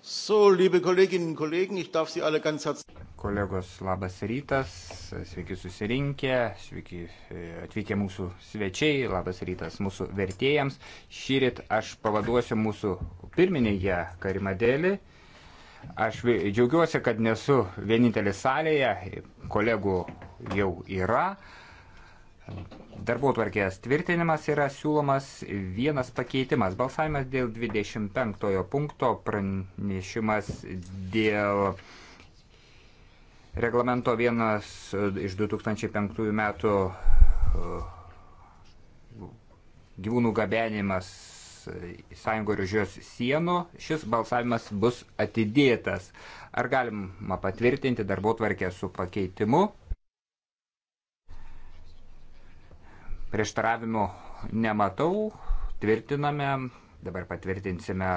So, liebe Kolleginnen und Kollegen, ich darf Sie alle ganz herzlich. Kolegos, labas rytas, sveiki susirinkę, sveiki e, atvykę mūsų svečiai, labas rytas mūsų vertėjams. Šįryt aš pavaduosiu mūsų pirmininkę Karimadėlį. Aš džiaugiuosi, kad nesu vienintelis salėje, kolegų jau yra. Darbuotvarkės tvirtinimas yra siūlomas vienas pakeitimas. Balsavimas dėl 25 punkto, pranešimas dėl reglamento vienas e, iš 2005 metų e, gyvūnų gabenimas e, sąjungo ir už jos sienų, šis balsavimas bus atidėtas. Ar galima patvirtinti darbo tvarkę su pakeitimu? Prieštaravimų nematau, tvirtiname, dabar patvirtinsime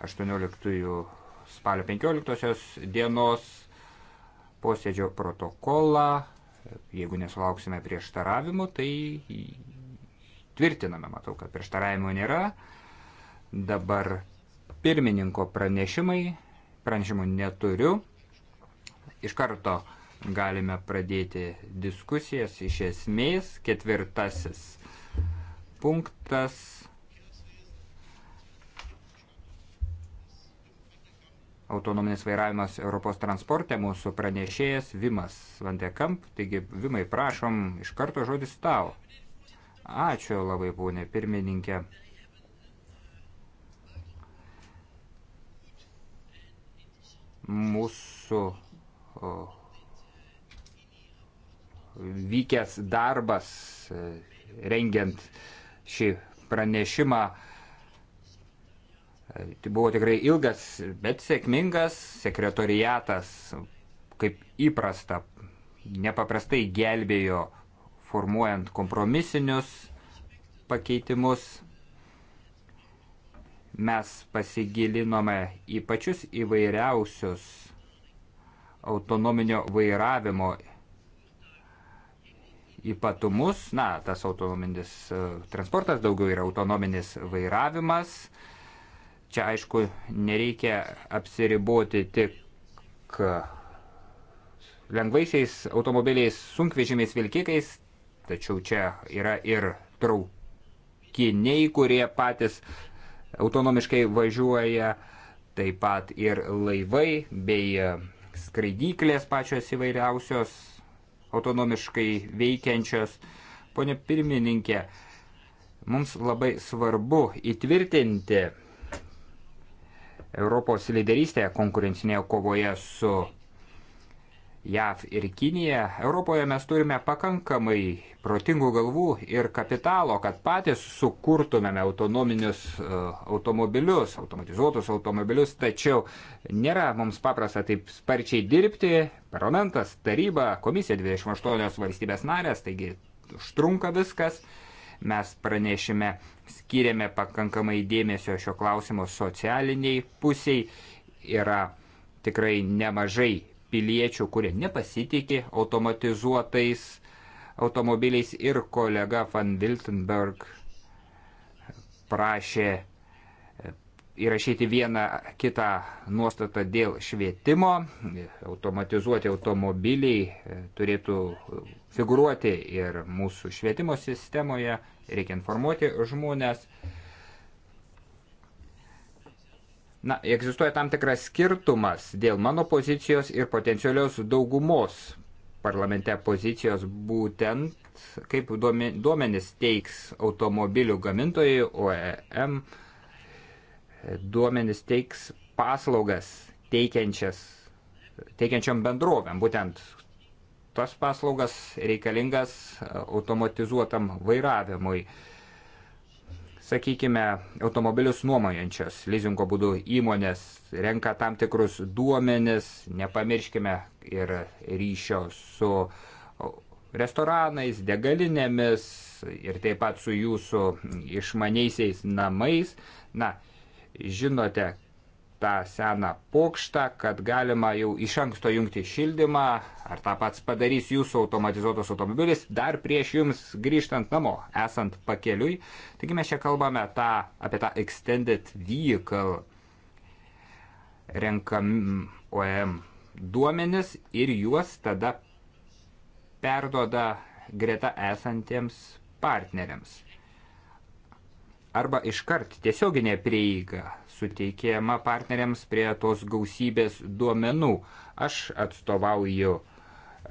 18 spalio 15 dienos posėdžio protokolą. Jeigu nesulauksime prieštaravimų, tai tvirtiname, matau, kad prieštaravimų nėra. Dabar pirmininko pranešimai, pranešimų neturiu. Iš karto galime pradėti diskusijas iš esmės. Ketvirtasis punktas. Autonominis vairavimas Europos transporte mūsų pranešėjas Vimas Vandekamp. Taigi, Vimai, prašom, iš karto žodis tau. Ačiū labai, ponė pirmininkė. Mūsų vykęs darbas e, rengiant šį pranešimą e, tai buvo tikrai ilgas, bet sėkmingas. Sekretoriatas, kaip įprasta, nepaprastai gelbėjo formuojant kompromisinius pakeitimus. Mes pasigilinome į pačius įvairiausius autonominio vairavimo ypatumus. Na, tas autonominis e, transportas daugiau yra autonominis vairavimas. Čia aišku, nereikia apsiriboti tik e, lengvaisiais automobiliais, sunkvežimiais vilkikais, tačiau čia yra ir traukiniai, kurie patys autonomiškai važiuoja, taip pat ir laivai bei e, skraidyklės pačios įvairiausios autonomiškai veikiančios. Pone pirmininkė, mums labai svarbu įtvirtinti Europos lyderystę konkurencinėje kovoje su JAV ir Kinija, Europoje mes turime pakankamai protingų galvų ir kapitalo, kad patys sukurtumėme autonominius uh, automobilius, automatizuotus automobilius, tačiau nėra mums paprasta taip sparčiai dirbti. Parlamentas, taryba, komisija 28 valstybės narės, taigi užtrunka viskas. Mes pranešime, skiriame pakankamai dėmesio šio klausimo socialiniai pusiai. Yra tikrai nemažai piliečių, kurie nepasitikė automatizuotais automobiliais ir kolega van Wiltenberg prašė e, įrašyti vieną kitą nuostatą dėl švietimo. Automatizuoti automobiliai e, turėtų figuruoti ir mūsų švietimo sistemoje. Reikia informuoti žmonės. Na, egzistuoja tam tikras skirtumas dėl mano pozicijos ir potencialios daugumos parlamente pozicijos būtent, kaip duomenis teiks automobilių gamintojai, OEM, duomenis teiks paslaugas teikiančias, teikiančiom bendrovėm, būtent tas paslaugas reikalingas automatizuotam vairavimui. Sakykime, automobilius nuomojančios lizingo būdu įmonės renka tam tikrus duomenis, nepamirškime ir ryšio su restoranais, degalinėmis ir taip pat su jūsų išmaniaisiais namais. Na, žinote, tą seną pokštą, kad galima jau iš anksto jungti šildymą, ar tą pats padarys jūsų automatizuotas automobilis dar prieš jums grįžtant namo, esant pakeliui. Taigi mes čia kalbame tą, apie tą extended vehicle renkam OEM duomenis ir juos tada perdoda greta esantiems partneriams. Arba iškart tiesioginė prieiga suteikiama partneriams prie tos gausybės duomenų. Aš atstovauju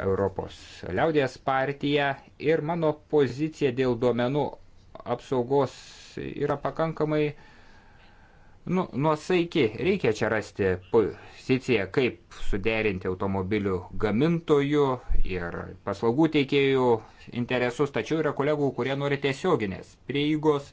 Europos liaudės partiją ir mano pozicija dėl duomenų apsaugos yra pakankamai nu, nuosaiki. Reikia čia rasti poziciją, kaip suderinti automobilių gamintojų ir paslaugų teikėjų interesus, tačiau yra kolegų, kurie nori tiesioginės prieigos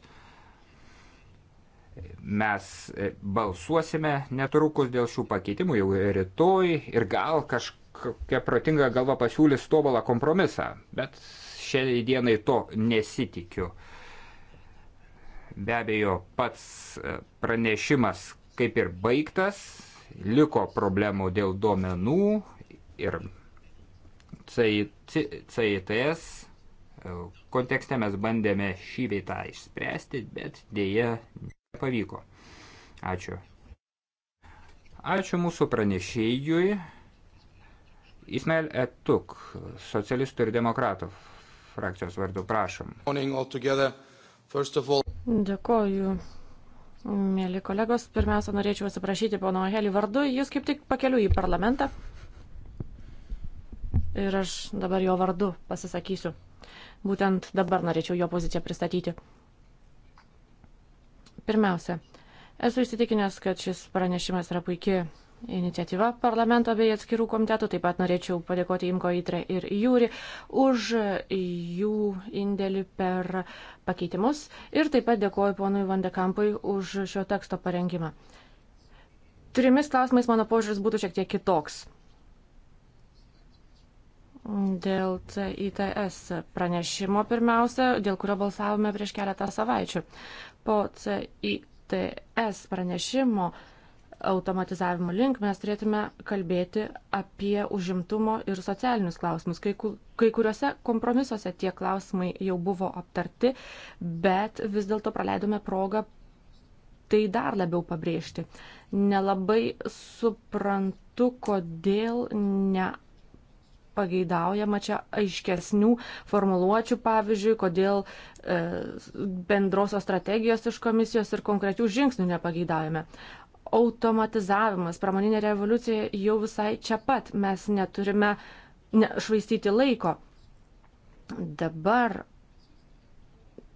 Mes e, balsuosime netrukus dėl šių pakeitimų jau rytoj ir gal kažkokia protinga galva pasiūlys tobulą kompromisą, bet šiai dienai to nesitikiu. Be abejo, pats e, pranešimas kaip ir baigtas, liko problemų dėl duomenų ir CITS e, kontekste mes bandėme šį veitą išspręsti, bet dėje pavyko. Ačiū. Ačiū mūsų pranešėjui. Ismail Etuk, socialistų ir demokratų frakcijos vardu, prašom. Dėkoju, mėly kolegos. Pirmiausia, norėčiau atsiprašyti pono Helį vardu. Jis kaip tik pakeliu į parlamentą. Ir aš dabar jo vardu pasisakysiu. Būtent dabar norėčiau jo poziciją pristatyti. Pirmiausia, esu įsitikinęs, kad šis pranešimas yra puikia iniciatyva parlamento bei atskirų komitetų. Taip pat norėčiau padėkoti Imko Itre ir Jūri už jų indėlį per pakeitimus. Ir taip pat dėkoju ponui Vandekampui už šio teksto parengimą. Trimis klausimais mano požiūris būtų šiek tiek kitoks. Dėl CITS pranešimo pirmiausia, dėl kurio balsavome prieš keletą savaičių. Po CITS pranešimo automatizavimo link mes turėtume kalbėti apie užimtumo ir socialinius klausimus. Kai, kai kuriuose kompromisuose tie klausimai jau buvo aptarti, bet vis dėlto praleidome progą tai dar labiau pabrėžti. Nelabai suprantu, kodėl ne pageidaujama čia aiškesnių formuluočių, pavyzdžiui, kodėl e, bendrosios strategijos iš komisijos ir konkrečių žingsnių nepageidaujame. Automatizavimas, pramoninė revoliucija jau visai čia pat, mes neturime ne, švaistyti laiko. Dabar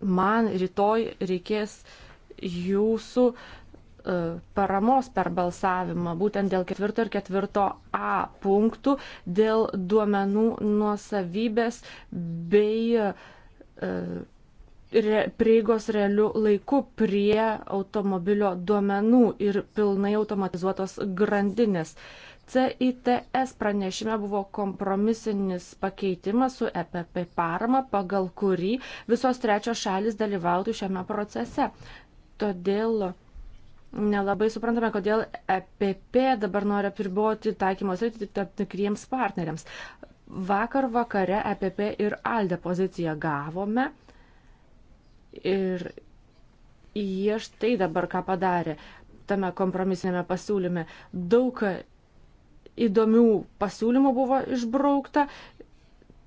man rytoj reikės jūsų uh, E, paramos per balsavimą, būtent dėl ketvirto ir ketvirto A punktų, dėl duomenų nuosavybės bei e, prieigos realių laikų prie automobilio duomenų ir pilnai automatizuotos grandinės. CITS pranešime buvo kompromisinis pakeitimas su EPP parama, pagal kurį visos trečios šalis dalyvautų šiame procese. Todėl nelabai suprantame, kodėl EPP dabar nori apriboti taikymos rytį tam tikriems partneriams. Vakar vakare EPP ir ALDE poziciją gavome ir jie štai dabar ką padarė tame kompromisinėme pasiūlyme. Daug įdomių pasiūlymų buvo išbraukta.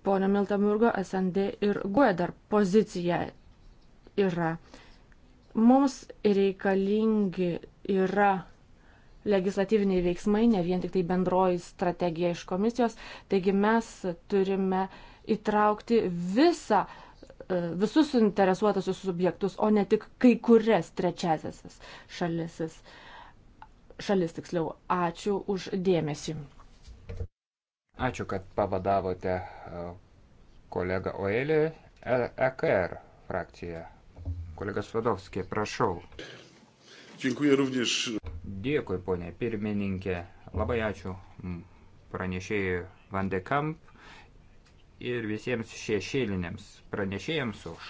Pone Miltamurgo, SND ir GUE dar pozicija yra uh, Mums reikalingi yra legislatyviniai veiksmai, ne vien tik tai bendroji strategija iš komisijos, taigi mes turime įtraukti visą e, visus suinteresuotusius subjektus, o ne tik kai kurias trečiasias šalisis. Šalis tiksliau, ačiū už dėmesį. Ačiū, kad pavadavote e, kolegą Oelį e- EKR frakciją. Kolega Svedovskė, prašau. Dziękuję również. Dėkui, ponė pirmininkė. Labai ačiū pranešėjai Vandekamp ir visiems šešėliniams pranešėjams už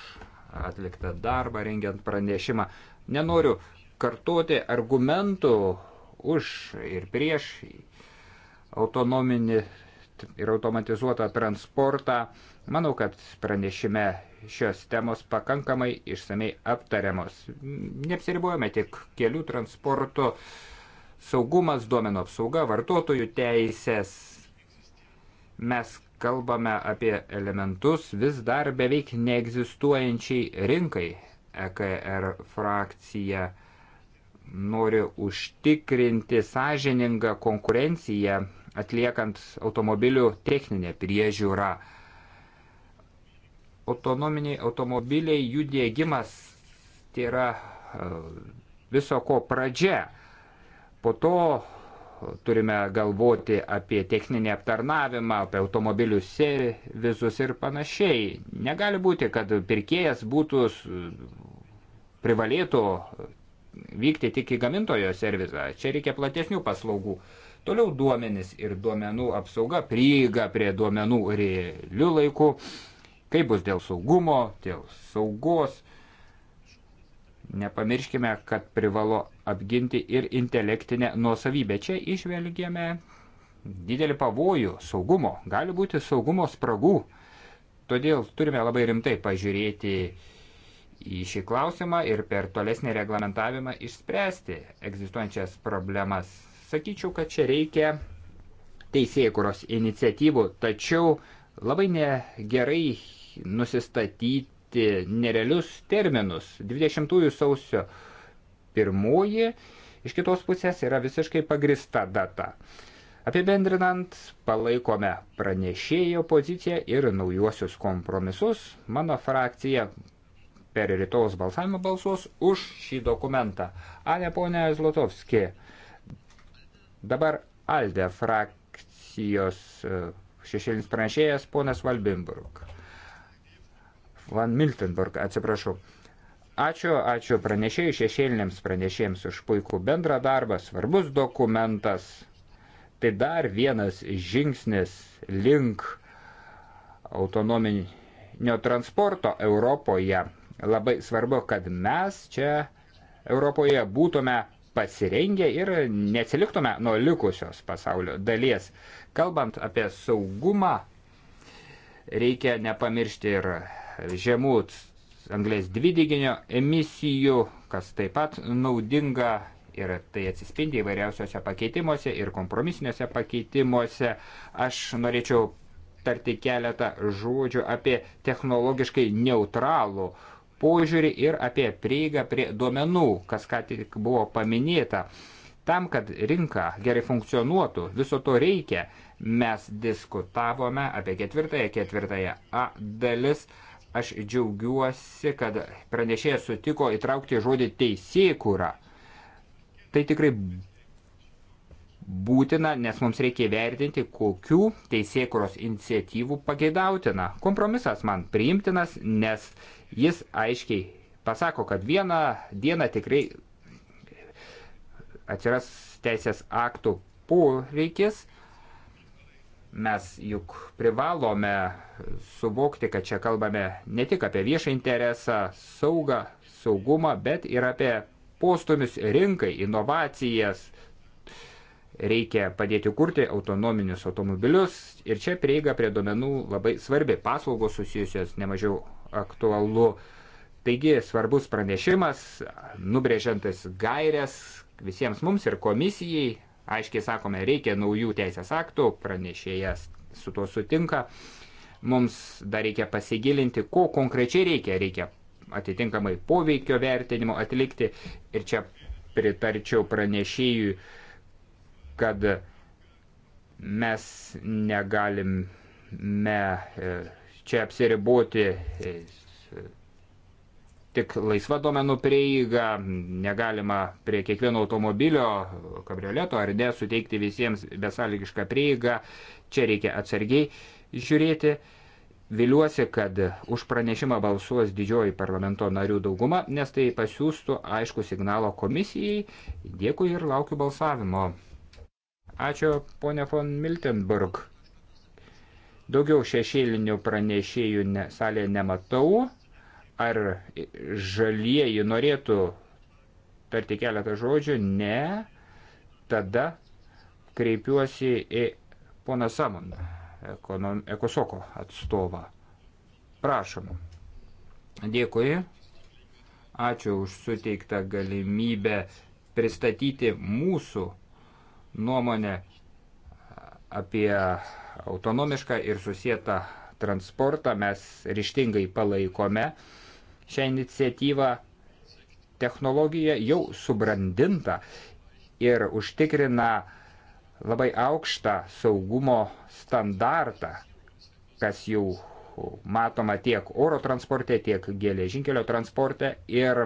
atliktą darbą rengiant pranešimą. Nenoriu kartuoti argumentų už ir prieš autonominį ir automatizuotą transportą. Manau, kad pranešime šios temos pakankamai išsamei aptariamos. Neapsiribuojame tik kelių transporto, saugumas, duomenų apsauga, vartotojų teisės. Mes kalbame apie elementus vis dar beveik neegzistuojančiai rinkai. EKR frakcija nori užtikrinti sąžiningą konkurenciją atliekant automobilių techninę priežiūrą autonominiai automobiliai, jų dėgymas tai yra e, viso ko pradžia. Po to e, turime galvoti apie techninį aptarnavimą, apie automobilių servizus ir panašiai. Negali būti, kad pirkėjas būtų privalėtų vykti tik į gamintojo servizą. Čia reikia platesnių paslaugų. Toliau duomenys ir duomenų apsauga, prieiga prie duomenų realių laikų. Kaip bus dėl saugumo, dėl saugos. Nepamirškime, kad privalo apginti ir intelektinę nuosavybę. Čia išvelgėme didelį pavojų saugumo. Gali būti saugumo spragų. Todėl turime labai rimtai pažiūrėti į šį klausimą ir per tolesnį reglamentavimą išspręsti egzistuojančias problemas. Sakyčiau, kad čia reikia teisėjų kuros iniciatyvų, tačiau Labai negerai nusistatyti nerealius terminus. 20 sausio pirmoji iš kitos pusės yra visiškai pagrista data. Apibendrinant, palaikome pranešėjo poziciją ir naujuosius kompromisus. Mano frakcija per rytojus balsavimą balsuos už šį dokumentą. Ale ponė Zlotovski, dabar Alde frakcijos e, šešėlis pranešėjas ponas Valbimburg. Van Miltenburg, atsiprašau. Ačiū, ačiū pranešėjai šešėliniams pranešėjams už puikų bendrą darbą, svarbus dokumentas. Tai dar vienas žingsnis link autonominio transporto Europoje. Labai svarbu, kad mes čia Europoje būtume pasirengę ir neatsiliktume nuo likusios pasaulio dalies. Kalbant apie saugumą, reikia nepamiršti ir žemų anglės dvideginio emisijų, kas taip pat naudinga ir tai atsispindi įvairiausiose pakeitimuose ir kompromisiniuose pakeitimuose. Aš norėčiau tarti keletą žodžių apie technologiškai neutralų uh, požiūrį ir apie prieigą prie duomenų, kas ką tik buvo paminėta. Tam, kad rinka gerai funkcionuotų, viso to reikia. Mes diskutavome apie ketvirtąją, ketvirtąją A dalis. Aš džiaugiuosi, kad pranešėjas sutiko įtraukti žodį teisėkūra. Tai tikrai būtina, nes mums reikia vertinti, kokių teisėkuros iniciatyvų pageidautina. Kompromisas man priimtinas, nes uh, Jis aiškiai pasako, kad vieną dieną tikrai atsiras teisės aktų poreikis. Mes juk privalome suvokti, kad čia kalbame ne tik apie viešą interesą, saugą, saugumą, bet ir apie postumius rinkai, inovacijas. Reikia padėti kurti autonominius automobilius ir čia prieiga prie duomenų labai svarbi, paslaugos susijusios nemažiau aktualu. Taigi svarbus pranešimas, nubrėžiantis gairias visiems mums ir komisijai. Aiškiai sakome, reikia naujų teisės aktų, pranešėjas su tuo sutinka. Mums dar reikia pasigilinti, ko konkrečiai reikia. Reikia atitinkamai poveikio vertinimo atlikti. Ir čia pritarčiau pranešėjui, kad mes negalime e, čia apsiriboti e, tik laisva duomenų prieiga, negalima prie kiekvieno automobilio, kabrioleto ar ne suteikti visiems besąlygišką prieigą, čia reikia atsargiai žiūrėti. Viliuosi, kad už pranešimą balsuos didžioji parlamento narių dauguma, nes tai pasiūstų aišku signalo komisijai. Dėkui ir laukiu balsavimo. Ačiū, ponia von Miltenburg. Daugiau šešėlinių pranešėjų ne, salėje nematau. Ar žalieji norėtų tarti keletą žodžių? Ne. Tada kreipiuosi į poną Samoną, ekosoko atstovą. Prašom. Dėkui. Ačiū už suteiktą galimybę pristatyti mūsų nuomonę apie autonomišką ir susietą transportą mes ryštingai palaikome šią iniciatyvą. Technologija jau subrandinta ir užtikrina labai aukštą saugumo standartą, kas jau matoma tiek oro transporte, tiek geležinkelio transporte ir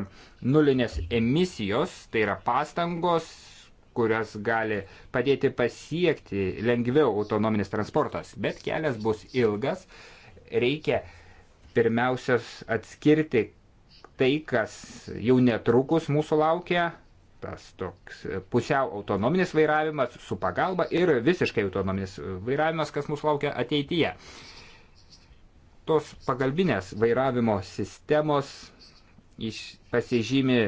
nulinės emisijos, tai yra pastangos kurias gali padėti pasiekti lengviau autonominis transportas, bet kelias bus ilgas, reikia pirmiausias atskirti tai, kas jau netrukus mūsų laukia, tas toks pusiau autonominis vairavimas su pagalba ir visiškai autonominis vairavimas, kas mūsų laukia ateityje. Tos pagalbinės vairavimo sistemos iš, pasižymi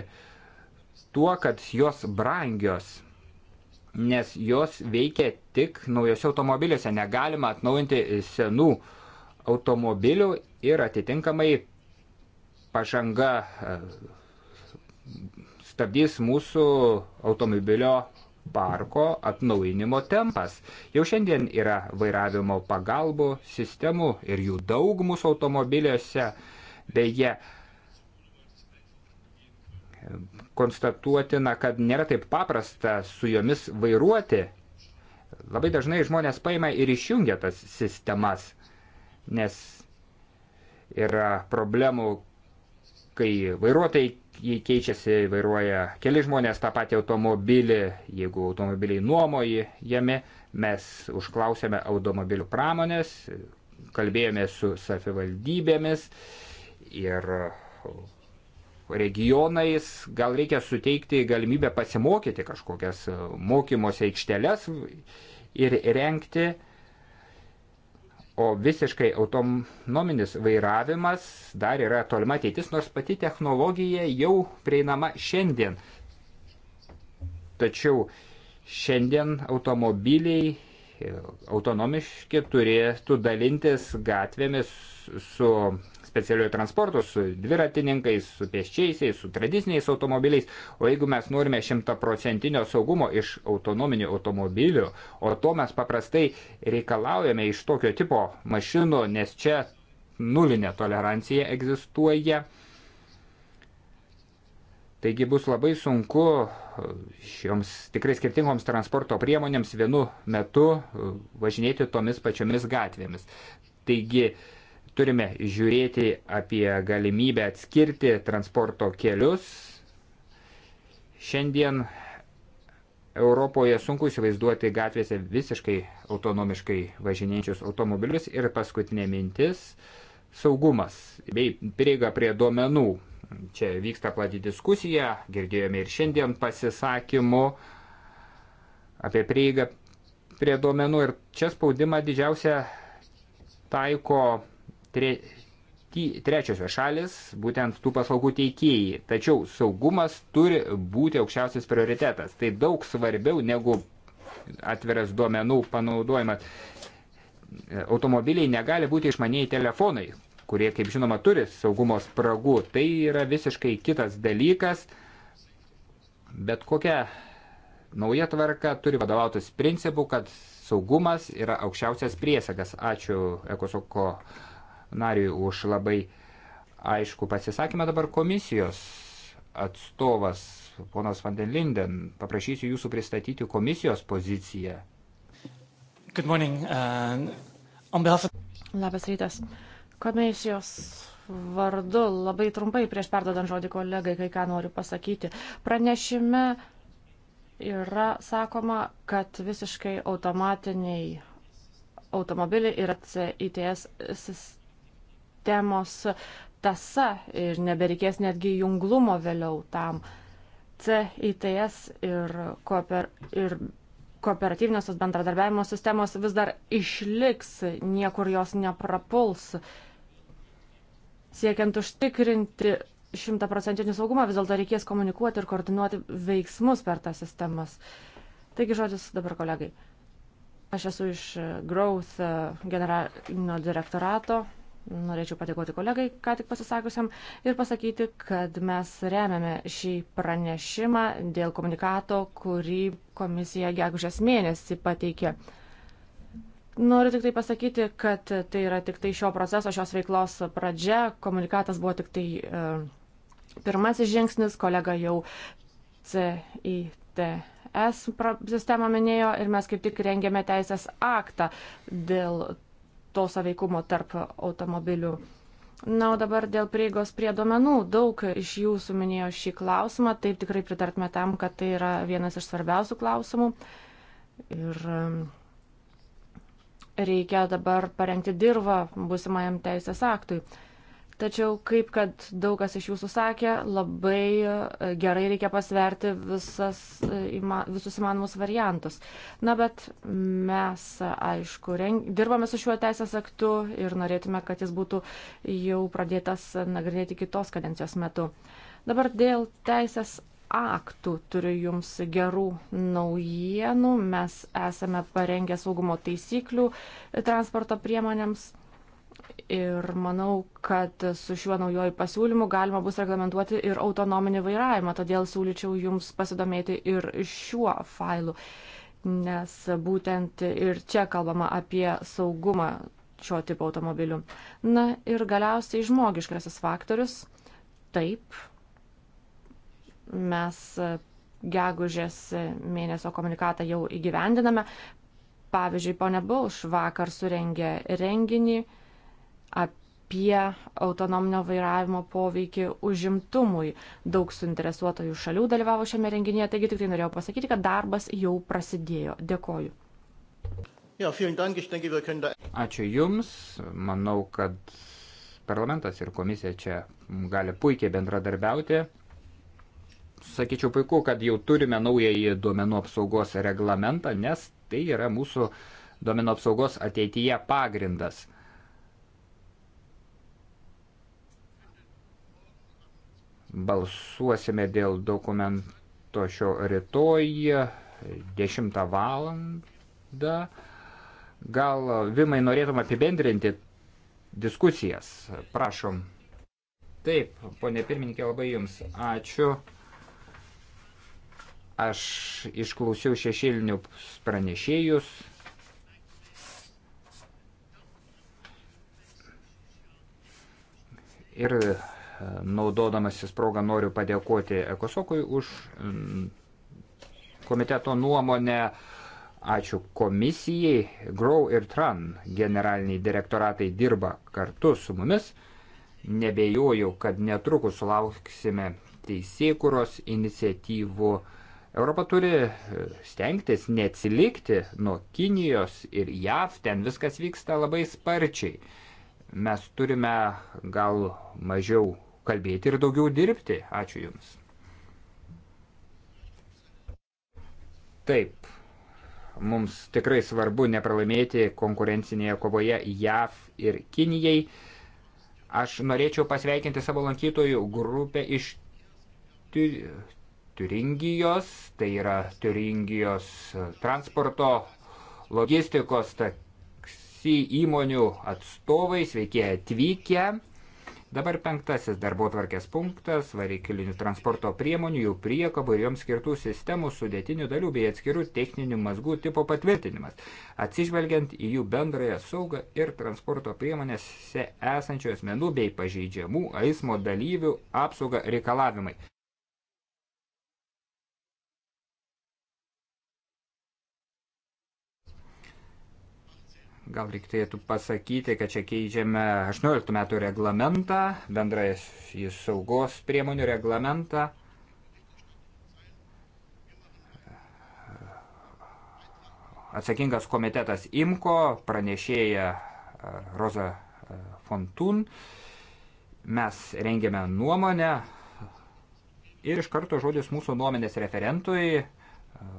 tuo, kad jos brangios nes jos veikia tik naujose automobiliuose, negalima atnaujinti senų automobilių ir atitinkamai pažanga e, stabdys mūsų automobilio parko atnaujinimo tempas. Jau šiandien yra vairavimo pagalbų sistemų ir jų daug mūsų automobiliuose. Beje, konstatuotina, kad nėra taip paprasta su jomis vairuoti. Labai dažnai žmonės paima ir išjungia tas sistemas, nes yra problemų, kai vairuotojai keičiasi, vairuoja keli žmonės tą patį automobilį, jeigu automobiliai nuomoji jame, mes užklausėme automobilių pramonės, kalbėjome su savivaldybėmis ir regionais, gal reikia suteikti galimybę pasimokyti kažkokias e, mokymosi aikšteles ir renkti, o visiškai autonominis vairavimas dar yra tolima ateitis, nors pati technologija jau prieinama šiandien. Tačiau šiandien automobiliai e, autonomiški turėtų dalintis gatvėmis su specialiuoju transportu, su dviratininkais, su pėsčiaisiais, su tradiciniais automobiliais. O jeigu mes norime šimtaprocentinio saugumo iš autonominių automobilių, o to mes paprastai reikalaujame iš tokio tipo mašinų, nes čia nulinė tolerancija egzistuoja. Taigi bus labai sunku šioms tikrai skirtingoms transporto priemonėms vienu metu važinėti tomis pačiomis gatvėmis. Taigi Turime žiūrėti apie galimybę atskirti transporto kelius. Šiandien Europoje sunku įsivaizduoti gatvėse visiškai autonomiškai važinėjančius automobilius ir paskutinė mintis - saugumas bei prieiga prie duomenų. Čia vyksta plati diskusija, girdėjome ir šiandien pasisakymų apie prieigą prie duomenų ir čia spaudimą didžiausia taiko tre, trečiosios šalis, būtent tų paslaugų teikėjai. Tačiau saugumas turi būti aukščiausias prioritetas. Tai daug svarbiau negu atviras duomenų panaudojimas. Automobiliai negali būti išmaniai telefonai, kurie, kaip žinoma, turi saugumo spragų. Tai yra visiškai kitas dalykas. Bet kokia nauja tvarka turi vadovautis principu, kad saugumas yra aukščiausias priesagas. Ačiū Ekosoko nariui už labai aišku pasisakymą. Dabar komisijos atstovas, ponas Van den Linden, paprašysiu jūsų pristatyti komisijos poziciją. Good morning. Uh, on behalf of... Labas rytas. Komisijos vardu labai trumpai prieš perdodant žodį kolegai, kai ką noriu pasakyti. Pranešime yra sakoma, kad visiškai automatiniai automobiliai yra CITS sistema temos tasa ir nebereikės netgi junglumo vėliau tam. CITS ir, kooper, ir kooperatyvinės bendradarbiavimo sistemos vis dar išliks, niekur jos neprapuls. Siekiant užtikrinti šimtaprocentinį saugumą, vis dėlto reikės komunikuoti ir koordinuoti veiksmus per tas sistemas. Taigi žodis dabar kolegai. Aš esu iš Growth e, generalinio direktorato Norėčiau padėkoti kolegai, ką tik pasisakusiam, ir pasakyti, kad mes remiame šį pranešimą dėl komunikato, kurį komisija gegužės mėnesį pateikė. Noriu tik tai pasakyti, kad tai yra tik tai šio proceso, šios veiklos pradžia. Komunikatas buvo tik tai e, pirmasis žingsnis, kolega jau CITS sistemą minėjo ir mes kaip tik rengėme teisės aktą dėl to saveikumo tarp automobilių. Na, o dabar dėl prieigos prie duomenų. Daug iš jūsų minėjo šį klausimą. Taip tikrai pritartume tam, kad tai yra vienas iš svarbiausių klausimų. Ir um, reikia dabar parengti dirbą būsimajam teisės aktui. Tačiau, kaip kad daug kas iš jūsų sakė, labai e, gerai reikia pasverti visas, e, visus įmanomus variantus. Na, bet mes, aišku, reng, dirbame su šiuo teisės aktu ir norėtume, kad jis būtų jau pradėtas nagrinėti kitos kadencijos metu. Dabar dėl teisės aktų turiu jums gerų naujienų. Mes esame parengę saugumo taisyklių transporto priemonėms. Ir manau, kad su šiuo naujoju pasiūlymu galima bus reglamentuoti ir autonominį vairavimą, todėl siūlyčiau Jums pasidomėti ir šiuo failu, nes būtent ir čia kalbama apie saugumą šio tipo automobilių. Na ir galiausiai žmogiškasis faktorius. Taip, mes gegužės mėnesio komunikatą jau įgyvendiname. Pavyzdžiui, ponia Bauš vakar surengė renginį apie autonominio vairavimo poveikį užimtumui. Daug suinteresuotojų šalių dalyvavo šiame renginyje, taigi tik tai norėjau pasakyti, kad darbas jau prasidėjo. Dėkoju. Ačiū Jums. Manau, kad parlamentas ir komisija čia gali puikiai bendradarbiauti. Sakyčiau, puiku, kad jau turime naująjį duomenų apsaugos reglamentą, nes tai yra mūsų duomenų apsaugos ateityje pagrindas. Balsuosime dėl dokumento šio rytoj 10 valandą. Gal Vimai norėtum apibendrinti diskusijas? Prašom. Taip, ponė pirmininkė, labai Jums ačiū. Aš išklausiau šešėlinių pranešėjus. Ir naudodamasis progą noriu padėkoti Ekosokui už mm, komiteto nuomonę. Ačiū komisijai. Grow ir Tran generaliniai direktoratai dirba kartu su mumis. Nebejoju, kad netrukus sulauksime teisėkuros iniciatyvų. Europa turi e, stengtis neatsilikti nuo Kinijos ir JAV, ten viskas vyksta labai sparčiai. Mes turime gal mažiau kalbėti ir daugiau dirbti. Ačiū Jums. Taip, mums tikrai svarbu nepralaimėti konkurencinėje kovoje JAV ir Kinijai. Aš norėčiau pasveikinti savo lankytojų grupę iš Turingijos, tai yra Turingijos transporto logistikos taksi įmonių atstovai, sveiki atvykę. Dabar penktasis darbo tvarkės punktas – variklinių transporto priemonių, jų priekabų ir joms skirtų sistemų sudėtinių dalių bei atskirų techninių mazgų tipo patvirtinimas, atsižvelgiant į jų bendrąją saugą ir transporto priemonėse esančių asmenų bei pažeidžiamų eismo dalyvių apsaugą reikalavimai. Gal reikėtų pasakyti, kad čia keičiame 18 metų reglamentą, bendrąjį saugos priemonių reglamentą. Atsakingas komitetas IMKO, pranešėja e, Roza e, Fontun. Mes rengėme nuomonę ir iš karto žodis mūsų nuomonės referentui, e,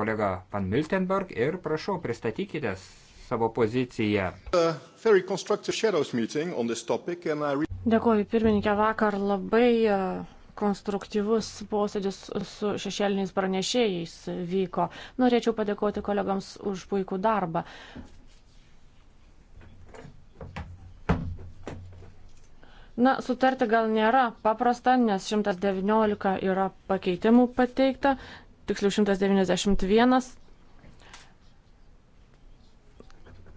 kolega Van Miltenberg, ir prašau, pristatykitės savo poziciją. Dėkuoju, pirmininkė, vakar labai konstruktyvus posėdis su šešėliniais pranešėjais vyko. Norėčiau padėkoti kolegams už puikų darbą. Na, sutarti gal nėra paprasta, nes 119 yra pakeitimų pateikta, tiksliau 191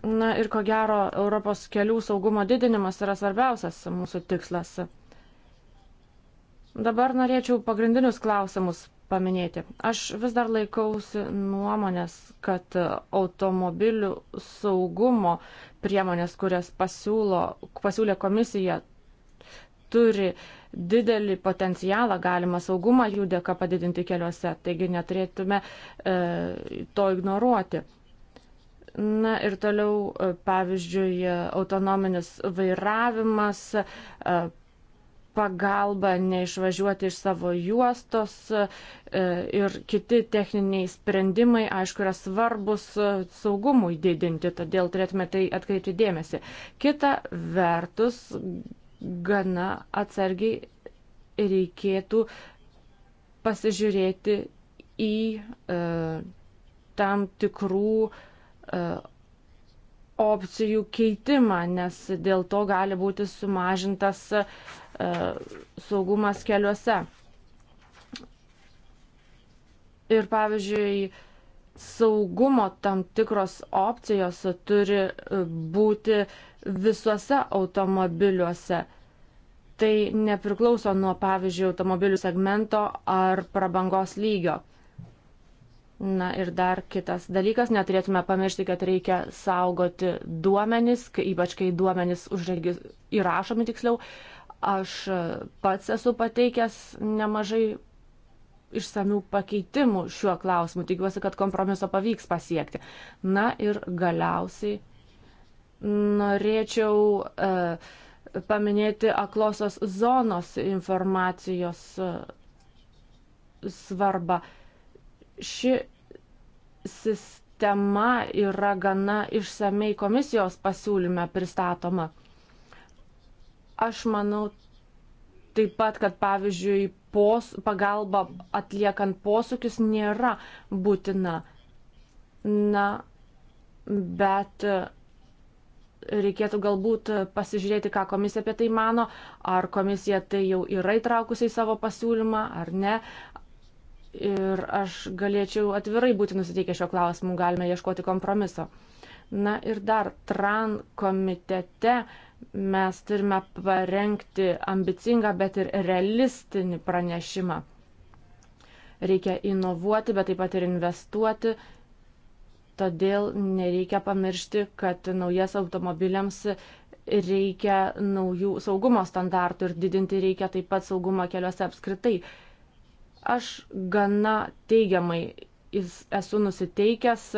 Na ir ko gero, Europos kelių saugumo didinimas yra svarbiausias mūsų tikslas. Dabar norėčiau pagrindinius klausimus paminėti. Aš vis dar laikausi nuomonės, kad automobilių saugumo priemonės, kurias pasiūlo, pasiūlė komisija, turi didelį potencialą, galima saugumą jų dėka padidinti keliuose, taigi neturėtume e, to ignoruoti. Na ir toliau, e, pavyzdžiui, e, autonominis vairavimas, e, pagalba neišvažiuoti iš savo juostos ir kiti techniniai sprendimai, aišku, yra svarbus saugumui didinti, todėl turėtume tai atkreipti dėmesį. Kita vertus, gana atsargiai reikėtų pasižiūrėti į e, tam tikrų e, E, opcijų keitimą, nes dėl to gali būti sumažintas e, saugumas keliuose. Ir pavyzdžiui, saugumo tam tikros opcijos turi e, būti visuose automobiliuose. Tai nepriklauso nuo, pavyzdžiui, automobilių segmento ar prabangos lygio. Na ir dar kitas dalykas, neturėtume pamiršti, kad reikia saugoti duomenis, ypač kai duomenis užregis, įrašomi tiksliau. Aš e, pats esu pateikęs nemažai išsamių pakeitimų šiuo klausimu. Tikiuosi, kad kompromiso pavyks pasiekti. Na ir galiausiai norėčiau uh, paminėti aklosios zonos informacijos uh, svarbą. Uh, Ši sistema yra gana išsamei komisijos pasiūlyme pristatoma. Aš manau taip pat, kad pavyzdžiui, pos, pagalba atliekant posūkius nėra būtina. Na, bet reikėtų galbūt pasižiūrėti, ką komisija apie tai mano, ar komisija tai jau yra įtraukusi į savo pasiūlymą, ar ne, Ir aš galėčiau atvirai būti nusiteikę šio klausimu, galime ieškoti kompromiso. Na ir dar TRAN komitete mes turime parengti ambicingą, bet ir realistinį pranešimą. Reikia inovuoti, bet taip pat ir investuoti. Todėl nereikia pamiršti, kad naujas automobiliams reikia naujų saugumo standartų ir didinti reikia taip pat saugumą keliuose apskritai. Aš gana teigiamai esu nusiteikęs.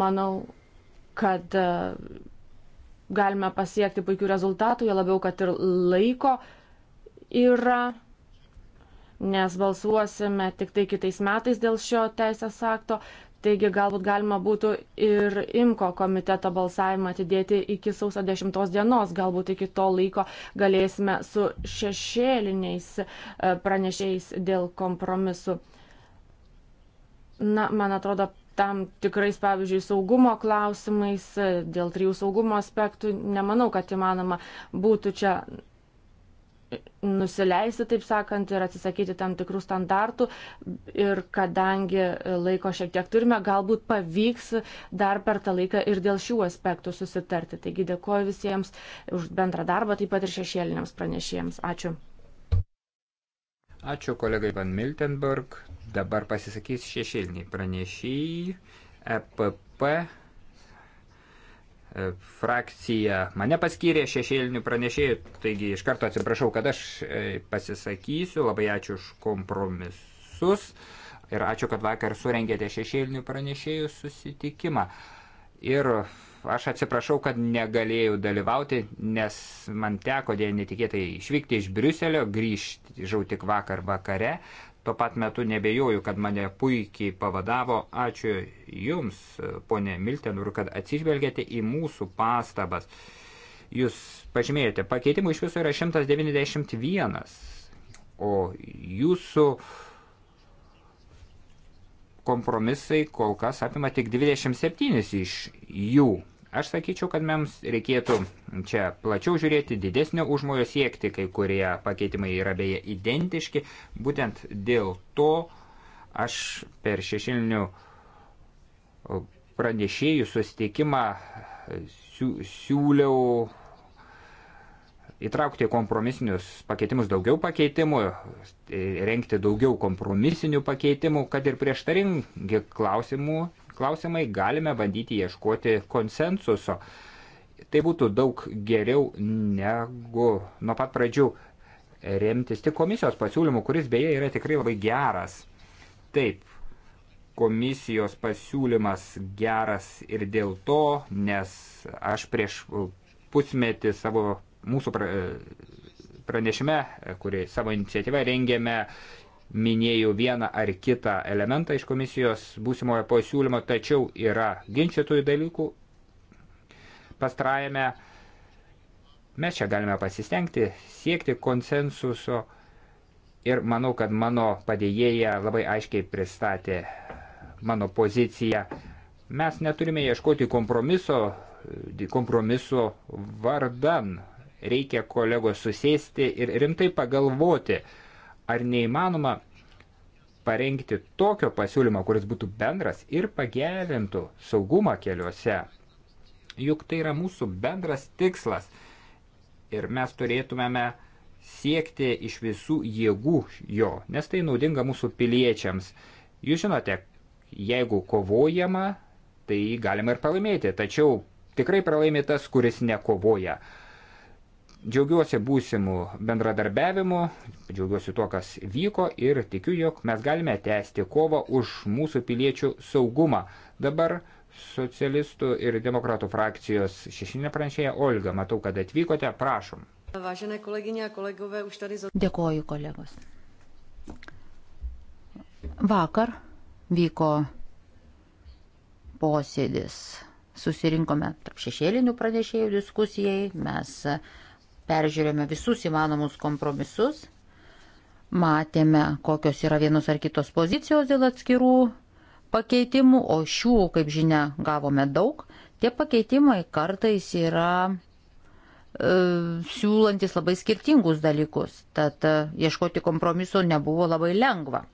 Manau, kad e, galime pasiekti puikių rezultatų, jie labiau, kad ir laiko yra, nes balsuosime tik tai kitais metais dėl šio teisės akto. Taigi galbūt galima būtų ir imko komiteto balsavimą atidėti iki sausio 10 dienos. Galbūt iki to laiko galėsime su šešėliniais e, pranešėjais dėl kompromisu. Na, man atrodo, tam tikrais, pavyzdžiui, saugumo klausimais, e, dėl trijų saugumo aspektų, nemanau, kad įmanoma būtų čia nusileisti, taip sakant, ir atsisakyti tam tikrų standartų. Ir kadangi laiko šiek tiek turime, galbūt pavyks dar per tą laiką ir dėl šių aspektų susitarti. Taigi dėkuoju visiems už bendrą darbą, taip pat ir šešėliniams pranešėjams. Ačiū. Ačiū kolegai Van Miltenburg. Dabar pasisakys šešėliniai pranešėjai. EPP E, frakcija mane paskyrė šešėlinių pranešėjų, taigi iš karto atsiprašau, kad aš e, pasisakysiu, labai ačiū už kompromisus ir ačiū, kad vakar surengėte šešėlinių pranešėjų susitikimą. Ir aš atsiprašau, kad negalėjau dalyvauti, nes man teko dėl netikėtai išvykti iš Briuselio, grįžti žau tik vakar vakare, Tuo pat metu nebejoju, kad mane puikiai pavadavo. Ačiū Jums, ponė Miltenur, kad atsižvelgėte į mūsų pastabas. Jūs pažymėjote, pakeitimų iš viso yra 191, o Jūsų kompromisai kol kas apima tik 27 iš jų. Aš sakyčiau, kad mums reikėtų čia plačiau žiūrėti, didesnio užmojo siekti, kai kurie pakeitimai yra beje identiški. Būtent dėl to aš per šešilinių pranešėjų susitikimą siūliau įtraukti kompromisinius pakeitimus daugiau pakeitimų, renkti daugiau kompromisinių pakeitimų, kad ir prieštaringi klausimų klausimai galime bandyti ieškoti konsensuso. Tai būtų daug geriau negu nuo pat pradžių remtis tik komisijos pasiūlymu, kuris beje yra tikrai labai geras. Taip, komisijos pasiūlymas geras ir dėl to, nes aš prieš pusmetį savo mūsų pranešime, kurį savo iniciatyvą rengėme, minėjau vieną ar kitą elementą iš komisijos būsimojo pasiūlymo, tačiau yra ginčytojų dalykų pastrajame. Mes čia galime pasistengti, siekti konsensuso ir manau, kad mano padėjėja labai aiškiai pristatė mano poziciją. Mes neturime ieškoti kompromiso, kompromiso vardan. Reikia kolegos susėsti ir rimtai pagalvoti, Ar neįmanoma parengti tokio pasiūlymo, kuris būtų bendras ir pagerintų saugumą keliuose? Juk tai yra mūsų bendras tikslas ir mes turėtumėme siekti iš visų jėgų jo, nes tai naudinga mūsų piliečiams. Jūs žinote, jeigu kovojama, tai galima ir pralaimėti, tačiau tikrai pralaimė tas, kuris nekovoja. Džiaugiuosi būsimų bendradarbiavimų, džiaugiuosi tuo, kas vyko ir tikiu, jog mes galime tęsti kovą už mūsų piliečių saugumą. Dabar socialistų ir demokratų frakcijos šešinė pranešėja Olga, matau, kad atvykote, prašom. Dėkoju, kolegos. Vakar vyko posėdis. Susirinkome tarp šešėlinių pranešėjų diskusijai, mes peržiūrėjome visus įmanomus kompromisus, matėme, kokios yra vienos ar kitos pozicijos dėl atskirų pakeitimų, o šių, kaip žinia, gavome daug. Tie pakeitimai kartais yra e, siūlantis labai skirtingus dalykus, tad e, ieškoti kompromiso nebuvo labai lengva.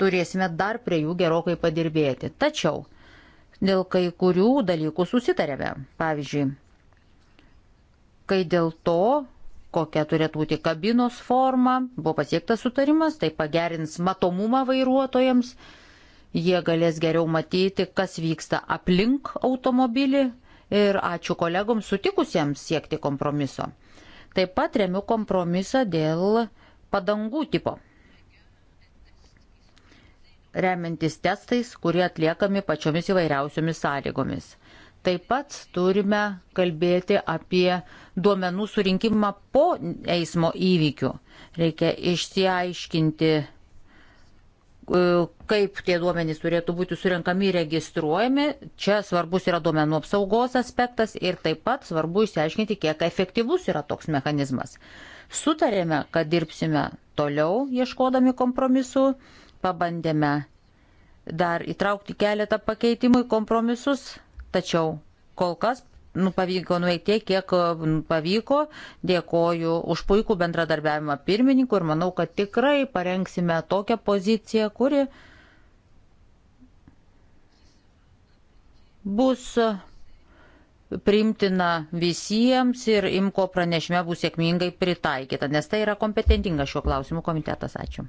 Turėsime dar prie jų gerokai padirbėti. Tačiau dėl kai kurių dalykų susitarėme. Pavyzdžiui, kai dėl to, kokia turėtų būti kabinos forma, buvo pasiektas sutarimas, tai pagerins matomumą vairuotojams, jie galės geriau matyti, kas vyksta aplink automobilį ir ačiū kolegoms sutikusiems siekti kompromiso. Taip pat remiu kompromisą dėl padangų tipo. Remiantis testais, kurie atliekami pačiomis įvairiausiomis sąlygomis. Taip pat turime kalbėti apie duomenų surinkimą po eismo įvykių. Reikia išsiaiškinti, e, kaip tie duomenys turėtų būti surinkami ir registruojami. Čia svarbus yra duomenų apsaugos aspektas ir taip pat svarbu išsiaiškinti, kiek efektyvus yra toks mechanizmas. Sutarėme, kad dirbsime toliau ieškodami kompromisų, pabandėme dar įtraukti keletą pakeitimų į kompromisus Tačiau kol kas nu, pavyko nuveikti tiek, kiek e, nu, pavyko. Dėkoju už puikų bendradarbiavimą pirmininkų ir manau, kad tikrai parengsime tokią poziciją, kuri bus primtina visiems ir imko pranešime bus sėkmingai pritaikyta, nes tai yra kompetentinga šiuo klausimu komitetas. Ačiū.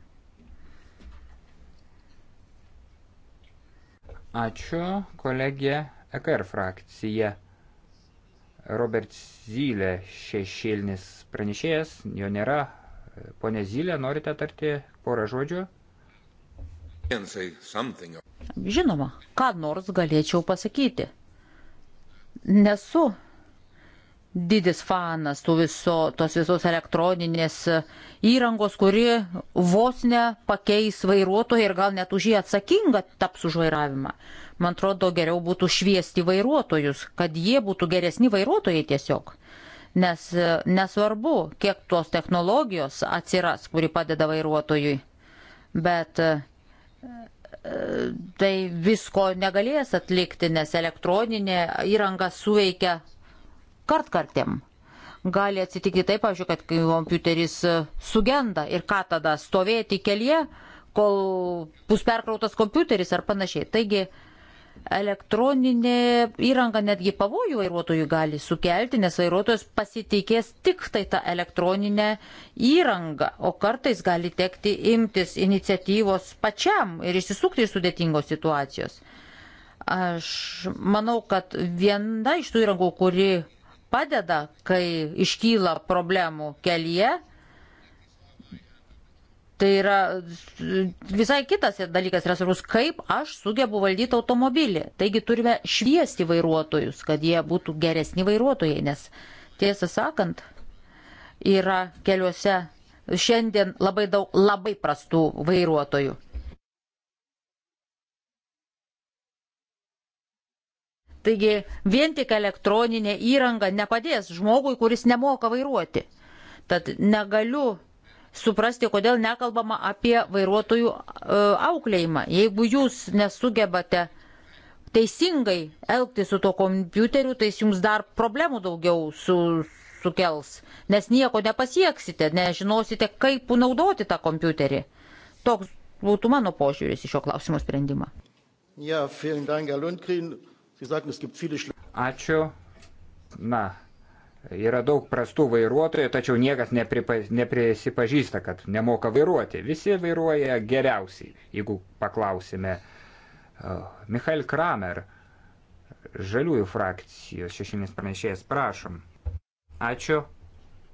Ačiū, kolegė EKR frakcija. Robert Zylė šešėlinis pranešėjas, jo nėra. Pone Zylė, norite tarti porą žodžių? Žinoma, ką nors galėčiau pasakyti. Nesu didis fanas tų viso, tos visos elektroninės įrangos, kuri vos ne pakeis vairuotoją ir gal net už jį atsakingą taps už vairavimą. Man atrodo, geriau būtų šviesti vairuotojus, kad jie būtų geresni vairuotojai tiesiog. Nes e, nesvarbu, kiek tos technologijos atsiras, kuri padeda vairuotojui. Bet e, e, tai visko negalės atlikti, nes elektroninė įranga suveikia kartkartėm. Gali atsitikti taip, pavyzdžiui, kad kompiuteris e, sugenda ir ką tada stovėti kelyje, kol bus perkrautas kompiuteris ar panašiai. Taigi elektroninė įranga netgi pavojų vairuotojui gali sukelti, nes vairuotojas pasitikės tik tai tą elektroninę įrangą, o kartais gali tekti imtis iniciatyvos pačiam ir išsisukti iš sudėtingos situacijos. Aš manau, kad viena iš tų įrangų, kuri padeda, kai iškyla problemų kelyje. Tai yra visai kitas dalykas yra svarbus, kaip aš sugebu valdyti automobilį. Taigi turime šviesti vairuotojus, kad jie būtų geresni vairuotojai, nes tiesą sakant, yra keliuose šiandien labai daug labai prastų vairuotojų. Taigi vien tik elektroninė įranga nepadės žmogui, kuris nemoka vairuoti. Tad negaliu suprasti, kodėl nekalbama apie vairuotojų e, auklėjimą. Jeigu jūs nesugebate teisingai elgti su tuo kompiuteriu, tai jums dar problemų daugiau su, sukels, nes nieko nepasieksite, nežinosite, kaip naudoti tą kompiuterį. Toks būtų mano požiūris į šio klausimo sprendimą. Ja, vielen Dank, Herr Lundgren. Ačiū. Na, yra daug prastų vairuotojų, tačiau niekas nepripa, neprisipažįsta, kad nemoka vairuoti. Visi vairuoja geriausiai, jeigu paklausime. Michael Kramer, žaliųjų frakcijos šešinis pranešėjas, prašom. Ačiū.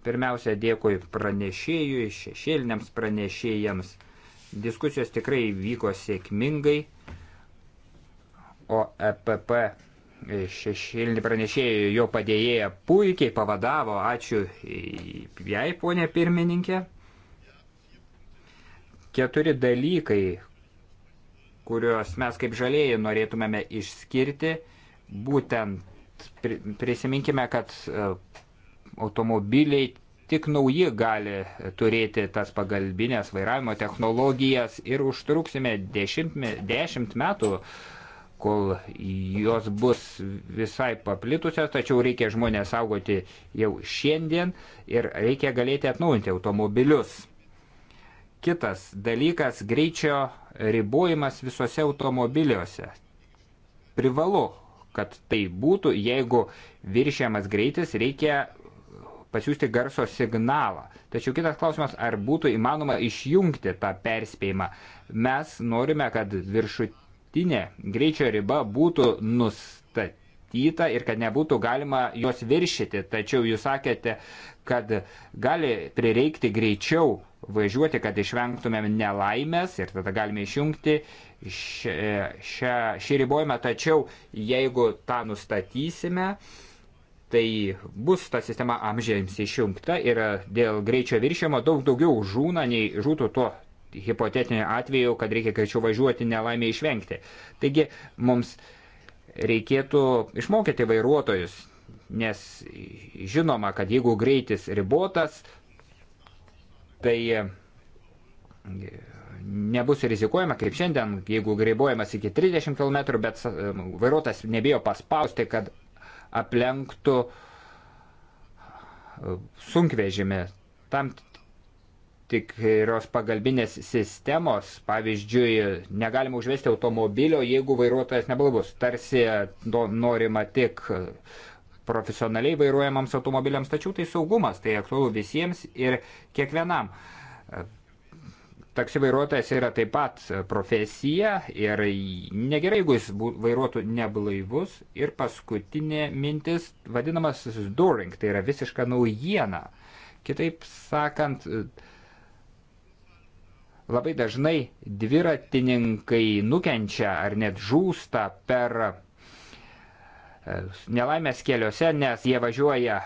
Pirmiausia, dėkui pranešėjui, šešėliniams pranešėjams. Diskusijos tikrai vyko sėkmingai o EPP šešėlinį pranešėją, jo padėjėją puikiai pavadavo, ačiū jai, ponė pirmininkė. Keturi dalykai, kuriuos mes kaip žalėjai norėtumėme išskirti, būtent prisiminkime, kad e, automobiliai tik nauji gali turėti tas pagalbinės vairavimo technologijas ir užtruksime dešimt, dešimt metų, kol jos bus visai paplitusios, tačiau reikia žmonės saugoti jau šiandien ir reikia galėti atnaujinti automobilius. Kitas dalykas - greičio ribojimas visose automobiliuose. Privalu, kad tai būtų, jeigu viršiamas greitis, reikia pasiūsti garso signalą. Tačiau kitas klausimas, ar būtų įmanoma išjungti tą perspėjimą. Mes norime, kad viršutinė dabartinė greičio riba būtų nustatyta ir kad nebūtų galima jos viršyti. Tačiau jūs sakėte, kad gali prireikti greičiau važiuoti, kad išvengtumėm nelaimės ir tada galime išjungti šią, šį ribojimą. Tačiau jeigu tą nustatysime, tai bus ta sistema amžiams išjungta ir dėl greičio viršimo daug daugiau žūna, nei žūtų tuo hipotetiniu atveju, kad reikia greičiau važiuoti, nelaimė išvengti. Taigi mums reikėtų išmokyti vairuotojus, nes žinoma, kad jeigu greitis ribotas, tai nebus rizikuojama kaip šiandien, jeigu greibojamas iki 30 km, bet um, vairuotas nebijo paspausti, kad aplenktų uh, sunkvežimį. Tam tikros pagalbinės sistemos, pavyzdžiui, negalima užvesti automobilio, jeigu vairuotojas neblaivus. Tarsi do, norima tik profesionaliai vairuojamams automobiliams, tačiau tai saugumas, tai aktualu visiems ir kiekvienam. Taksi vairuotojas yra taip pat profesija ir negerai, jeigu jis vairuotų neblaivus. Ir paskutinė mintis, vadinamas during, tai yra visiška naujiena. Kitaip sakant, uh, Labai dažnai dviratininkai nukenčia ar net žūsta per e, nelaimės keliuose, nes jie važiuoja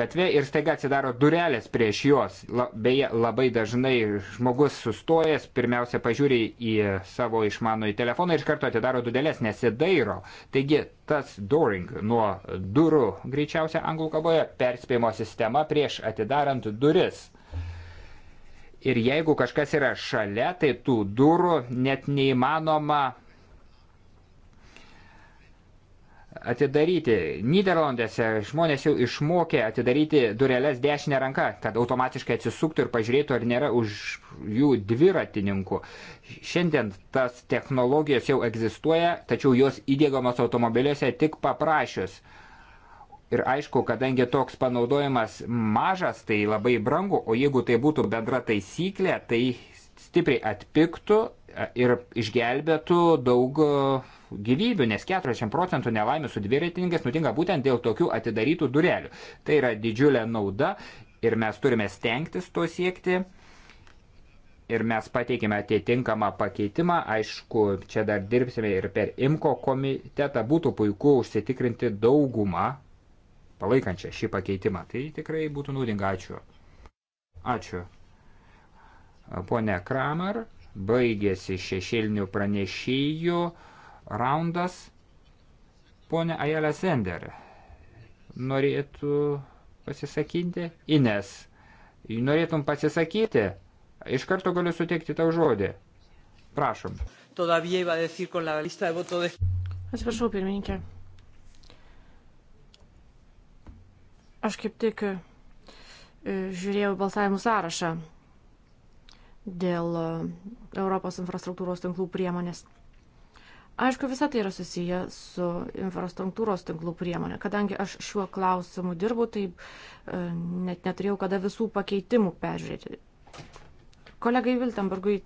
gatvė ir staiga atsidaro durelės prieš juos. La, beje, labai dažnai žmogus sustojęs, pirmiausia pažiūri į savo išmanųjį telefoną ir iš karto atidaro durelės, nesidairo. Taigi tas dooring nuo durų, greičiausia anglų kalboje, perspėjimo sistema prieš atidarant duris ir jeigu kažkas yra šalia, tai tų durų net neįmanoma atidaryti. Niderlandėse žmonės jau išmokė atidaryti dureles dešinę ranką, kad automatiškai atsisuktų ir pažiūrėtų, ar nėra už jų dviratininkų. Šiandien tas technologijos jau egzistuoja, tačiau jos įdėgamos automobiliuose tik paprašius. Uh, Ir aišku, kadangi toks panaudojimas mažas, tai labai brangu, o jeigu tai būtų bendra taisyklė, tai stipriai atpiktų e, ir išgelbėtų daug e, gyvybių, nes 40 procentų nelaimių su dviratininkais nutinka būtent dėl tokių atidarytų durelių. Tai yra didžiulė nauda ir mes turime stengtis to siekti. Ir mes pateikime atitinkamą pakeitimą, aišku, čia dar dirbsime ir per IMKO komitetą, būtų puiku užsitikrinti daugumą palaikančią šį pakeitimą. Tai tikrai būtų naudinga. Ačiū. Ačiū. Pone Kramer, baigėsi šešėlinių pranešėjų raundas. Pone Ajelė Sender, norėtų pasisakyti? Ines, norėtum pasisakyti? Iš karto galiu suteikti tau žodį. Prašom. Atsiprašau, pirmininkė. Aš kaip tik e, žiūrėjau balsavimų sąrašą dėl e, Europos infrastruktūros tinklų priemonės. Aišku, visa tai yra susiję su infrastruktūros tinklų priemonė. Kadangi aš šiuo klausimu dirbu, tai e, net neturėjau kada visų pakeitimų peržiūrėti. Kolegai Viltenburgui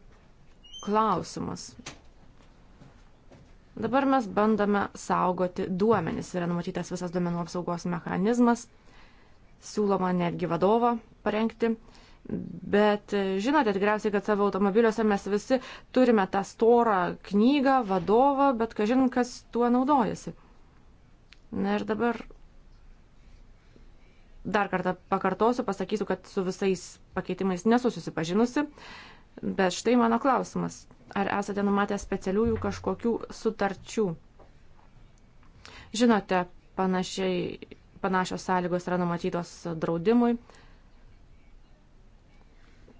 klausimas. Dabar mes bandome saugoti duomenis. Yra numatytas visas duomenų apsaugos mechanizmas – siūloma netgi vadovą parengti. Bet e, žinote tikriausiai, kad savo automobiliuose mes visi turime tą storą knygą, vadovą, bet kažin kas tuo naudojasi. Na ir dabar dar kartą pakartosiu, pasakysiu, kad su visais pakeitimais nesu susipažinusi, bet štai mano klausimas. Ar esate numatę specialiųjų kažkokių sutarčių? Žinote, panašiai panašios sąlygos yra numatytos draudimui.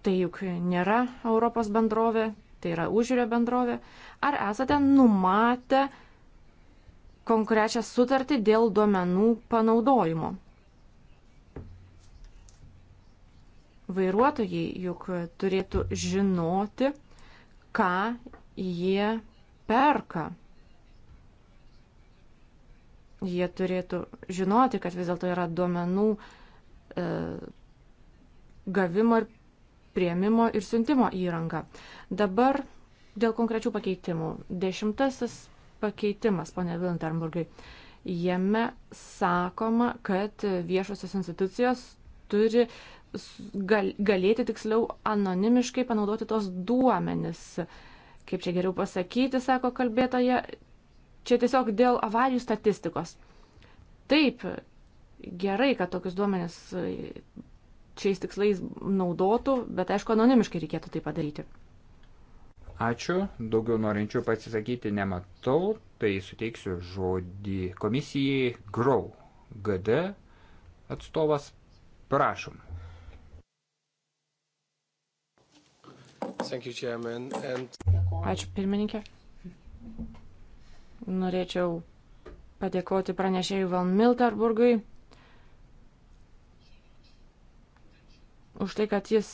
Tai juk nėra Europos bendrovė, tai yra užžiūrio bendrovė. Ar esate numatę konkrečią sutartį dėl duomenų panaudojimo? Vairuotojai juk turėtų žinoti, ką jie perka. Jie turėtų žinoti, kad vis dėlto yra duomenų e, gavimo ir prieimimo ir siuntimo įranga. Dabar dėl konkrečių pakeitimų. Dešimtasis pakeitimas, ponė Vilantarmburgai. Jame sakoma, kad viešosios institucijos turi gal, galėti tiksliau anonimiškai panaudoti tos duomenis. Kaip čia geriau pasakyti, sako kalbėtoja, Čia tiesiog dėl avarijų statistikos. Taip, gerai, kad tokius duomenis e, šiais tikslais naudotų, bet aišku, anonimiškai reikėtų tai padaryti. Ačiū, daugiau norinčių pasisakyti nematau, tai suteiksiu žodį komisijai GROW. GD atstovas, prašom. Ačiū, pirmininkė. Norėčiau padėkoti pranešėjui Van Miltarburgui už tai, kad jis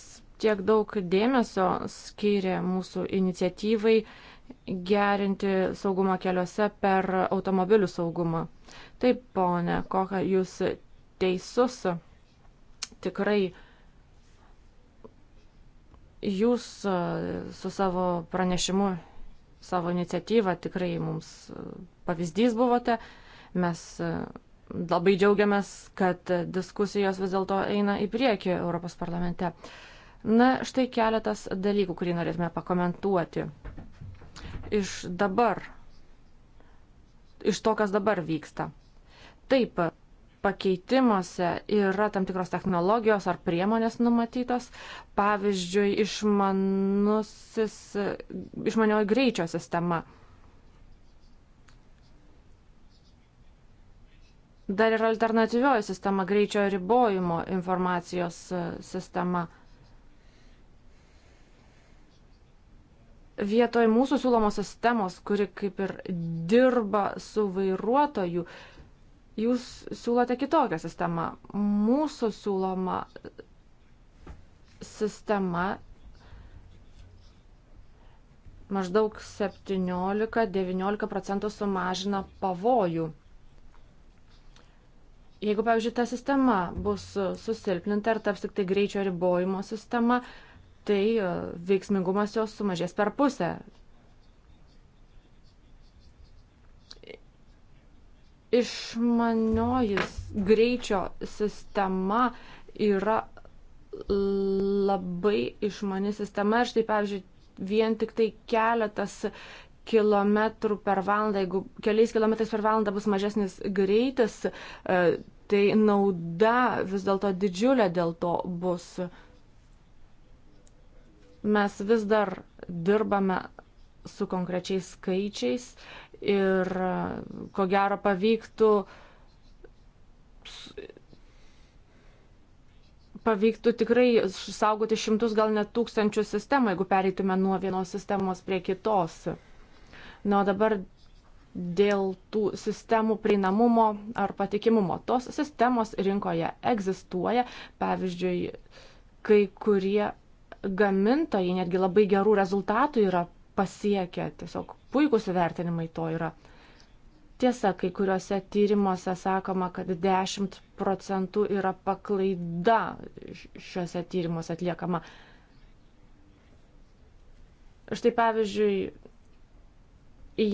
tiek daug dėmesio skiria mūsų iniciatyvai gerinti saugumą keliuose per automobilių saugumą. Taip, ponė, kokia jūs teisus, tikrai jūs su savo pranešimu savo iniciatyvą, tikrai mums e, pavyzdys buvote. Mes e, labai džiaugiamės, kad diskusijos vis dėlto eina į priekį Europos parlamente. Na, štai keletas dalykų, kurį norėtume pakomentuoti. Iš dabar, iš to, kas dabar vyksta. Taip, pakeitimuose yra tam tikros technologijos ar priemonės numatytos, pavyzdžiui, išmanioji greičio sistema. Dar yra alternatyvioji sistema greičio ribojimo informacijos e, sistema. Vietoj mūsų siūlomos sistemos, kuri kaip ir dirba su vairuotoju, uh, Jūs siūlote kitokią sistemą. Mūsų siūloma sistema maždaug 17-19 procentų sumažina pavojų. Jeigu, pavyzdžiui, ta sistema bus susilpninta ir taps tik tai greičio ribojimo sistema, tai e, veiksmingumas jos sumažės per pusę. išmaniojus greičio sistema yra labai išmani sistema ir štai pavyzdžiui vien tik tai keletas kilometrų per valandą, jeigu keliais kilometrais per valandą bus mažesnis greitis, e, tai nauda vis dėlto didžiulė dėl to bus. Mes vis dar dirbame su konkrečiais skaičiais ir ko gero pavyktų, pavyktų tikrai saugoti šimtus, gal net tūkstančių sistemų, jeigu pereitume nuo vienos sistemos prie kitos. Na, o dabar dėl tų sistemų prieinamumo ar patikimumo. Tos sistemos rinkoje egzistuoja, pavyzdžiui, kai kurie gamintojai netgi labai gerų rezultatų yra pasiekę, tiesiog puikūs įvertinimai to yra. Tiesa, kai kuriuose tyrimuose sakoma, kad 10 procentų yra paklaida šiuose tyrimuose atliekama. Štai pavyzdžiui,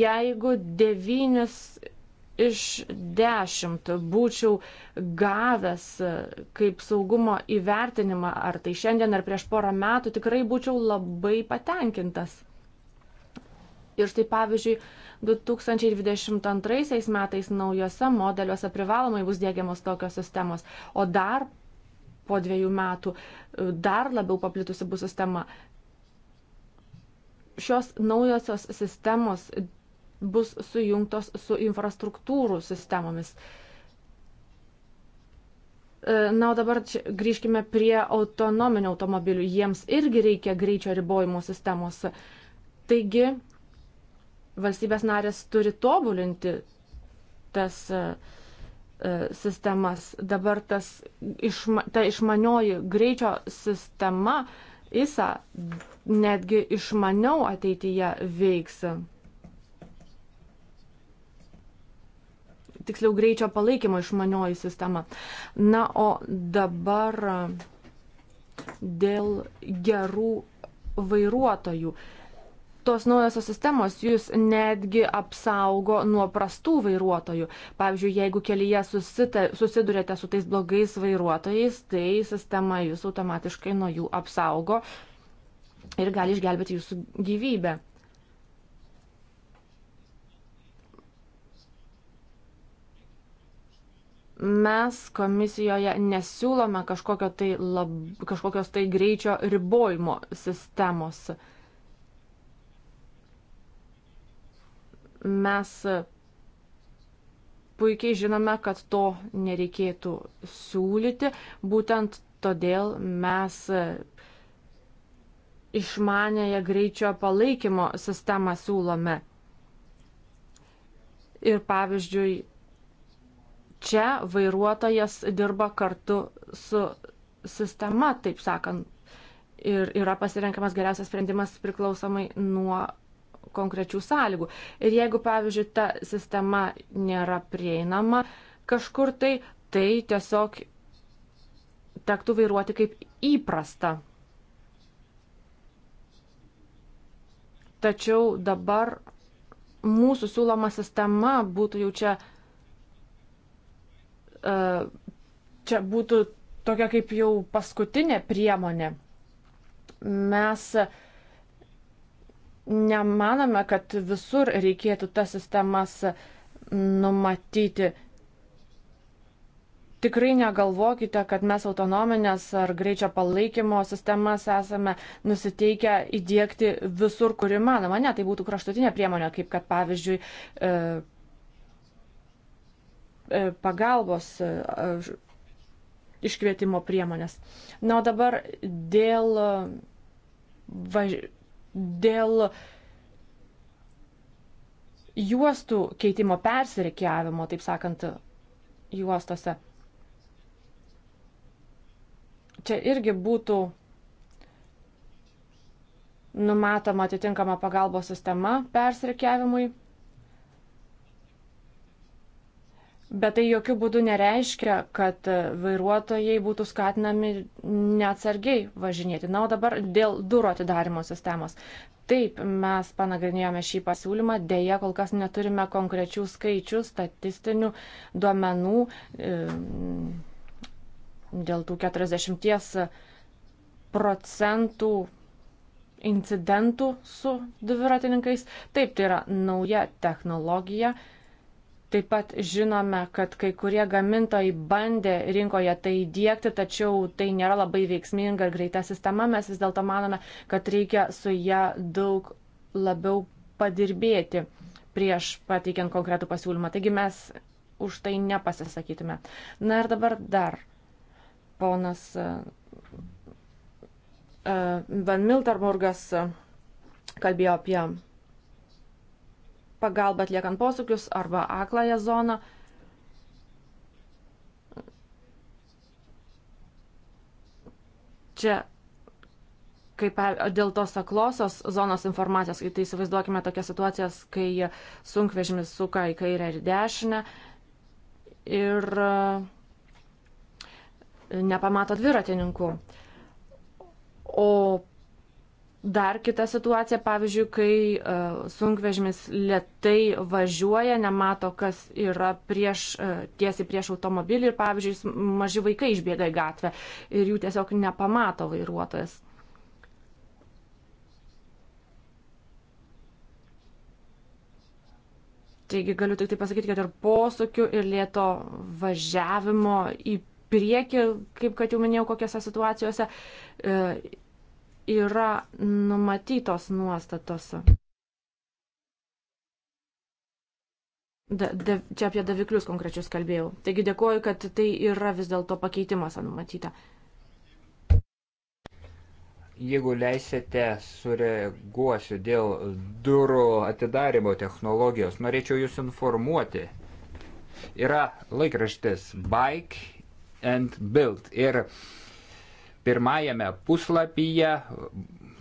jeigu 9 iš 10 būčiau gavęs kaip saugumo įvertinimą, ar tai šiandien ar prieš porą metų, tikrai būčiau labai patenkintas. Ir štai pavyzdžiui, 2022 metais naujose modeliuose privalomai bus dėgiamos tokios sistemos, o dar po dviejų metų e, dar labiau paplitusi bus sistema. Šios naujosios sistemos bus sujungtos su infrastruktūrų sistemomis. E, na, o dabar grįžkime prie autonominių automobilių. Jiems irgi reikia greičio ribojimo sistemos. Taigi, valstybės narės turi tobulinti tas e, e, sistemas. Dabar tas, išma, ta išmanioji greičio sistema ISA netgi išmaniau ateityje veiks. Tiksliau greičio palaikymo išmanioji sistema. Na, o dabar dėl gerų vairuotojų. Uh, tos naujosios sistemos jūs netgi apsaugo nuo prastų vairuotojų. Pavyzdžiui, jeigu kelyje susita, susidurėte su tais blogais vairuotojais, tai sistema jūs automatiškai nuo jų apsaugo ir gali išgelbėti jūsų gyvybę. mes komisijoje nesiūlome kažkokio tai lab, kažkokios tai greičio ribojimo sistemos. Uh, Mes puikiai žinome, kad to nereikėtų siūlyti. Būtent todėl mes išmanėją greičio palaikymo sistemą siūlome. Ir pavyzdžiui, čia vairuotojas dirba kartu su sistema, taip sakant, ir yra pasirenkamas geriausias sprendimas priklausomai nuo konkrečių sąlygų. Ir jeigu, pavyzdžiui, ta sistema nėra prieinama kažkur tai, tai tiesiog tektų vairuoti kaip įprasta. Tačiau dabar mūsų siūloma sistema būtų jau čia, e, čia būtų tokia kaip jau paskutinė priemonė. Mes uh, nemanome, kad visur reikėtų tas sistemas numatyti. Tikrai negalvokite, kad mes autonominės ar greičio palaikymo sistemas esame nusiteikę įdėkti visur, kur įmanoma. Ne, tai būtų kraštutinė priemonė, kaip kad pavyzdžiui e, e, pagalbos e, iškvietimo priemonės. Na, o dabar dėl važ dėl juostų keitimo persirikiavimo, taip sakant, juostose. Čia irgi būtų numatoma atitinkama pagalbos sistema persirikiavimui Bet tai jokių būdų nereiškia, kad e, vairuotojai būtų skatinami neatsargiai važinėti. Na, o dabar dėl durų atidarimo sistemos. Taip, mes panagrinėjome šį pasiūlymą, dėja kol kas neturime konkrečių skaičių, statistinių duomenų e, dėl tų 40 procentų incidentų su dviratininkais. Taip, tai yra nauja technologija Taip pat žinome, kad kai kurie gamintojai bandė rinkoje tai įdėkti, tačiau tai nėra labai veiksminga ir greita sistema. Mes vis dėlto manome, kad reikia su ją daug labiau padirbėti prieš pateikiant konkretų pasiūlymą. Taigi mes už tai nepasisakytume. Na ir dabar dar ponas e, e, Van Milterburgas kalbėjo apie pagalba atliekant posūkius arba akląją zoną. Čia, kaip dėl tos aklosios zonos informacijos, tai įsivaizduokime tokias situacijas, kai sunkvežimis suka į kairę ir dešinę ir e, nepamato dviratininkų. O Dar kita situacija, pavyzdžiui, kai uh, sunkvežimis lietai važiuoja, nemato, kas yra prieš, uh, tiesiai prieš automobilį ir, pavyzdžiui, maži vaikai išbėga į gatvę ir jų tiesiog nepamato vairuotojas. Taigi galiu tik tai pasakyti, kad ir posūkių, ir lėto važiavimo į priekį, kaip kad jau minėjau, kokiose situacijose. Uh, yra numatytos nuostatos. Da, da, čia apie daviklius konkrečius kalbėjau. Taigi dėkuoju, kad tai yra vis dėlto pakeitimas numatyta. Jeigu leisite, sureaguosiu dėl durų atidarimo technologijos. Norėčiau Jūs informuoti. Yra laikraštis Bike and Build. Ir uh, pirmajame puslapyje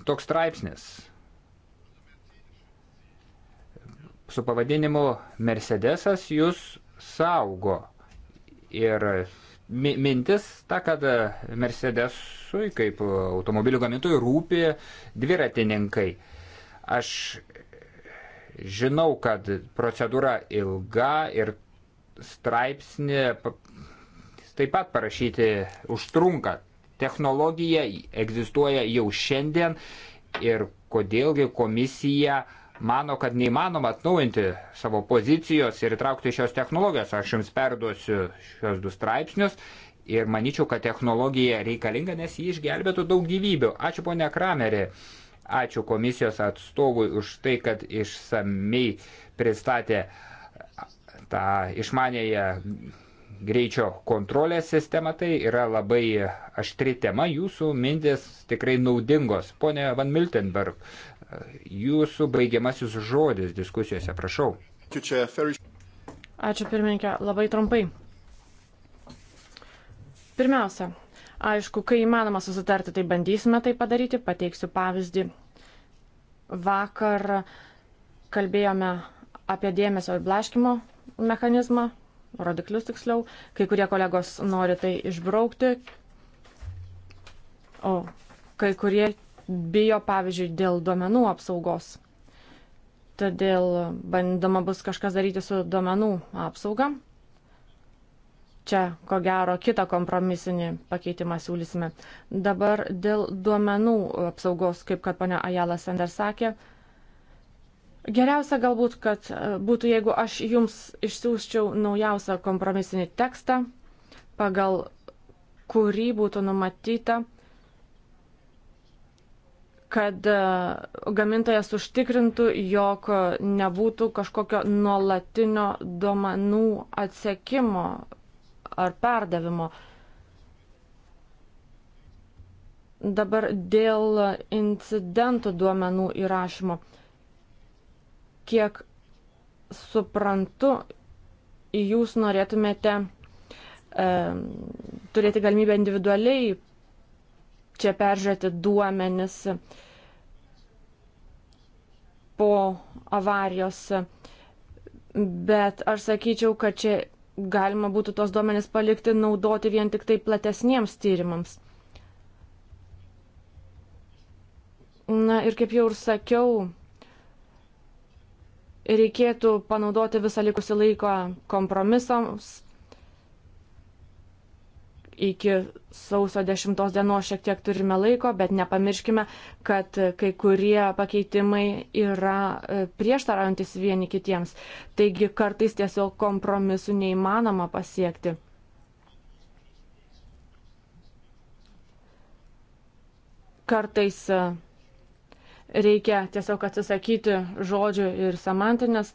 toks straipsnis su pavadinimu Mercedesas jūs saugo. Ir mi mintis ta, kad Mercedesui kaip automobilių gamintojui rūpi dviratininkai. Aš žinau, kad procedūra ilga ir straipsnį taip pat parašyti užtrunka. Technologija egzistuoja jau šiandien ir kodėlgi komisija mano, kad neįmanoma atnaujinti savo pozicijos ir įtraukti šios technologijos. Aš jums perduosiu šios du straipsnius ir manyčiau, kad technologija reikalinga, nes ji išgelbėtų daug gyvybių. Ačiū ponia Kramerė, ačiū komisijos atstovui už tai, kad išsamei pristatė tą išmanėją greičio kontrolės sistemą. Tai yra labai aštri tema, jūsų mintis tikrai naudingos. Pone Van Miltenberg, jūsų baigiamasis žodis diskusijose, prašau. Ačiū pirmininkė, labai trumpai. Pirmiausia, aišku, kai įmanoma susitarti, tai bandysime tai padaryti. Pateiksiu pavyzdį. Vakar kalbėjome apie dėmesio ir blaškimo mechanizmą, rodiklius tiksliau. Kai kurie kolegos nori tai išbraukti, o kai kurie bijo, pavyzdžiui, dėl duomenų apsaugos. Todėl bandama bus kažkas daryti su duomenų apsauga. Čia, ko gero, kitą kompromisinį pakeitimą siūlysime. Dabar dėl duomenų apsaugos, kaip kad ponia Ajala Sender sakė, uh, Geriausia galbūt, kad e, būtų, jeigu aš jums išsiųsčiau naujausią kompromisinį tekstą, pagal kurį būtų numatyta, kad e, gamintojas užtikrintų, jog nebūtų kažkokio nuolatinio duomenų atsekimo ar perdavimo. Dabar dėl incidentų duomenų įrašymo. Kiek suprantu, jūs norėtumėte e, turėti galimybę individualiai čia peržiūrėti duomenis po avarijos, bet aš sakyčiau, kad čia galima būtų tos duomenis palikti naudoti vien tik tai platesniems tyrimams. Na ir kaip jau ir sakiau, reikėtų panaudoti visą likusį laiką kompromisams. Iki sausio 10 dienos šiek tiek turime laiko, bet nepamirškime, kad kai kurie pakeitimai yra e, prieštaraujantis vieni kitiems. Taigi kartais tiesiog kompromisų neįmanoma pasiekti. Kartais e, reikia tiesiog atsisakyti žodžių ir semantinės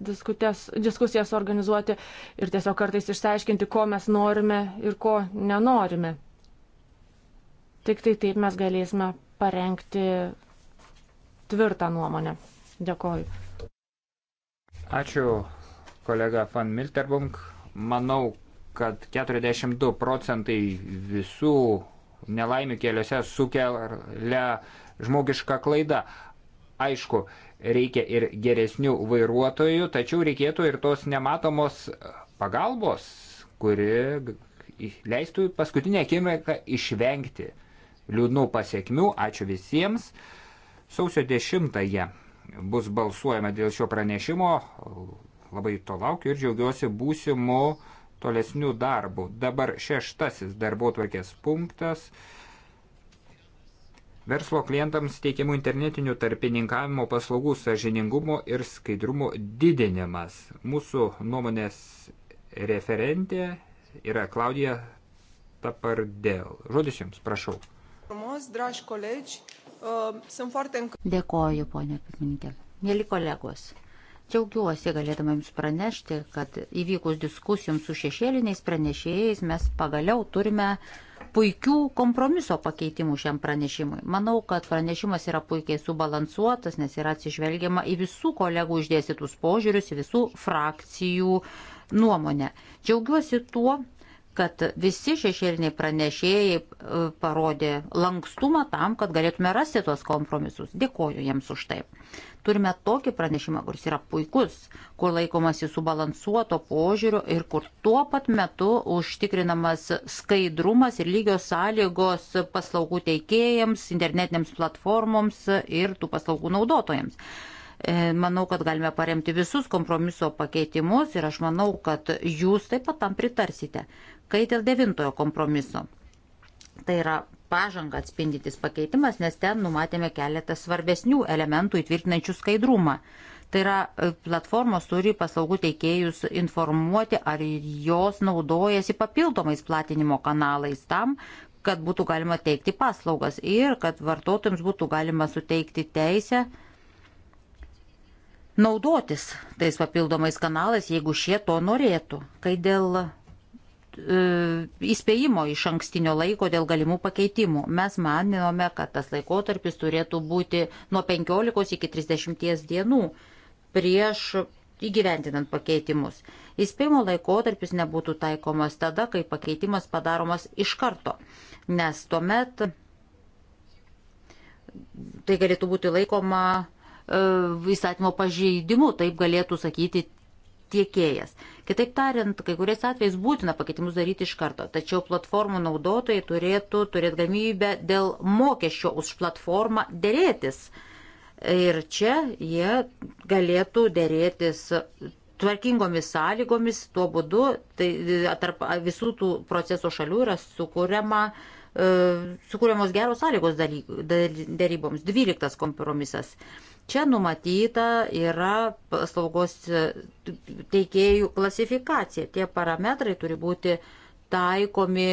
diskusijas organizuoti ir tiesiog kartais išsiaiškinti, ko mes norime ir ko nenorime. Tik tai taip mes galėsime parengti tvirtą nuomonę. Dėkoju. Ačiū, kolega Van Milterbunk. Manau, kad 42 procentai visų nelaimių keliuose sukelia žmogiška klaida. Aišku, reikia ir geresnių vairuotojų, tačiau reikėtų ir tos nematomos pagalbos, kuri leistų paskutinę akimirką išvengti liūdnų pasiekmių. Ačiū visiems. Sausio 10-ąją bus balsuojama dėl šio pranešimo. Labai to laukiu ir džiaugiuosi būsimu tolesnių darbų. Dabar šeštasis darbo tvarkės punktas verslo klientams teikiamų internetinių tarpininkavimo paslaugų sažiningumo ir skaidrumo didinimas. Mūsų nuomonės referentė yra Klaudija Tapardėl. Žodis Jums, prašau. Uh, Dėkoju, ponė pirmininkė. Mėly kolegos, džiaugiuosi galėdama Jums pranešti, kad įvykus diskusijoms su šešėliniais pranešėjais mes pagaliau turime uh, puikių kompromiso pakeitimų šiam pranešimui. Manau, kad pranešimas yra puikiai subalansuotas, nes yra atsižvelgiama į visų kolegų išdėstytus požiūrius, į visų frakcijų nuomonę. Džiaugiuosi tuo, kad visi šešėliniai pranešėjai e, parodė lankstumą tam, kad galėtume rasti tuos kompromisus. Dėkoju jiems už tai. Turime tokį pranešimą, kuris yra puikus, kur laikomasi subalansuoto požiūrio ir kur tuo pat metu užtikrinamas skaidrumas ir lygios sąlygos paslaugų teikėjams, internetinėms platformoms ir tų paslaugų naudotojams e, manau, kad galime paremti visus kompromiso pakeitimus ir aš manau, kad jūs taip pat tam pritarsite. Kai dėl devintojo kompromiso. Tai yra pažanga atspindintis pakeitimas, nes ten numatėme keletą svarbesnių elementų įtvirtinančių skaidrumą. Tai yra e, platformos turi paslaugų teikėjus informuoti, ar jos naudojasi papildomais platinimo kanalais tam, kad būtų galima teikti paslaugas ir kad vartotojams būtų galima suteikti teisę naudotis tais papildomais kanalais, jeigu šie to norėtų. Kai dėl E, įspėjimo iš ankstinio laiko dėl galimų pakeitimų. Mes manome, kad tas laikotarpis turėtų būti nuo 15 iki 30 dienų prieš įgyvendinant pakeitimus. Įspėjimo laikotarpis nebūtų taikomas tada, kai pakeitimas padaromas iš karto, nes tuomet tai galėtų būti laikoma e, įstatymo pažeidimu, taip galėtų sakyti tiekėjas. Kitaip tariant, kai kuriais atvejais būtina pakeitimus daryti iš karto, tačiau platformų naudotojai turėtų turėti galimybę dėl mokesčio už platformą dėrėtis. Ir čia jie galėtų dėrėtis tvarkingomis sąlygomis, tuo būdu tai, e, tarp visų tų proceso šalių yra sukūriama, e, sukūriamos geros sąlygos dalyk, daryboms. 12 kompromisas. E, Čia numatyta yra paslaugos e, teikėjų klasifikacija. Tie parametrai turi būti taikomi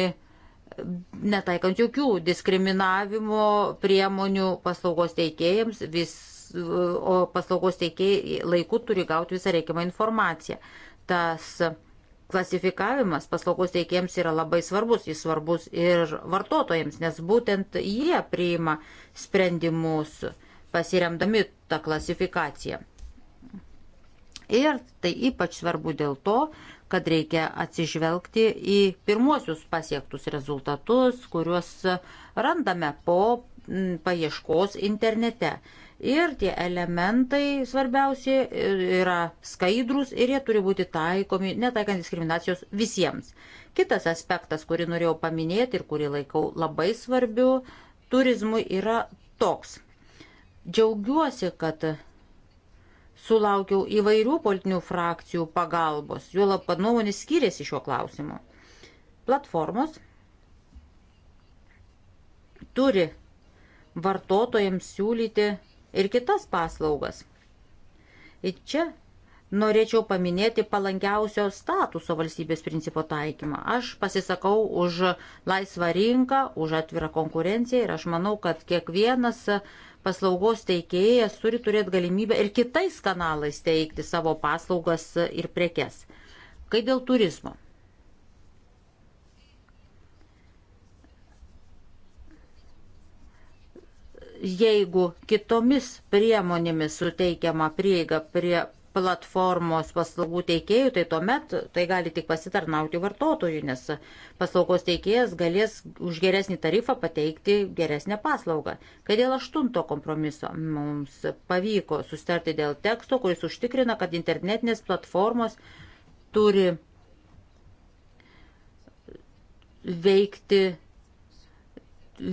netaikant jokių diskriminavimo priemonių paslaugos teikėjams, vis, o paslaugos teikėjai laiku turi gauti visą reikiamą informaciją. Tas klasifikavimas paslaugos teikėjams yra labai svarbus, jis svarbus ir vartotojams, nes būtent jie priima sprendimus pasiremdami tą klasifikaciją. Ir tai ypač svarbu dėl to, kad reikia atsižvelgti į pirmuosius pasiektus rezultatus, kuriuos randame po paieškos internete. Ir tie elementai svarbiausi yra skaidrus ir jie turi būti taikomi, netaikant diskriminacijos visiems. Kitas aspektas, kurį norėjau paminėti ir kurį laikau labai svarbiu turizmui, yra toks. Džiaugiuosi, kad sulaukiau įvairių politinių frakcijų pagalbos, juolab, kad nuomonės skiriasi šiuo klausimu. Platformos turi vartotojams siūlyti ir kitas paslaugas. Ir čia norėčiau paminėti palankiausio statuso valstybės principo taikymą. Aš pasisakau už laisvą rinką, už atvirą konkurenciją ir aš manau, kad kiekvienas paslaugos teikėjas turi turėti galimybę ir kitais kanalais teikti savo paslaugas ir prekes. Kai dėl turizmo. Jeigu kitomis priemonėmis suteikiama prieiga prie platformos paslaugų teikėjų, tai tuomet tai gali tik pasitarnauti vartotojui, nes paslaugos teikėjas galės už geresnį tarifą pateikti geresnę paslaugą. Kai dėl aštunto kompromiso mums pavyko sustarti dėl teksto, kuris užtikrina, kad internetinės platformos turi veikti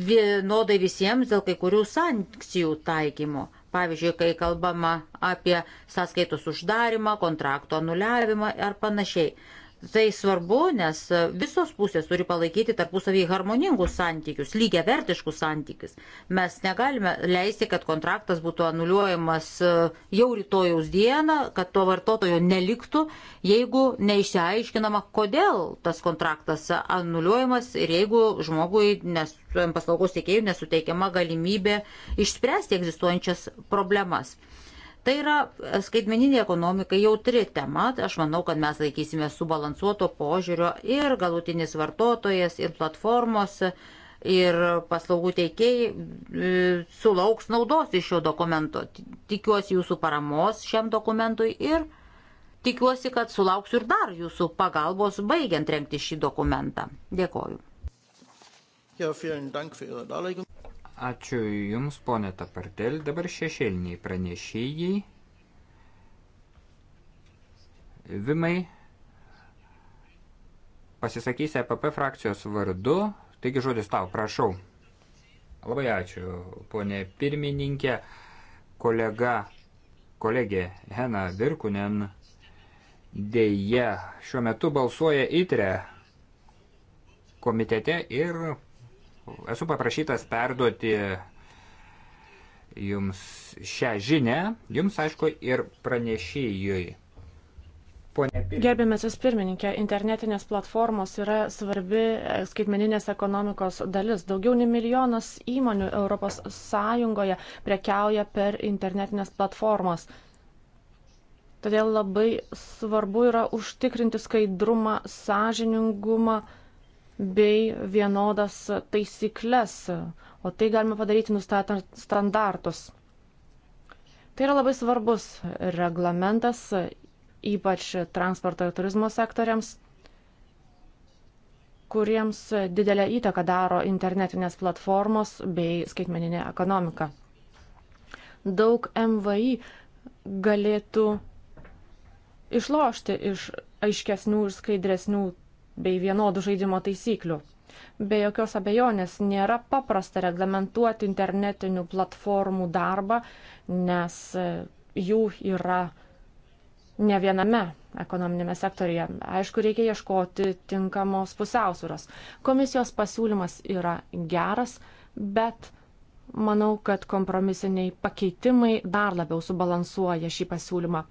vienodai visiems dėl kai kurių sankcijų taikymo. Pavyzdžiui, kai kalbama apie sąskaitos uždarimą, kontrakto anuliavimą ar panašiai. Tai svarbu, nes e, visos pusės turi palaikyti tarpusavį harmoningus santykius, lygiai vertiškus santykius. Mes negalime leisti, kad kontraktas būtų anuliuojamas e, jau rytojaus dieną, kad to vartotojo neliktų, jeigu neišsiaiškinama, kodėl tas kontraktas anuliuojamas ir jeigu žmogui nes, e, paslaugos teikėjų nesuteikiama galimybė išspręsti egzistuojančias problemas. Tai yra e, skaitmeninė ekonomika jautri tema, aš manau, kad mes laikysime subalansuoto požiūrio ir galutinis vartotojas, ir platformos, ir paslaugų teikėjai e, sulauks naudos iš šio dokumento. Tikiuosi jūsų paramos šiam dokumentui ir tikiuosi, kad sulauksiu ir dar jūsų pagalbos baigiant renkti šį dokumentą. Dėkoju. Ja, Ačiū Jums, ponė Tapartel. Dabar šešėliniai pranešėjai. Vimai pasisakysi APP e frakcijos vardu. Taigi žodis tau, prašau. Labai ačiū, ponė pirmininkė, kolega, kolegė Hena Virkunen. Deja, šiuo metu balsuoja ITRE komitete ir Esu paprašytas perduoti jums šią žinę, jums aišku ir pranešėjui. Gerbiamasis pirmininkė, internetinės platformos yra svarbi skaitmeninės ekonomikos dalis. Daugiau nei milijonas įmonių ES prekiauja per internetinės platformas. Todėl labai svarbu yra užtikrinti skaidrumą, sąžiningumą bei vienodas taisyklės, o tai galima padaryti nustatant standartus. Tai yra labai svarbus reglamentas, ypač transporto ir turizmo sektoriams, kuriems didelę įtaką daro internetinės platformos bei skaitmeninė ekonomika. Daug MVI galėtų išlošti iš aiškesnių ir skaidresnių bei vienodų žaidimo taisyklių. Be jokios abejonės nėra paprasta reglamentuoti internetinių platformų darbą, nes e, jų yra ne viename ekonominėme sektorija. Aišku, reikia ieškoti tinkamos pusiausvėros. Komisijos pasiūlymas yra geras, bet manau, kad kompromisiniai pakeitimai dar labiau subalansuoja šį pasiūlymą.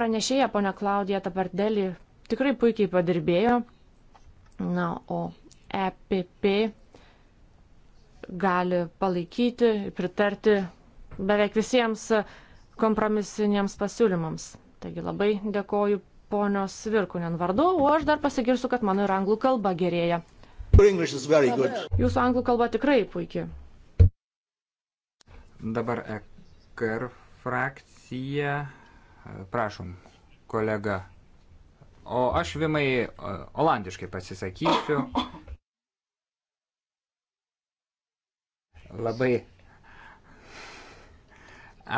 Pranešėja ponia Klaudija Tapardelį tikrai puikiai padirbėjo. Na, o EPP gali palaikyti ir pritarti beveik visiems kompromisiniams pasiūlymams. Taigi labai dėkoju ponios Virkunen vardu, o aš dar pasigirsiu, kad mano ir anglų kalba gerėja. Jūsų anglų kalba tikrai puikiai. Dabar EKR frakcija. Prašom, kolega O aš vimai olandiškai pasisakysiu. Labai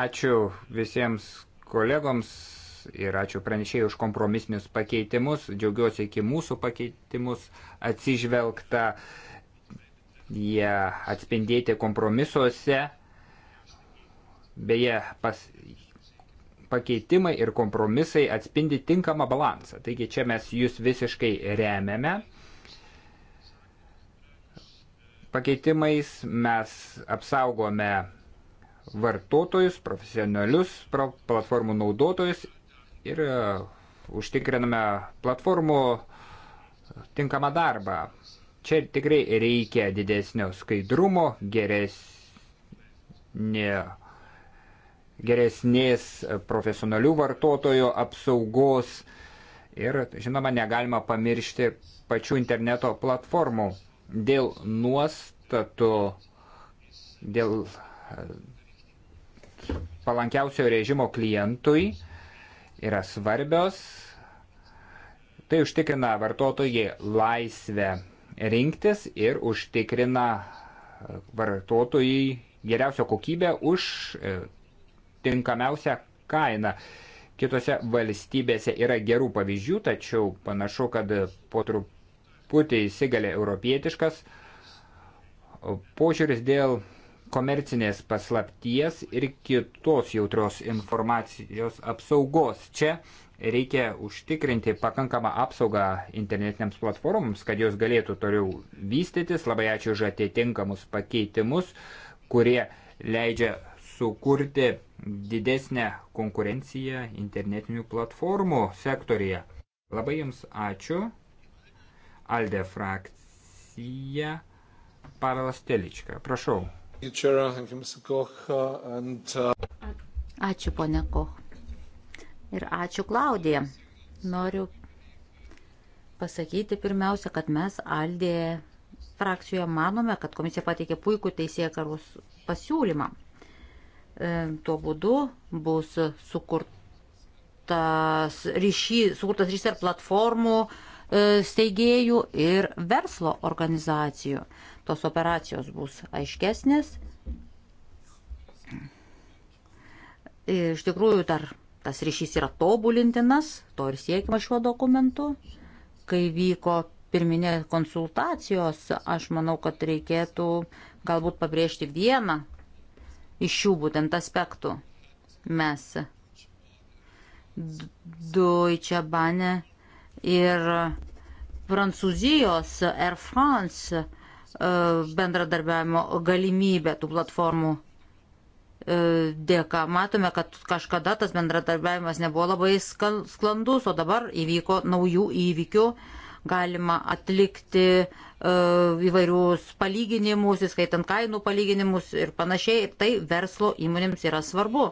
ačiū visiems kolegoms ir ačiū pranešėjai už kompromisinius pakeitimus. Džiaugiuosi iki mūsų pakeitimus atsižvelgta jie atspindėti kompromisuose. Beje, pas, pakeitimai ir kompromisai atspindi tinkamą balansą. Taigi čia mes jūs visiškai remiame. Pakeitimais mes apsaugome vartotojus, profesionalius, platformų naudotojus ir e, užtikriname platformų tinkamą darbą. Čia tikrai reikia didesnio skaidrumo, geresnio geresnės profesionalių vartotojų apsaugos ir, žinoma, negalima pamiršti pačių interneto platformų. Dėl nuostatų, dėl e, palankiausio režimo klientui yra svarbios. Tai užtikrina vartotojai laisvę rinktis ir užtikrina vartotojai geriausią kokybę už e, tinkamiausią kainą. Kitose valstybėse yra gerų pavyzdžių, tačiau panašu, kad po truputį įsigalė europietiškas požiūris dėl komercinės paslapties ir kitos jautrios informacijos apsaugos. Čia reikia užtikrinti pakankamą apsaugą internetiniams platformoms, kad jos galėtų toliau vystytis. Labai ačiū už atitinkamus pakeitimus, kurie leidžia sukurti didesnę konkurenciją internetinių platformų sektorija. Labai Jums ačiū. Alde frakcija Pavelas Telička. Prašau. Ačiū, ponia Koch. Ir ačiū, Klaudija. Noriu pasakyti pirmiausia, kad mes Aldėje frakcijoje manome, kad komisija pateikė puikų teisėkarus pasiūlymą. E, tuo būdu bus sukurtas ryšys, sukurtas ryšys tarp platformų e, steigėjų ir verslo organizacijų. Tos operacijos bus aiškesnės. Iš tikrųjų, dar tas ryšys yra tobulintinas, to ir siekima šiuo dokumentu. Kai vyko pirminė konsultacijos, aš manau, kad reikėtų galbūt pabrėžti vieną iš šių būtent aspektų. Mes Deutsche Bahn ir Prancūzijos Air France e, bendradarbiavimo galimybę tų platformų e, dėka. Matome, kad kažkada tas bendradarbiavimas nebuvo labai sklandus, o dabar įvyko naujų įvykių galima atlikti e, įvairius palyginimus, įskaitant kainų palyginimus ir panašiai. Tai verslo įmonėms yra svarbu.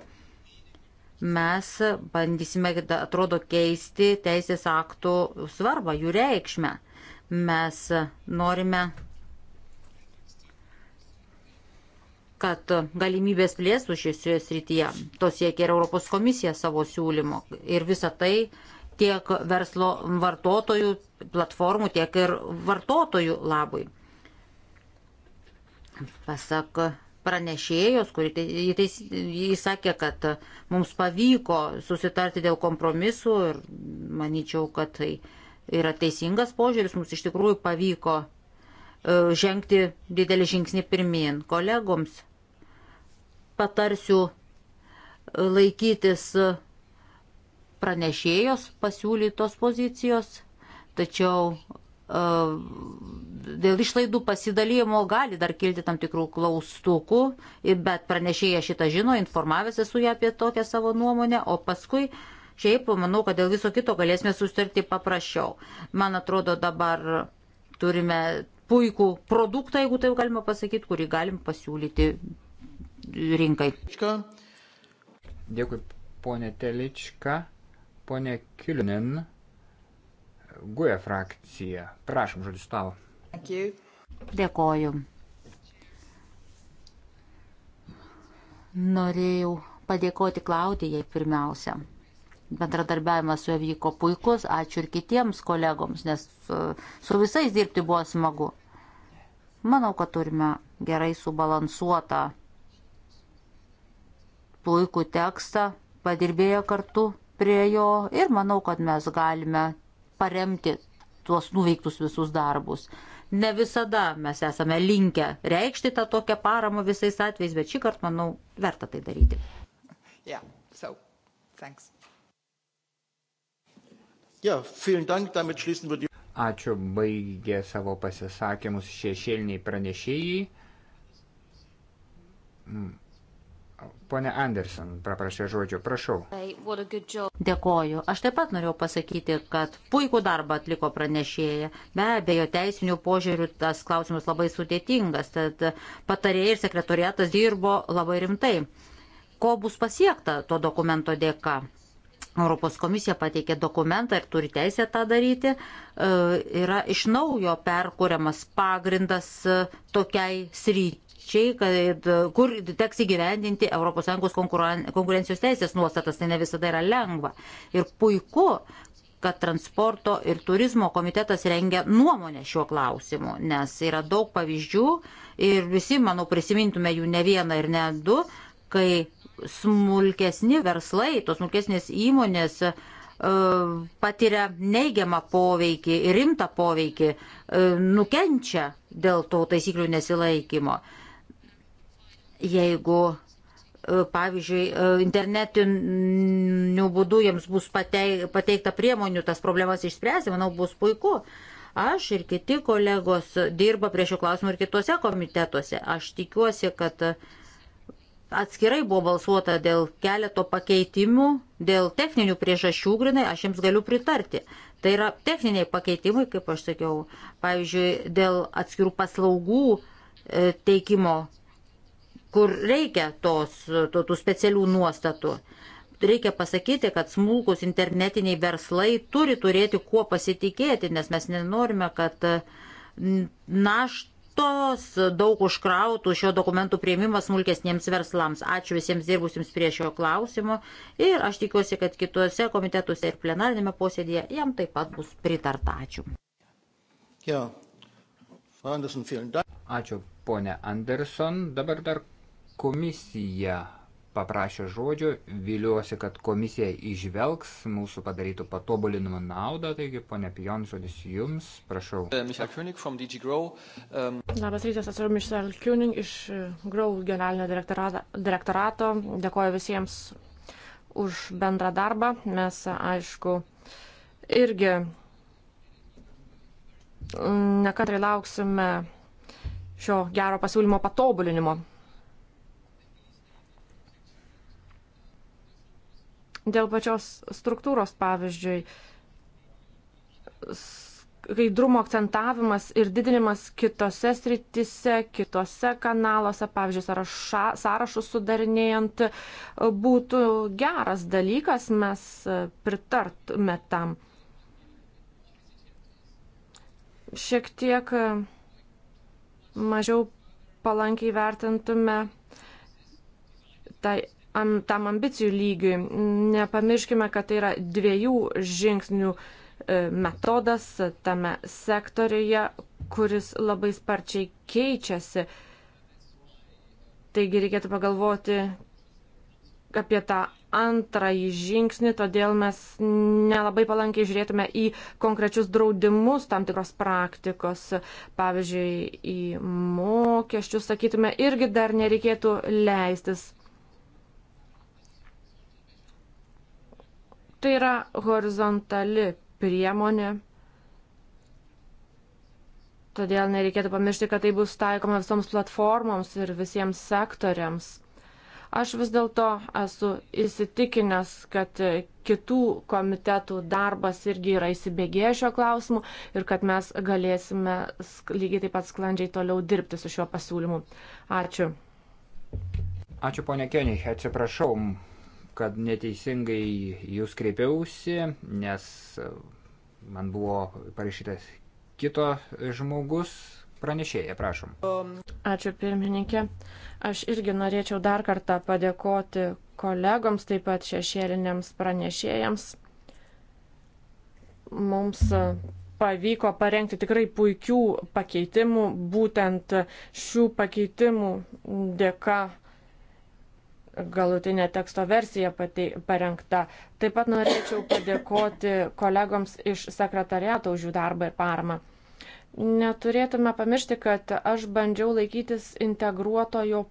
Mes bandysime, atrodo, keisti teisės aktų svarbą, jų reikšmę. Mes norime kad galimybės plėstų šioje srityje. To siekia ir Europos komisija savo siūlymo. Ir visa tai uh, tiek verslo vartotojų platformų, tiek ir vartotojų labui. Pasak pranešėjos, kuri įsakė, kad mums pavyko susitarti dėl kompromisų ir manyčiau, kad tai yra teisingas požiūris, mums iš tikrųjų pavyko e, žengti didelį žingsnį pirmin. Kolegoms patarsiu laikytis pranešėjos pasiūlytos pozicijos, tačiau e, dėl išlaidų pasidalymo gali dar kilti tam tikrų klaustukų, bet pranešėja šitą žino, informavęs esu ją apie tokią savo nuomonę, o paskui šiaip manau, kad dėl viso kito galėsime sustarti paprasčiau. Man atrodo, dabar turime puikų produktą, jeigu tai galima pasakyti, kurį galim pasiūlyti rinkai. Dėkui, ponė Telička. Pone Kilinin, GUE frakcija. Prašom, žodis tau. Dėkoju. Norėjau padėkoti Klaudijai pirmiausia. Bendradarbiavimas su ja vyko puikus, ačiū ir kitiems kolegoms, nes e, su visais dirbti buvo smagu. Manau, kad turime gerai subalansuotą puikų tekstą, padirbėję kartu prie jo ir manau, kad mes galime paremti tuos nuveiktus visus darbus. Ne visada mes esame linkę reikšti tą tokią paramą visais atvejais, bet šį kartą, manau, verta tai daryti. Yeah, so, thanks. Ja, vielen Dank, damit schließen wir die. Ačiū, baigė savo pasisakymus šešėliniai pranešėjai. Hmm. Pone Anderson, paprašė žodžio, prašau. Dėkoju. Aš taip pat norėjau pasakyti, kad puikų darbą atliko pranešėja. Be abejo, teisinių požiūrių tas klausimas labai sudėtingas, tad patarėjai ir sekretoriatas dirbo labai rimtai. Ko bus pasiekta to dokumento dėka? Europos komisija pateikė dokumentą ir turi teisę tą daryti, e, yra iš naujo perkuriamas pagrindas e, tokiai sryčiai mokesčiai, kad, kur teks įgyvendinti ES konkurencijos teisės nuostatas, tai ne visada yra lengva. Ir puiku, kad transporto ir turizmo komitetas rengia nuomonę šiuo klausimu, nes yra daug pavyzdžių ir visi, manau, prisimintume jų ne vieną ir ne du, kai smulkesni verslai, tos smulkesnės įmonės e, patiria neigiamą poveikį ir rimtą poveikį, e, nukenčia dėl to taisyklių nesilaikymo jeigu e, pavyzdžiui, e, internetiniu būdu jiems bus pateikta priemonių tas problemas išspręsti, manau, bus puiku. Aš ir kiti kolegos dirba prie šio klausimo ir kitose komitetuose. Aš tikiuosi, kad atskirai buvo balsuota dėl keleto pakeitimų, dėl techninių priežasčių grinai, aš jums galiu pritarti. Tai yra techniniai pakeitimai, kaip aš sakiau, pavyzdžiui, dėl atskirų paslaugų e, teikimo kur reikia tos, to, tų specialių nuostatų. Reikia pasakyti, kad smulkus internetiniai verslai turi turėti kuo pasitikėti, nes mes nenorime, kad naštos daug užkrautų šio dokumentų prieimimas smulkesniems verslams. Ačiū visiems dirbusiems prie šio klausimo ir aš tikiuosi, kad kitose komitetuose ir plenarinėme posėdėje jam taip pat bus pritarta. Ačiū. Ja. Ačiū, ponė Anderson. Dabar dar komisija paprašė žodžio, viliuosi, kad komisija išvelgs mūsų padarytų patobulinimų naudą, taigi ponia Pijonsonis jums, prašau. Uh, um, Labas rytas, esu Mišel Kuning iš Grow generalinio direktorato. direktorato. Dėkoju visiems už bendrą darbą. Mes, aišku, irgi nekantrai lauksime šio gero pasiūlymo patobulinimo. Dėl pačios struktūros, pavyzdžiui, skaidrumo akcentavimas ir didinimas kitose sritise, kitose kanaluose, pavyzdžiui, sąraša, sąrašus sudarinėjant, būtų geras dalykas, mes pritartume tam. Šiek tiek mažiau palankiai vertintume tai am, tam ambicijų lygiui. Nepamirškime, kad tai yra dviejų žingsnių e, metodas tame sektoriuje, kuris labai sparčiai keičiasi. Taigi reikėtų pagalvoti apie tą antrąjį žingsnį, todėl mes nelabai palankiai žiūrėtume į konkrečius draudimus tam tikros praktikos, pavyzdžiui, į mokesčius, sakytume, irgi dar nereikėtų leistis Tai yra horizontali priemonė. Todėl nereikėtų pamiršti, kad tai bus taikoma visoms platformoms ir visiems sektoriams. Aš vis dėlto esu įsitikinęs, kad kitų komitetų darbas irgi yra įsibėgėję šio klausimu ir kad mes galėsime lygiai taip pat sklandžiai toliau dirbti su šiuo pasiūlymu. Ačiū. Ačiū ponia Kenich, atsiprašau, kad neteisingai jūs kreipiausi, nes man buvo parašytas kito žmogus. Pranešėja, prašom. Ačiū pirmininkė. Aš irgi norėčiau dar kartą padėkoti kolegoms, taip pat šešėliniams pranešėjams. Mums pavyko parengti tikrai puikių pakeitimų, būtent šių pakeitimų dėka uh, galutinė teksto versija patei, parengta. Taip pat norėčiau padėkoti kolegoms iš sekretariato už jų darbą ir paramą. Neturėtume pamiršti, kad aš bandžiau laikytis integruotojo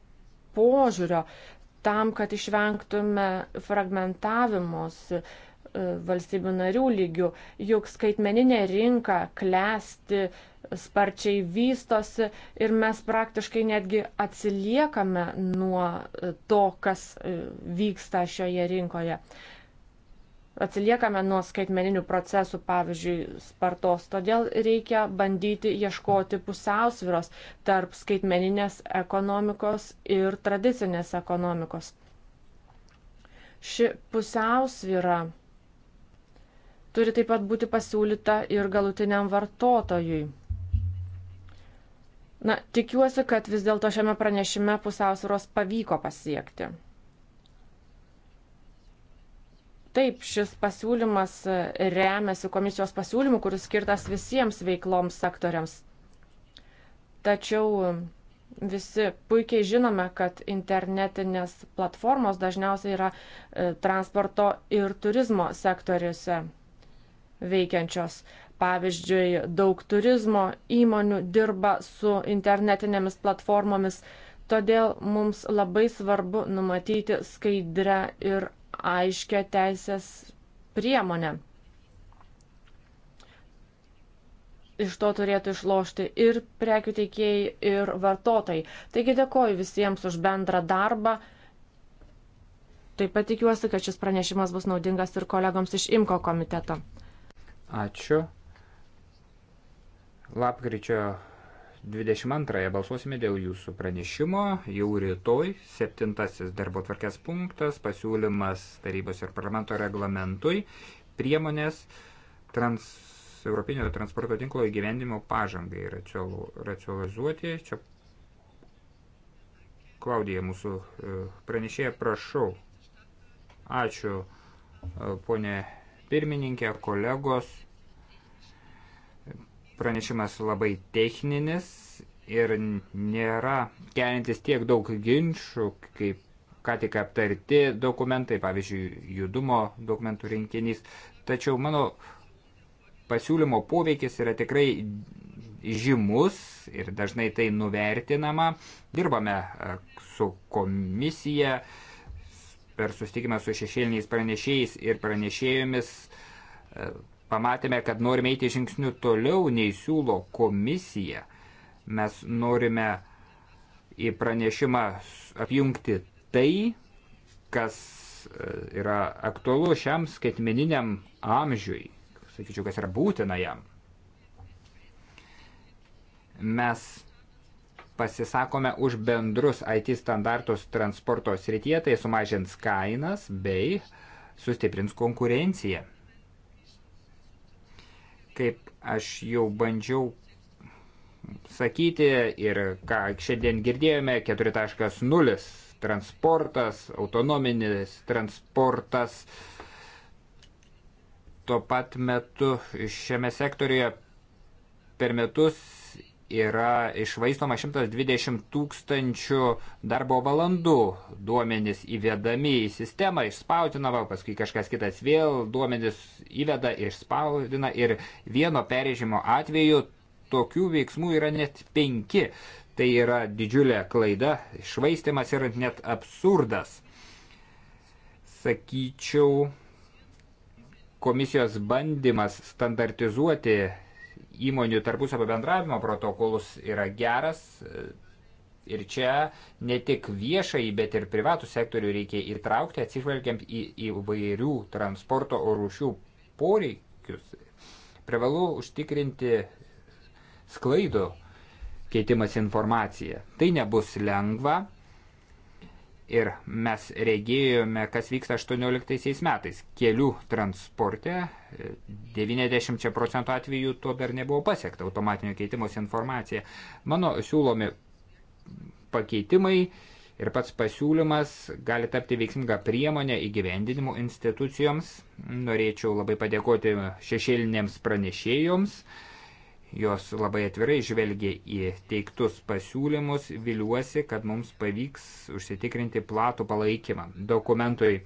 požiūrio tam, kad išvengtume fragmentavimus e, valstybių narių lygių, juk skaitmeninė rinka klesti sparčiai vystosi ir mes praktiškai netgi atsiliekame nuo to, kas e, vyksta šioje rinkoje. Atsiliekame nuo skaitmeninių procesų, pavyzdžiui, spartos. Todėl reikia bandyti ieškoti pusiausviros tarp skaitmeninės ekonomikos ir tradicinės ekonomikos. Ši pusiausvyra turi taip pat būti pasiūlyta ir galutiniam vartotojui. Na, tikiuosi, kad vis dėlto šiame pranešime pusiausvėros pavyko pasiekti. Taip, šis pasiūlymas remiasi komisijos pasiūlymu, kuris skirtas visiems veikloms sektoriams. Tačiau visi puikiai žinome, kad internetinės platformos dažniausiai yra e, transporto ir turizmo sektoriuose veikiančios. Pavyzdžiui, daug turizmo įmonių dirba su internetinėmis platformomis, todėl mums labai svarbu numatyti skaidrę ir aiškę teisės priemonę. Iš to turėtų išlošti ir prekių teikėjai, ir vartotojai. Taigi dėkoju visiems už bendrą darbą. Taip pat tikiuosi, kad šis pranešimas bus naudingas ir kolegoms iš IMKO komiteto. Ačiū. Lapkričio 22 balsuosime dėl jūsų pranešimo. Jau rytoj septintasis darbo tvarkės punktas, pasiūlymas tarybos ir parlamento reglamentui, priemonės trans, Europinio transporto tinklo įgyvendimo pažangai racionalizuoti. Čia Klaudija mūsų e, pranešėja, prašau. Ačiū, e, ponė pirmininkė, kolegos pranešimas labai techninis ir nėra kelintis tiek daug ginčių, kaip ką tik aptarti dokumentai, pavyzdžiui, judumo dokumentų rinkinys. Tačiau mano pasiūlymo poveikis yra tikrai žymus ir dažnai tai nuvertinama. Dirbame e, su komisija per susitikimą su šešėliniais pranešėjais ir pranešėjomis e, pamatėme, kad norime eiti žingsniu toliau nei siūlo komisija. Mes norime į pranešimą apjungti tai, kas e, yra aktualu šiam skaitmeniniam amžiui, sakyčiau, kas yra būtina jam. Mes pasisakome už bendrus IT standartus transporto srityje, tai sumažins kainas bei sustiprins konkurenciją. Kaip aš jau bandžiau sakyti ir ką šiandien girdėjome, 4.0 transportas, autonominis transportas. Tuo pat metu šiame sektoriuje per metus yra išvaistoma 120 tūkstančių darbo valandų duomenys įvedami į sistemą, išspausdinama, paskui kažkas kitas vėl duomenys įveda, išspausdina ir vieno perėžimo atveju tokių veiksmų yra net penki. Tai yra didžiulė klaida, išvaistimas ir net absurdas. Sakyčiau, komisijos bandymas standartizuoti įmonių tarpusavio bendravimo protokolus yra geras. E, ir čia ne tik viešai, bet ir privatų sektorių reikia įtraukti, atsižvelgiant į įvairių transporto rūšių poreikius. Privalu užtikrinti sklaido keitimas informacija. Tai nebus lengva, Ir mes regėjome, kas vyksta 18 metais. Kelių transporte 90 procentų atvejų to dar nebuvo pasiekta automatinio keitimos informacija. Mano siūlomi pakeitimai ir pats pasiūlymas gali tapti veiksminga priemonė įgyvendinimo institucijoms. Norėčiau labai padėkoti šešėlinėms pranešėjoms. Uh, Jos labai atvirai žvelgia į teiktus pasiūlymus, viliuosi, kad mums pavyks užsitikrinti platų palaikymą dokumentui.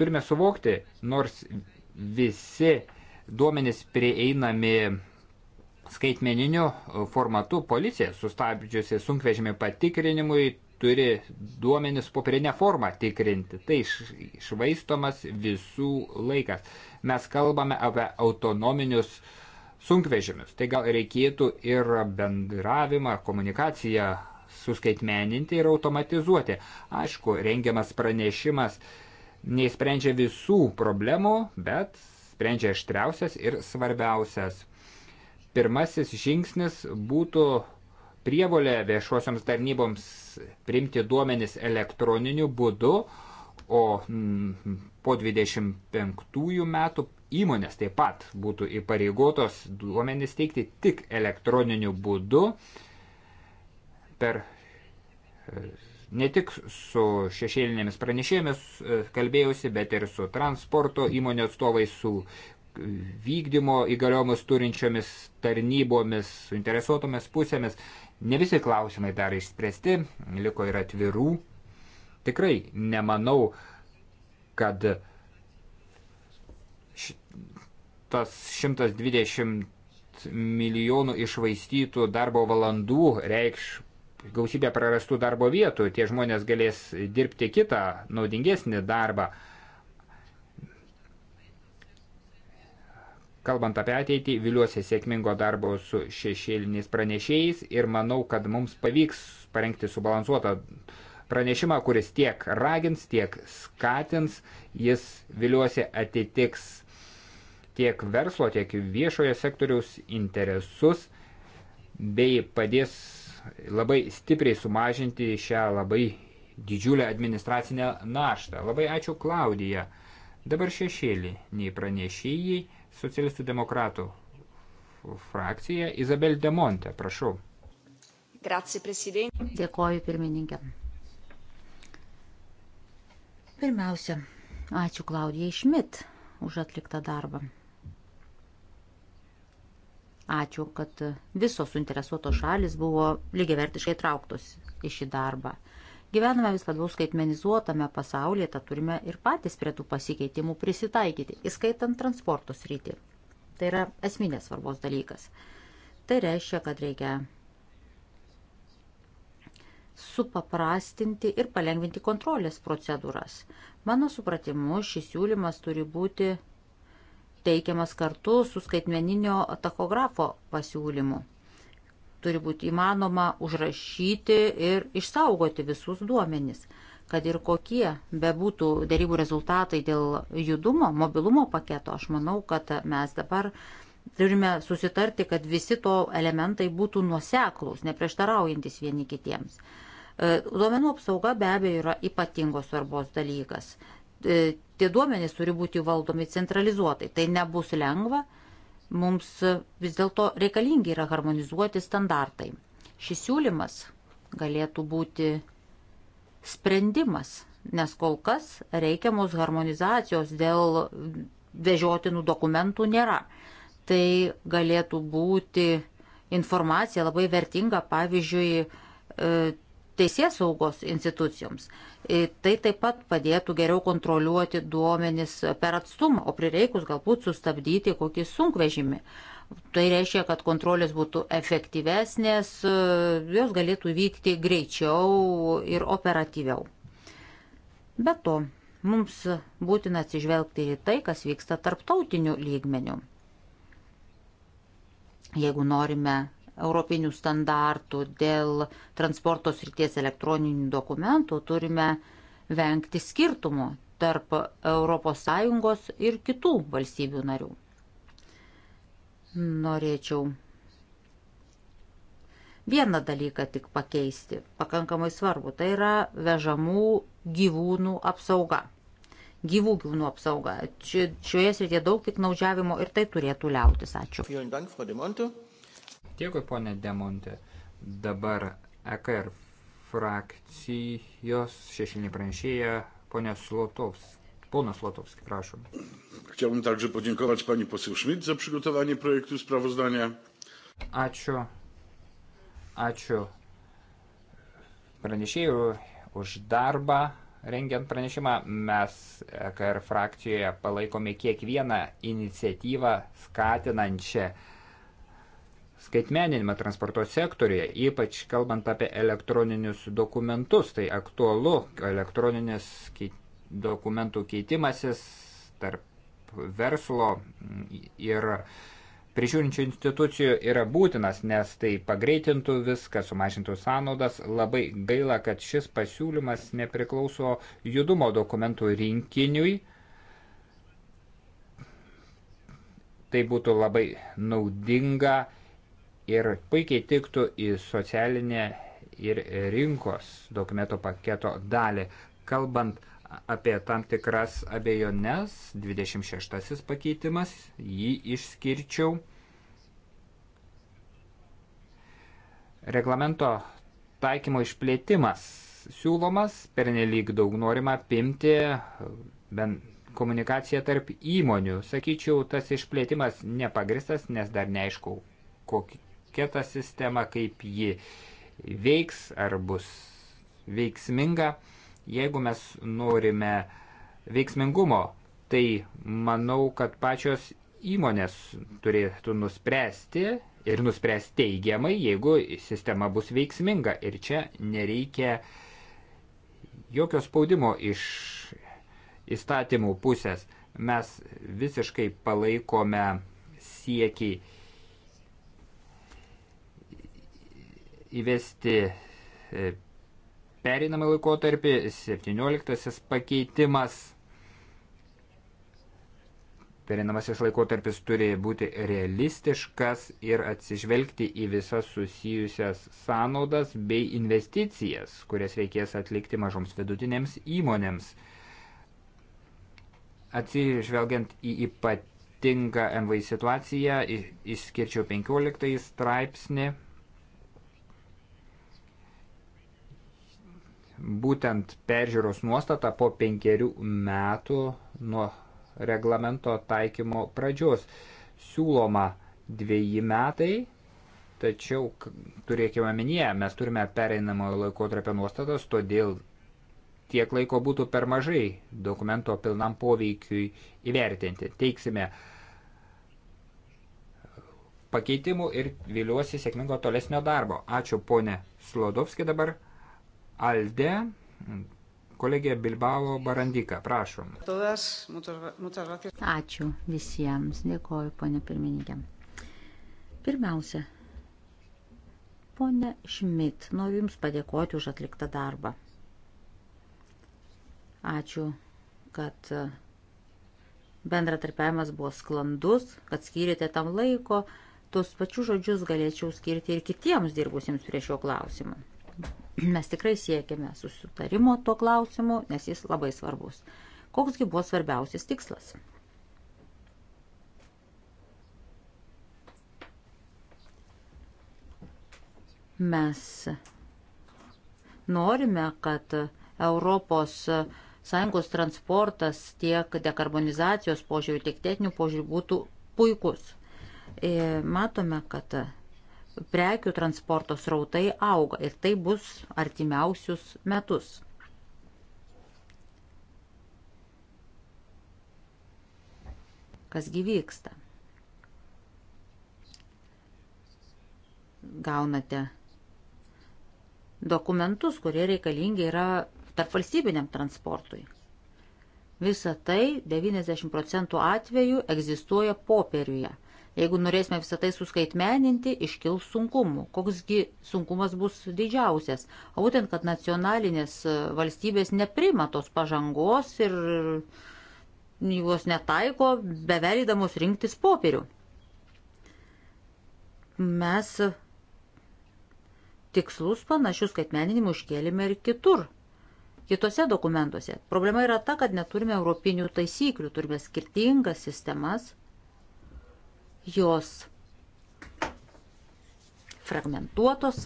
Turime suvokti, nors visi duomenys prieinami skaitmeniniu formatu policija sustabdžiusi sunkvežimį patikrinimui turi duomenis popierinę formą tikrinti. Tai išvaistomas visų laikas. Mes kalbame apie autonominius uh, sunkvežimius. Tai gal reikėtų ir bendravimą, komunikaciją suskaitmeninti ir automatizuoti. Aišku, rengiamas pranešimas neįsprendžia visų problemų, bet sprendžia aštriausias ir svarbiausias. Pirmasis žingsnis būtų prievolė viešuosioms tarnyboms priimti duomenis elektroniniu būdu, o mm, po 25 metų įmonės taip pat būtų įpareigotos duomenys teikti tik elektroniniu būdu per e, ne tik su šešėlinėmis pranešėjomis e, kalbėjausi, bet ir su transporto įmonių atstovais, su vykdymo įgaliojimus turinčiomis tarnybomis, suinteresuotomis pusėmis. Ne visi klausimai dar išspręsti, liko ir atvirų. Tikrai nemanau, kad uh, Šitas 120 milijonų išvaistytų darbo valandų reikš gausybę prarastų darbo vietų. Tie žmonės galės dirbti kitą, naudingesnį darbą. Kalbant apie ateitį, viliuosi sėkmingo darbo su šešėliniais pranešėjais ir manau, kad mums pavyks parengti subalansuotą pranešimą, kuris tiek ragins, tiek skatins, jis viliuosi atitiks tiek verslo, tiek viešojo sektoriaus interesus bei padės labai stipriai sumažinti šią labai didžiulę administracinę naštą. Labai ačiū Klaudija. Dabar šešėlį nei pranešėjai socialistų demokratų frakcija Izabel Demonte, prašau. Grazie, prezidentė. Dėkoju, pirmininkė. Pirmiausia, ačiū Klaudijai Šmit už atliktą darbą. Ačiū, kad visos suinteresuotos šalis buvo lygiavertiškai trauktos į šį darbą. Gyvename vis labiau skaitmenizuotame pasaulyje, tad turime ir patys prie tų pasikeitimų prisitaikyti, įskaitant transporto sritį. Tai yra esminės svarbos dalykas. Tai reiškia, kad reikia supaprastinti ir palengvinti kontrolės procedūras. Mano supratimu, šis siūlymas turi būti teikiamas kartu su skaitmeninio takografo pasiūlymu. Turi būti įmanoma užrašyti ir išsaugoti visus duomenys, kad ir kokie bebūtų dėrybų rezultatai dėl judumo, mobilumo paketo. Aš manau, kad mes dabar turime susitarti, kad visi to elementai būtų nuoseklus, neprieštaraujantis vieni kitiems. E, duomenų apsauga be abejo yra ypatingos svarbos dalykas. E, tie duomenys turi būti valdomi centralizuotai. Tai nebus lengva, mums vis dėlto reikalingi yra harmonizuoti standartai. Šis siūlymas galėtų būti sprendimas, nes kol kas reikiamos harmonizacijos dėl vežiotinų dokumentų nėra. Tai galėtų būti informacija labai vertinga, pavyzdžiui, e, teisės saugos institucijoms. Tai taip pat padėtų geriau kontroliuoti duomenis per atstumą, o prireikus galbūt sustabdyti kokį sunkvežimį. Tai reiškia, kad kontrolės būtų efektyvesnės, jos galėtų vykti greičiau ir operatyviau. Be to, mums būtina atsižvelgti į tai, kas vyksta tarptautiniu lygmeniu. Jeigu norime europinių standartų dėl transporto srities elektroninių dokumentų, turime vengti skirtumų tarp ES ir kitų valstybių narių. Norėčiau vieną dalyką tik pakeisti, pakankamai svarbu, tai yra vežamų gyvūnų apsauga. Gyvų gyvūnų apsauga. Šioje srityje daug piknaudžiavimo ir tai turėtų liautis. Ačiū. Dėkui, ponė Demonte. Dabar EKR frakcijos šešinį pranešėją, ponė Slotovskis. Ponas Lotowski, proszę. Chciałbym także podziękować pani poseł Schmidt za przygotowanie projektu sprawozdania. Ačiū. Ačiū pranešėjų už darbą. Rengiant pranešimą, mes e KR frakcijoje palaikome kiekvieną iniciatyvą skatinančią skaitmeninimą transporto sektoriuje, ypač kalbant apie elektroninius dokumentus, tai aktualu elektroninis dokumentų keitimasis tarp verslo ir prižiūrinčių institucijų yra būtinas, nes tai pagreitintų viską, sumažintų sąnaudas. Labai gaila, kad šis pasiūlymas nepriklauso judumo dokumentų rinkiniui. Tai būtų labai naudinga ir puikiai tiktų į socialinę ir rinkos dokumento paketo dalį. Kalbant apie tam tikras abejones, 26 pakeitimas, jį išskirčiau. Reglamento taikymo išplėtimas siūlomas, pernelyg daug norima apimti bent komunikaciją tarp įmonių. Sakyčiau, tas išplėtimas nepagristas, nes dar neaišku, kokį kokia ta sistema, kaip ji veiks ar bus veiksminga. Jeigu mes norime veiksmingumo, tai manau, kad pačios įmonės turėtų nuspręsti ir nuspręs teigiamai, jeigu sistema bus veiksminga. Ir čia nereikia jokio spaudimo iš įstatymų pusės. Mes visiškai palaikome siekį įvesti e, pereinamą laikotarpį, 17 pakeitimas. Pereinamasis laikotarpis turi būti realistiškas ir atsižvelgti į visas susijusias sąnaudas bei investicijas, kurias reikės atlikti mažoms vidutinėms įmonėms. Atsižvelgiant į ypatingą MVI situaciją, išskirčiau 15 straipsnį būtent peržiūros nuostata po penkerių metų nuo reglamento taikymo pradžios. Siūloma dviejį metai, tačiau turėkime minėję, mes turime pereinamojo laikotarpio nuostatas, todėl tiek laiko būtų per mažai dokumento pilnam poveikiui įvertinti. Teiksime pakeitimų ir viliuosi sėkmingo tolesnio darbo. Ačiū ponė Slodovski dabar Alde, kolegė Bilbao Barandika, prašom. Ačiū visiems, dėkoju, ponė pirmininkė. Pirmiausia, ponė Šmit, noriu Jums padėkoti už atliktą darbą. Ačiū, kad e, bendratarpiavimas buvo sklandus, kad skyrėte tam laiko, tuos pačius žodžius galėčiau skirti ir kitiems dirbusiems prie šio klausimo. Mes tikrai siekiame susitarimo tuo klausimu, nes jis labai svarbus. Koksgi buvo svarbiausias tikslas? Mes norime, kad Europos Sąjungos transportas tiek dekarbonizacijos požiūrių, tiek techninių požiūrių būtų puikus. E, matome, kad prekių transporto srautai auga ir tai bus artimiausius metus. Kas gyvyksta? Gaunate dokumentus, kurie reikalingi yra tarp valstybiniam transportui. Visa tai 90 procentų atveju egzistuoja popieriuje – Jeigu norėsime visą tai suskaitmeninti, iškils sunkumų. Koksgi sunkumas bus didžiausias? O būtent, kad nacionalinės e, valstybės neprima tos pažangos ir juos netaiko, bevelydamos rinktis popierių. Mes tikslus panašius skaitmeninimų iškėlėme ir kitur kitose dokumentuose. Problema yra ta, kad neturime europinių taisyklių, turime skirtingas sistemas jos fragmentuotos,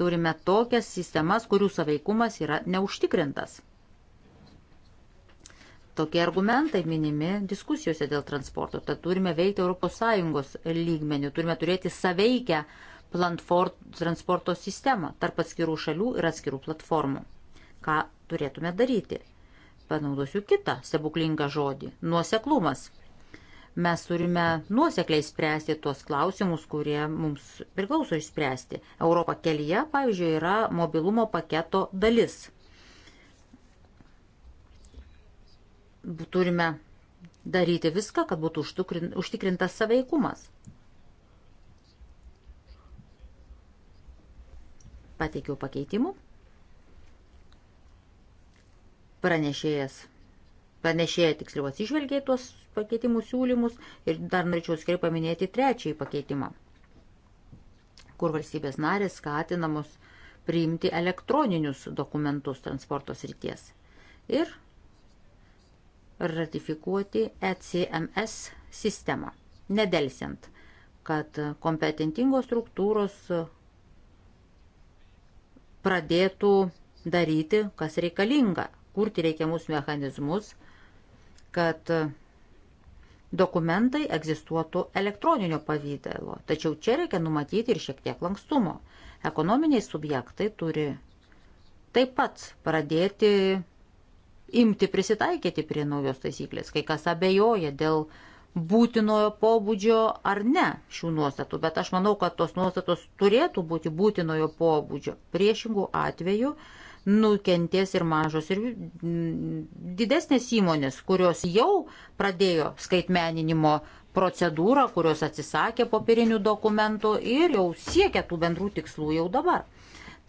turime tokias sistemas, kurių saveikumas yra neužtikrintas. Tokie argumentai minimi diskusijose dėl transporto. Tad turime veikti ES lygmenių, turime turėti saveikę transporto sistemą tarp atskirų šalių ir atskirų platformų. Ką turėtume daryti? Panaudosiu kitą stebuklingą žodį - nuoseklumas. Mes turime nuosekliai spręsti tuos klausimus, kurie mums priklauso išspręsti. Europa kelyje, pavyzdžiui, yra mobilumo paketo dalis. Turime daryti viską, kad būtų užtikrintas saveikumas. Pateikiau pakeitimų. Pranešėjas Panešėja tiksliau atsižvelgia į tuos pakeitimų siūlymus ir dar norėčiau skiriai paminėti trečiąjį pakeitimą, kur valstybės narės skatinamos priimti elektroninius dokumentus transporto srities ir ratifikuoti ECMS sistemą, nedelsiant, kad kompetentingos struktūros pradėtų daryti, kas reikalinga, kurti reikiamus mechanizmus – kad dokumentai egzistuotų elektroninio pavydalo. Tačiau čia reikia numatyti ir šiek tiek lankstumo. Ekonominiai subjektai turi taip pat pradėti imti prisitaikyti prie naujos taisyklės. Kai kas abejoja dėl būtinojo pobūdžio ar ne šių nuostatų, bet aš manau, kad tos nuostatos turėtų būti būtinojo pobūdžio. Priešingų atveju nukentės ir mažos ir didesnės įmonės, kurios jau pradėjo skaitmeninimo procedūrą, kurios atsisakė popierinių dokumentų ir jau siekia tų bendrų tikslų jau dabar.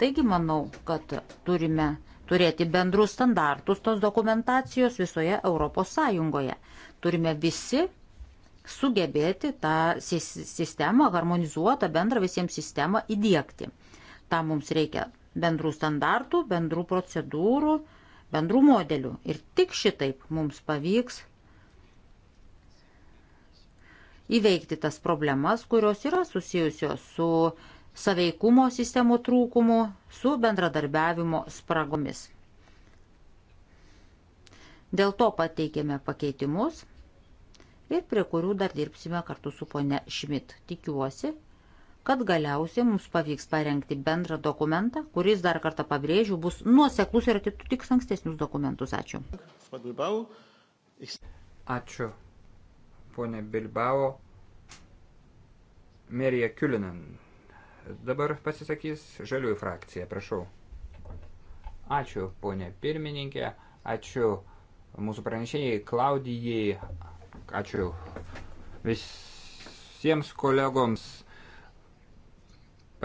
Taigi manau, kad turime turėti bendrus standartus tos dokumentacijos visoje Europos Sąjungoje. Turime visi sugebėti tą sistemą, harmonizuotą bendrą visiems sistemą įdėkti. Tam mums reikia bendrų standartų, bendrų procedūrų, bendrų modelių. Ir tik šitaip mums pavyks įveikti tas problemas, kurios yra susijusios su saveikumo sistemų trūkumu, su bendradarbiavimo spragomis. Dėl to pateikėme pakeitimus ir prie kurių dar dirbsime kartu su ponia Šmit. Tikiuosi, kad galiausiai mums pavyks parengti bendrą dokumentą, kuris dar kartą pabrėžiu, bus nuoseklus ir atitiks ankstesnius dokumentus. Ačiū. Ačiū, ponė Bilbao. Merija Kiulinen. Dabar pasisakys žaliųjų frakcija, prašau. Ačiū, ponė pirmininkė. Ačiū mūsų pranešėjai Klaudijai. Ačiū visiems kolegoms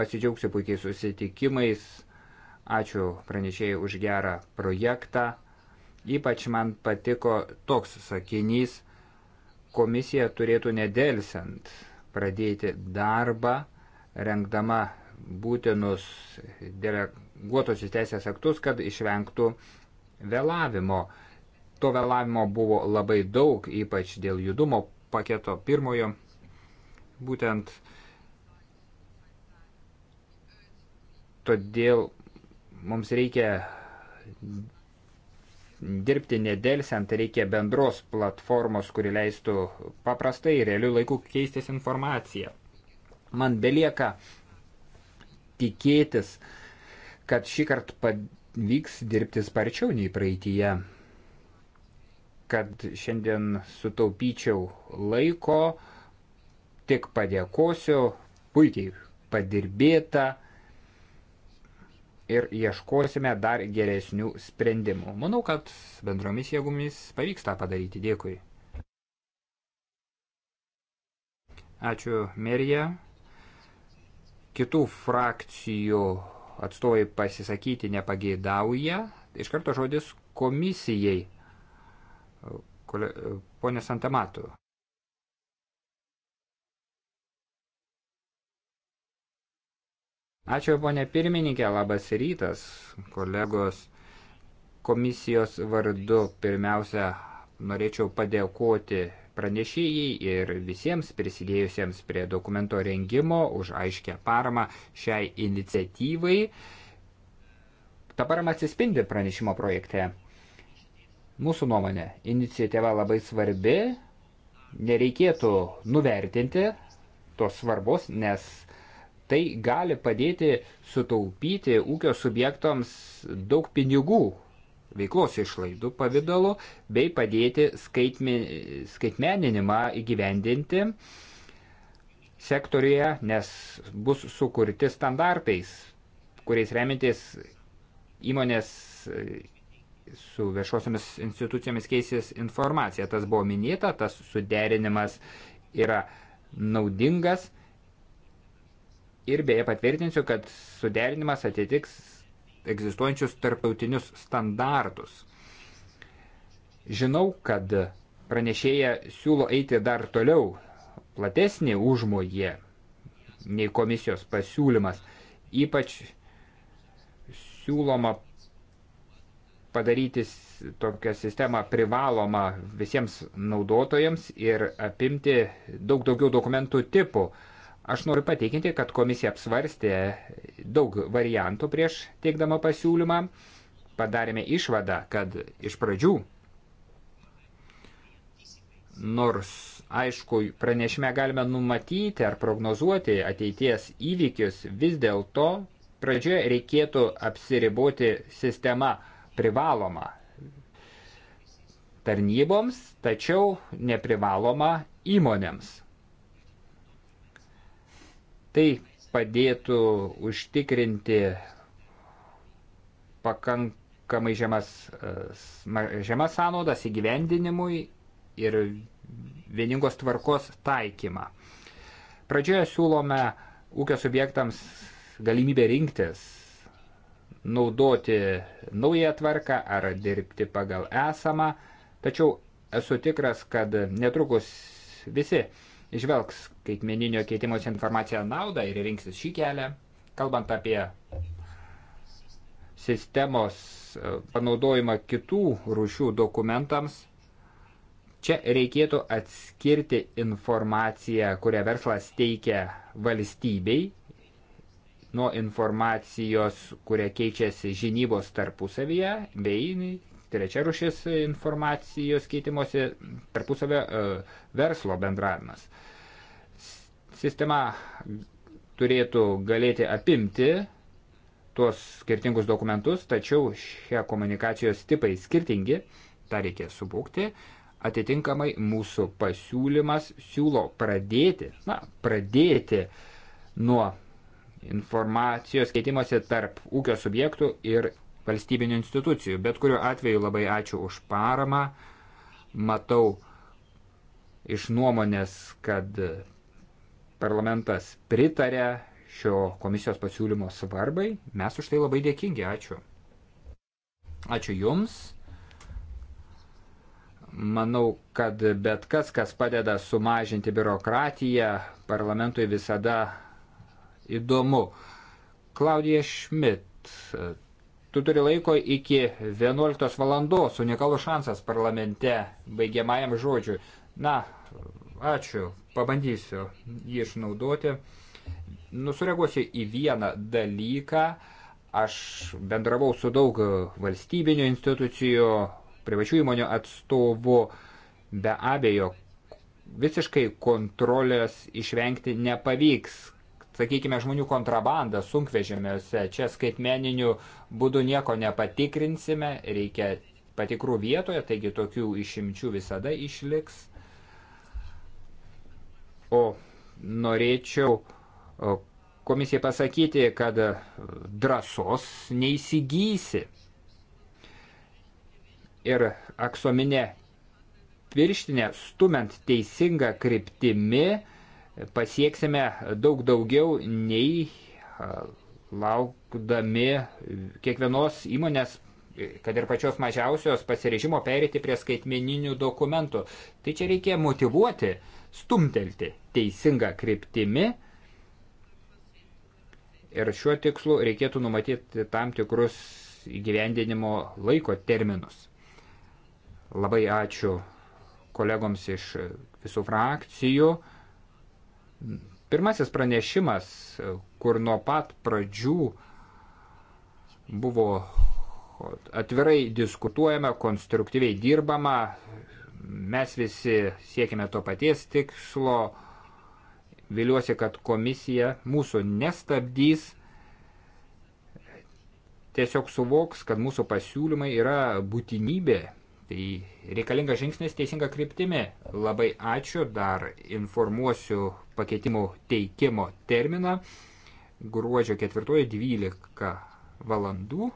pasidžiaugsiu puikiais susitikimais. Ačiū pranešėjai už gerą projektą. Ypač man patiko toks sakinys, komisija turėtų nedelsiant pradėti darbą, rengdama būtinus deleguotosius teisės aktus, kad išvengtų vėlavimo. To vėlavimo buvo labai daug, ypač dėl judumo paketo pirmojo. Būtent uh, Todėl mums reikia dirbti nedelsiant, reikia bendros platformos, kuri leistų paprastai realių laikų keistis informaciją. Man belieka tikėtis, kad šį kartą pavyks dirbti sparčiau nei praeitįje, kad šiandien sutaupyčiau laiko, tik padėkosiu, puikiai padirbėta, ir ieškosime dar geresnių sprendimų. Manau, kad bendromis jėgomis pavyks tą padaryti. Dėkui. Ačiū, Merija. Kitų frakcijų atstovai pasisakyti nepageidauja. Iš karto žodis komisijai. Pone Santamatų. Ačiū, ponė pirmininkė, labas rytas, kolegos. Komisijos vardu pirmiausia norėčiau padėkoti pranešėjai ir visiems prisidėjusiems prie dokumento rengimo už aiškę paramą šiai iniciatyvai. Ta parama atsispindi pranešimo projekte. Mūsų nuomonė, iniciatyva labai svarbi, nereikėtų nuvertinti tos svarbos, nes Tai gali padėti sutaupyti ūkio subjektams daug pinigų veiklos išlaidų pavydalu bei padėti skaitmi, skaitmeninimą įgyvendinti sektorija, nes bus sukurti standartais, kuriais remintis įmonės e, su viešosiomis institucijomis keisės informacija. Tas buvo minėta, tas suderinimas yra naudingas ir beje patvirtinsiu, kad suderinimas atitiks egzistuojančius tarptautinius standartus. Žinau, kad pranešėja siūlo eiti dar toliau, platesnį užmoje nei komisijos pasiūlymas. Ypač siūloma padaryti tokią sistemą privalomą visiems naudotojams ir apimti daug daugiau dokumentų tipų. Aš noriu patikinti, kad komisija apsvarstė daug variantų prieš teikdama pasiūlymą. Padarėme išvadą, kad iš pradžių, nors aišku, pranešime galime numatyti ar prognozuoti ateities įvykius, vis dėlto pradžioje reikėtų apsiriboti sistema privaloma tarnyboms, tačiau neprivaloma įmonėms. Tai padėtų užtikrinti pakankamai žemas, e, žemas sąnaudas įgyvendinimui ir vieningos tvarkos taikymą. Pradžioje siūlome ūkio subjektams galimybę rinktis, naudoti naują tvarką ar dirbti pagal esamą, tačiau esu tikras, kad netrukus visi išvelgs, skaitmeninio keitimus informaciją naudą ir rinksis šį kelią. Kalbant apie sistemos e, panaudojimą kitų rušių dokumentams, čia reikėtų atskirti informaciją, kurią verslas teikia valstybei, nuo informacijos, kuria keičiasi žinybos tarpusavyje, bei trečia rušis informacijos keitimosi tarpusavio e, verslo bendravimas. Sistema turėtų galėti apimti tuos skirtingus dokumentus, tačiau šie komunikacijos tipai skirtingi, tą reikia subūkti. Atitinkamai mūsų pasiūlymas siūlo pradėti, na, pradėti nuo informacijos keitimosi tarp ūkio subjektų ir valstybinių institucijų. Bet kuriuo atveju labai ačiū už paramą. Matau iš nuomonės, kad Parlamentas pritarė šio komisijos pasiūlymo svarbai. Mes už tai labai dėkingi. Ačiū. Ačiū Jums. Manau, kad bet kas, kas padeda sumažinti biurokratiją, parlamentui visada įdomu. Klaudija Šmit, tu turi laiko iki 11 valandos, unikalus šansas parlamente baigiamajam žodžiui. Na, Ačiū, pabandysiu jį išnaudoti. Nusureaguosiu į vieną dalyką. Aš bendravau su daug valstybinio institucijų, privačių įmonių atstovų. Be abejo, visiškai kontrolės išvengti nepavyks. Sakykime, žmonių kontrabanda sunkvežimiuose, čia skaitmeniniu būdu nieko nepatikrinsime, reikia patikrų vietoje, taigi tokių išimčių visada išliks. O norėčiau komisijai pasakyti, kad drąsos neįsigysi. Ir aksominė pirštinė stumant teisingą kryptimi pasieksime daug daugiau nei laukdami kiekvienos įmonės, kad ir pačios mažiausios pasirežimo perėti prie skaitmeninių dokumentų. Tai čia reikia motivuoti uh, stumtelti teisinga kryptimi. Ir šiuo tikslu reikėtų numatyti tam tikrus įgyvendinimo laiko terminus. Labai ačiū kolegoms iš visų frakcijų. Pirmasis pranešimas, kur nuo pat pradžių buvo atvirai diskutuojama, konstruktyviai dirbama, Mes visi siekime to paties tikslo. Viliuosi, kad komisija mūsų nestabdys, tiesiog suvoks, kad mūsų pasiūlymai yra būtinybė. Tai reikalingas žingsnis teisinga kryptimi. Labai ačiū, dar informuosiu pakeitimų teikimo terminą. Gruodžio 4.12 valandų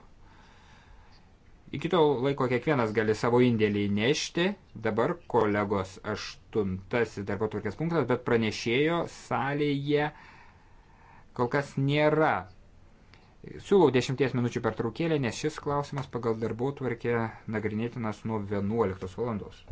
Iki to laiko kiekvienas gali savo indėlį nešti. Dabar kolegos aštuntasis darbo tvarkės punktas, bet pranešėjo salėje kol kas nėra. Siūlau 10 minučių per traukėlę, nes šis klausimas pagal darbo tvarkę nagrinėtinas nuo 11 valandos.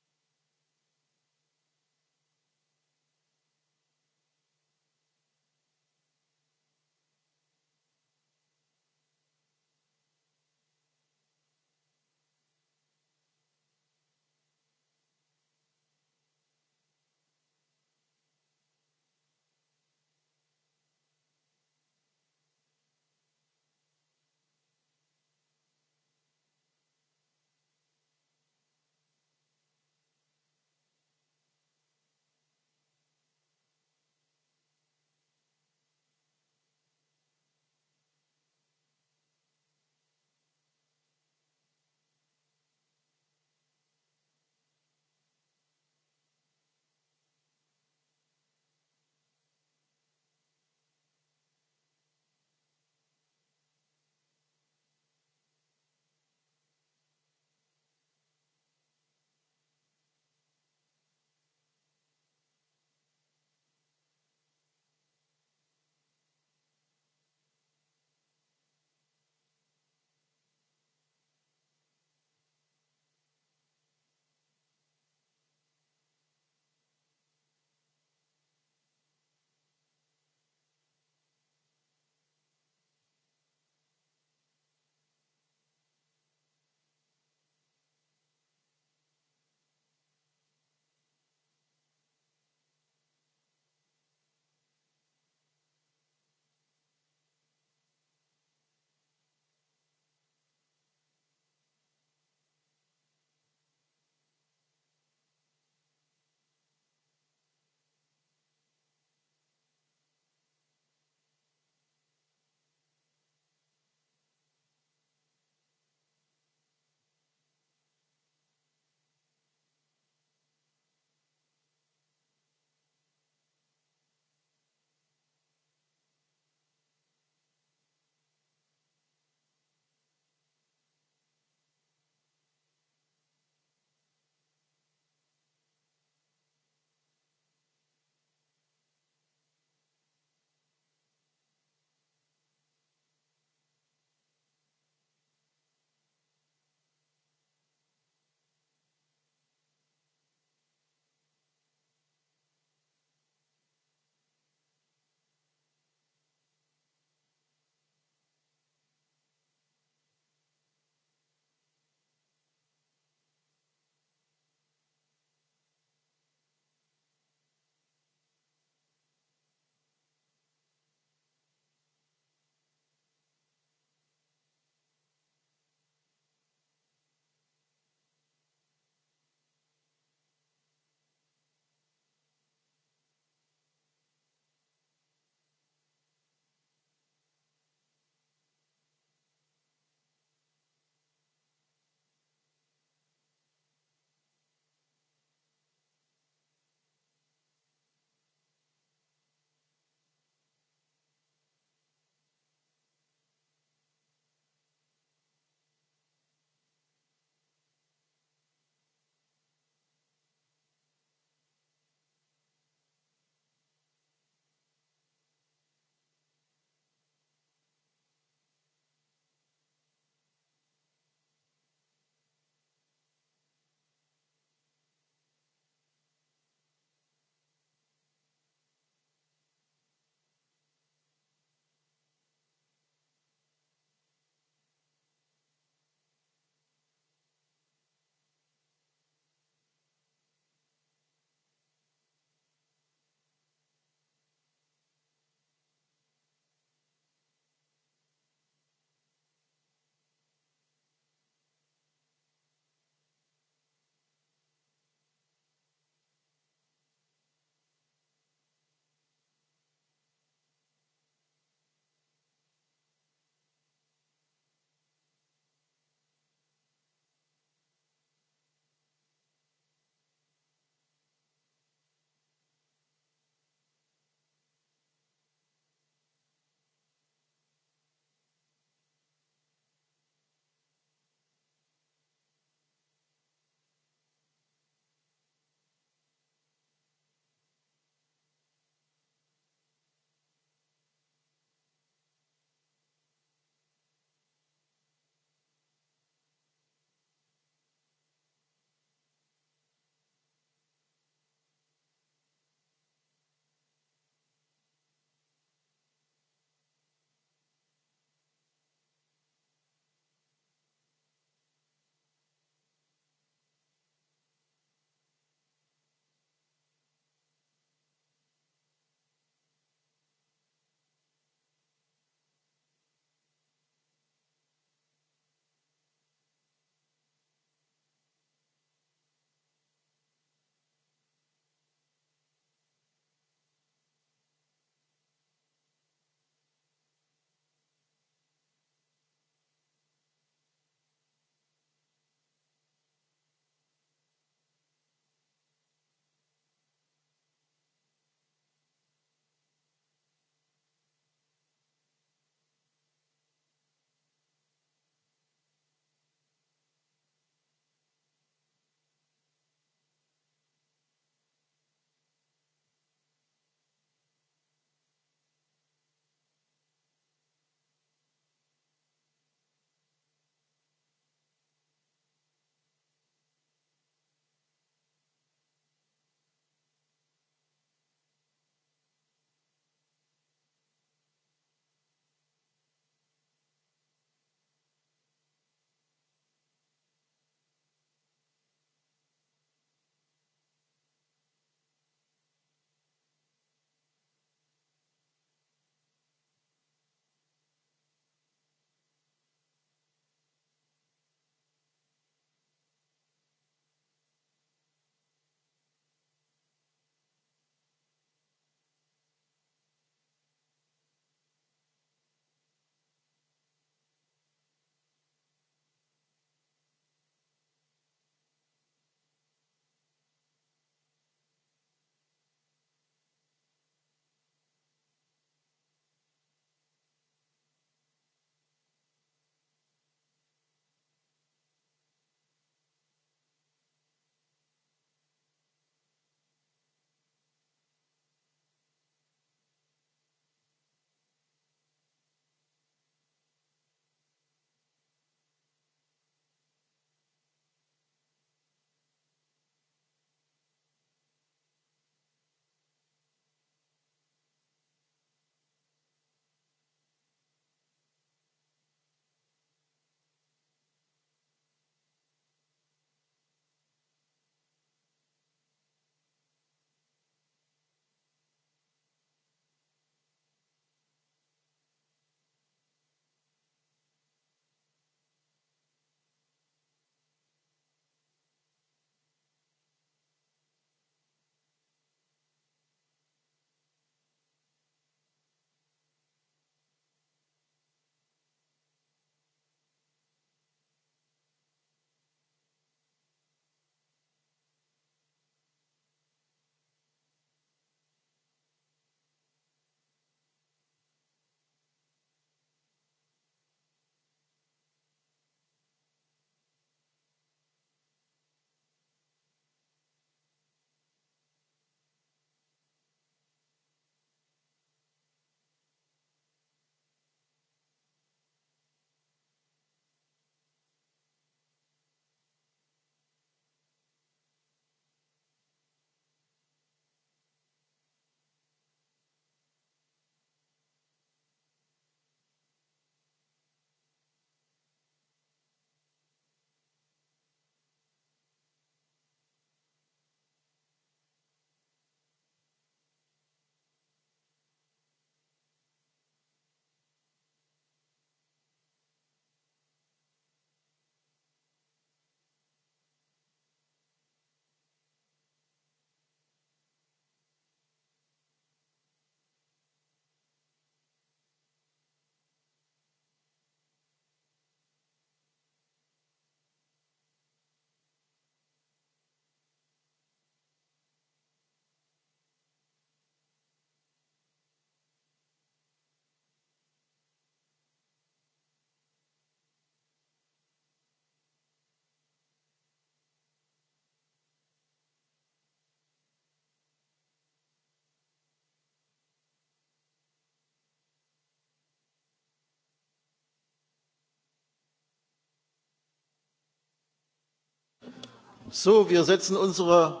So, wir setzen unsere.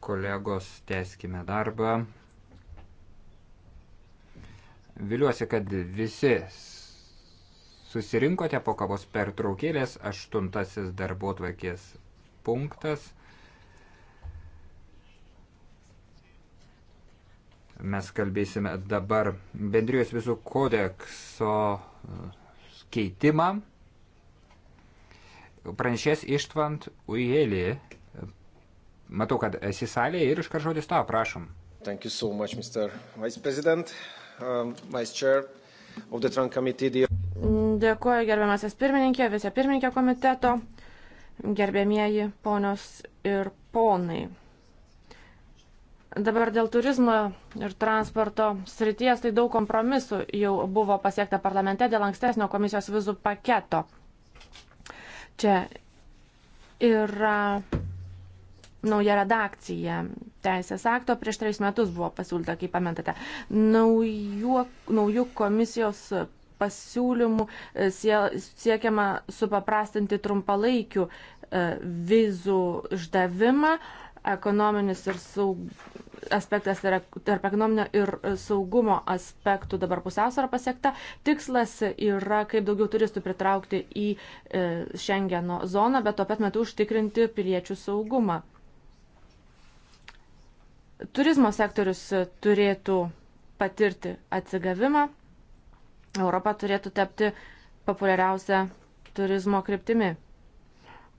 Kolegos, tęskime darbą. Viliuosi, kad visi susirinkote po kavos pertraukėlės aštuntasis darbo tvarkės punktas. Mes kalbėsime dabar bendrijos visų kodekso keitimą Pranešės ištvant Ujėlį. Matau, kad esi salėje ir iškart žodis tau, prašom. Thank you so much, Mr. Vice President, um, Vice Chair of the Trunk Committee. The... Dėkuoju gerbiamasis pirmininkė, vicepirmininkė komiteto, gerbėmieji ponios ir ponai. Dabar dėl turizmo ir transporto srities, tai daug kompromisų jau buvo pasiekta parlamente dėl ankstesnio komisijos vizų paketo. Čia yra nauja redakcija teisės akto prieš trejus metus buvo pasiūlyta, kaip pamentate. Naujų, naujų komisijos pasiūlymų e, siekiama supaprastinti trumpalaikių e, vizų išdavimą, ekonominis ir saug... aspektas yra tarp ekonominio ir saugumo aspektų dabar pusiausvara pasiekta. Tikslas yra kaip daugiau turistų pritraukti į e, Schengeno zoną, bet tuo pat metu užtikrinti piliečių saugumą. Turizmo sektorius turėtų patirti atsigavimą. Europa turėtų tapti populiariausia turizmo kryptimi.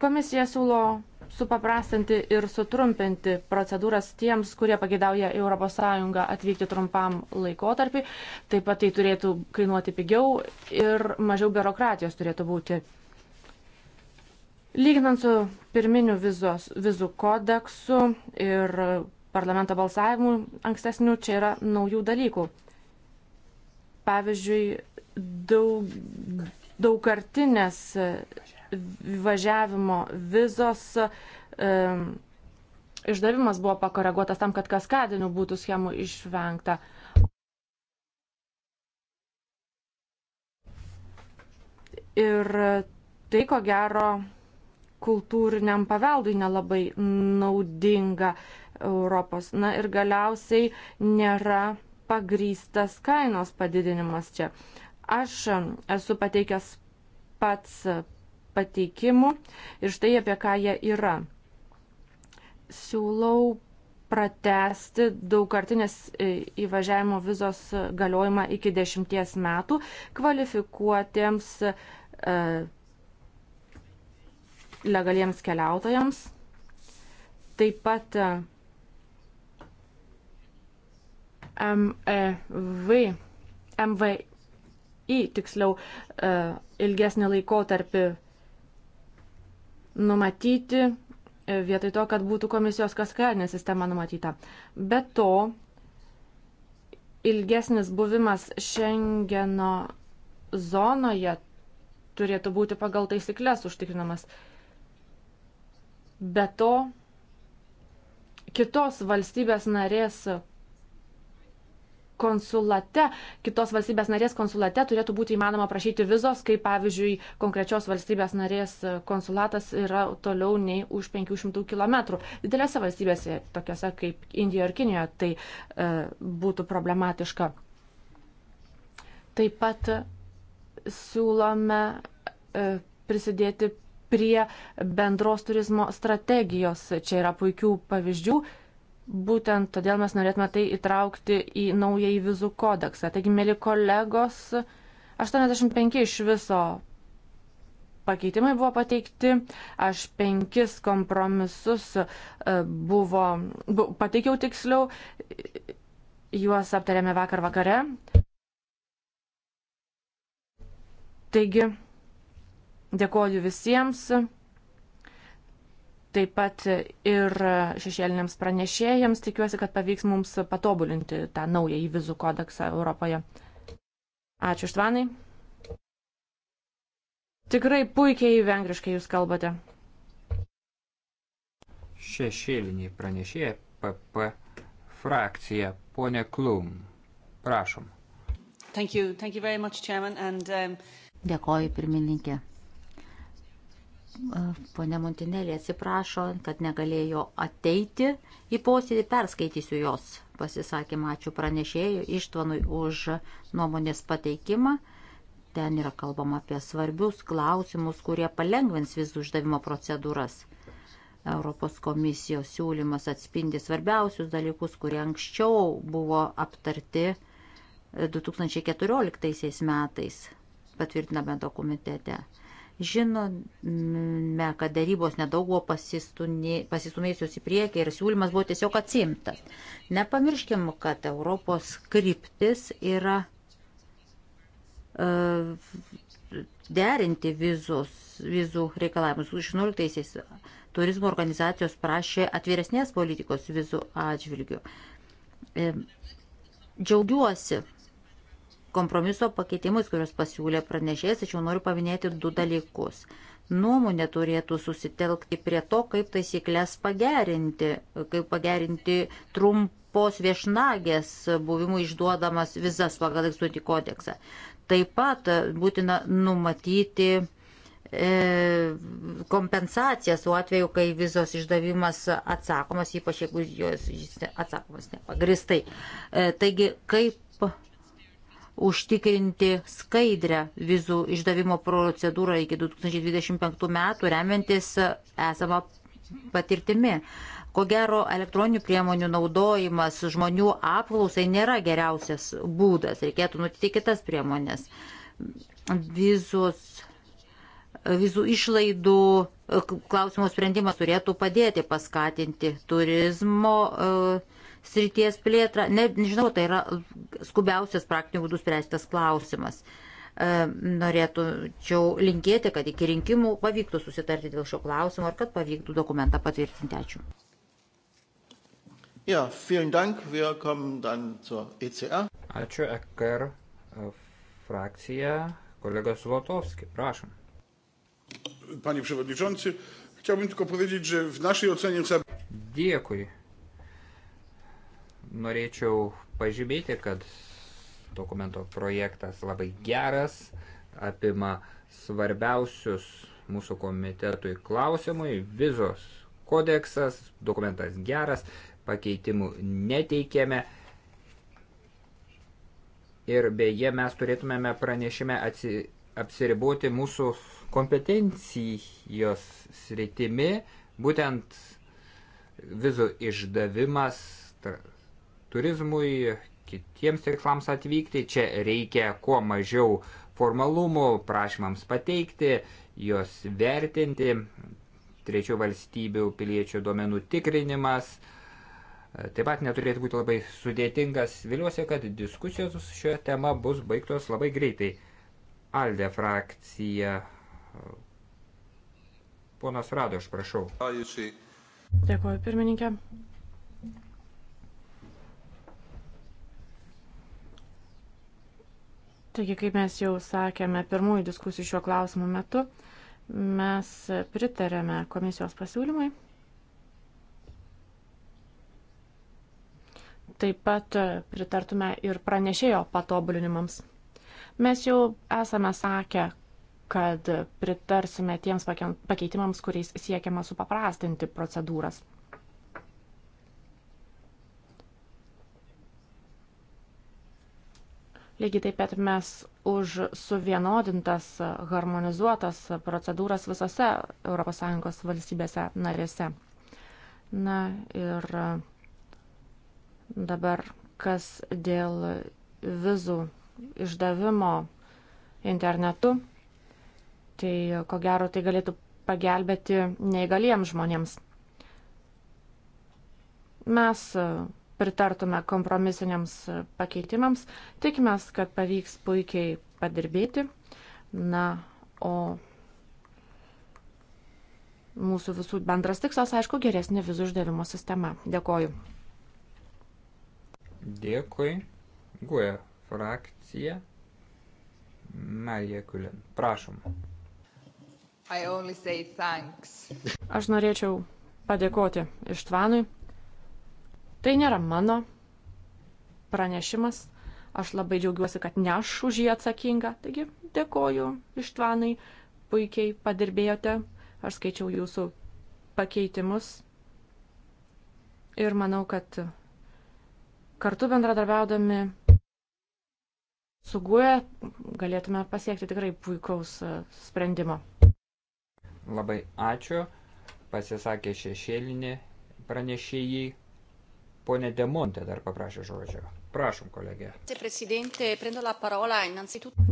Komisija siūlo supaprastinti ir sutrumpinti procedūras tiems, kurie pagėdauja ES atvykti trumpam laikotarpį. Taip pat tai turėtų kainuoti pigiau ir mažiau biurokratijos turėtų būti. Lyginant su pirminiu vizos, vizų kodeksu ir parlamento balsavimu ankstesniu, čia yra naujų dalykų. Pavyzdžiui, daug, daugkartinės važiavimo vizos um, išdavimas buvo pakoreguotas tam, kad kaskadinių būtų schemų išvengta. Ir tai, ko gero, kultūriniam paveldui nelabai naudinga Europos. Na ir galiausiai nėra pagrystas kainos padidinimas čia. Aš esu pateikęs pats pateikimų ir štai apie ką jie yra. Siūlau pratesti daugkartinės e, įvažiavimo vizos galiojimą iki dešimties metų kvalifikuotiems e, legaliems keliautojams. Taip pat e, MEV, MVI tiksliau e, ilgesnį laikotarpį numatyti e, vietoj to, kad būtų komisijos kaskarinė sistema numatyta. Be to, ilgesnis buvimas Schengeno zonoje turėtų būti pagal taisyklės užtikrinamas. Be to, kitos valstybės narės konsulate, kitos valstybės narės konsulate turėtų būti įmanoma prašyti vizos, kai pavyzdžiui konkrečios valstybės narės konsulatas yra toliau nei už 500 km. Didelėse valstybėse, tokiose kaip Indijoje ir Kinijoje, tai e, būtų problematiška. Taip pat siūlome e, prisidėti prie bendros turizmo strategijos. Čia yra puikių pavyzdžių. Būtent todėl mes norėtume tai įtraukti į naująjį vizų kodeksą. Taigi, mėly kolegos, 85 iš viso pakeitimai buvo pateikti, aš penkis kompromisus e, buvo, bu, pateikiau tiksliau, juos aptarėme vakar vakare. Taigi, dėkoju visiems taip pat ir šešėliniams pranešėjams. Tikiuosi, kad pavyks mums patobulinti tą naują įvizų kodeksą Europoje. Ačiū, Štvanai. Tikrai puikiai vengriškai jūs kalbate. Šešėliniai pranešėjai PP frakcija. Pone Klum, prašom. Thank you. Thank you much, chairman, and, um... Dėkoju, pirmininkė. Pone Montinėlė atsiprašo, kad negalėjo ateiti į posėdį, perskaitysiu jos pasisakymą. Ačiū pranešėjui Ištvanui už nuomonės pateikimą. Ten yra kalbama apie svarbius klausimus, kurie palengvins vizų uždavimo procedūras. Europos komisijos siūlymas atspindi svarbiausius dalykus, kurie anksčiau buvo aptarti 2014 metais patvirtiname dokumentete. Žinome, kad darybos nedaug buvo pasistumėjusios į priekį ir siūlymas buvo tiesiog atsimtas. Nepamirškim, kad Europos kryptis yra e, derinti vizus, vizų reikalavimus. 16-aisiais turizmo organizacijos prašė atviresnės politikos vizų atžvilgių. E, džiaugiuosi kompromiso pakeitimais, kuriuos pasiūlė pranešėjas, tačiau noriu paminėti du dalykus. Nuomonė turėtų susitelkti prie to, kaip taisyklės pagerinti, kaip pagerinti trumpos viešnagės buvimų išduodamas vizas pagal egzotį kodeksą. Taip pat būtina numatyti e, kompensacijas tuo atveju, kai vizos išdavimas atsakomas, ypač jeigu jos atsakomas nepagristai. E, taigi, kaip užtikrinti skaidrę vizų išdavimo procedūrą iki 2025 metų, remiantis esamą patirtimi. Ko gero, elektroninių priemonių naudojimas žmonių apklausai nėra geriausias būdas, reikėtų nutikti kitas priemonės. Vizus vizų išlaidų e, klausimo sprendimas turėtų padėti paskatinti turizmo uh, srities plėtrą. Ne, nežinau, tai yra skubiausias praktinių būdų spręstas klausimas. E, norėčiau linkėti, kad iki rinkimų pavyktų susitarti dėl šio klausimo ir kad pavyktų dokumentą patvirtinti. Ačiū. Ja, vielen Dank. Wir kommen dann zur ECR. Ačiū EKR e, frakcija. Kolega Złotowski, proszę. Panie Przewodniczący, chciałbym tylko powiedzieć, że w naszej ocenie... Dziękuję norėčiau pažymėti, kad dokumento projektas labai geras, apima svarbiausius mūsų komitetui klausimui, vizos kodeksas, dokumentas geras, pakeitimų neteikėme. Ir beje, mes turėtumėme pranešime atsi, apsiriboti mūsų kompetencijos sritimi, būtent vizų išdavimas, turizmui, kitiems tikslams atvykti. Čia reikia kuo mažiau formalumų prašymams pateikti, juos vertinti, trečių valstybių piliečių duomenų tikrinimas. E, taip pat neturėtų būti labai sudėtingas. Viliuosi, kad diskusijos šioje tema bus baigtos labai greitai. Alde frakcija. Ponas Rado, aš prašau. Dėkuoju, pirmininkė. Taigi, kaip mes jau sakėme pirmųjų diskusijų šiuo klausimu metu, mes pritarėme komisijos pasiūlymui. Taip pat pritartume ir pranešėjo patobulinimams. Mes jau esame sakę, kad pritarsime tiems pakeitimams, kuriais siekiama supaprastinti procedūras. Lygiai taip pat mes už suvienodintas, harmonizuotas procedūras visose ES valstybėse narėse. Na ir dabar kas dėl vizų išdavimo internetu, tai ko gero tai galėtų pagelbėti neįgaliems žmonėms. Mes pritartume kompromisiniams pakeitimams. Tikimės, kad pavyks puikiai padirbėti. Na, o mūsų visų bendras tikslas, aišku, geresnė vizų uždavimo sistema. Dėkoju. Dėkui. Guoja frakcija. Marija Kulin. Prašom. Aš norėčiau padėkoti Ištvanui Tai nėra mano pranešimas. Aš labai džiaugiuosi, kad ne aš už jį atsakinga. Taigi dėkoju Ištvanai, puikiai padirbėjote. Aš skaičiau jūsų pakeitimus. Ir manau, kad kartu bendradarbiaudami su GUE galėtume pasiekti tikrai puikaus e, sprendimo. Labai ačiū. Pasisakė šešėlinė pranešėjai. Pone Demonte dar paprašė žodžio. Prašom, kolegė.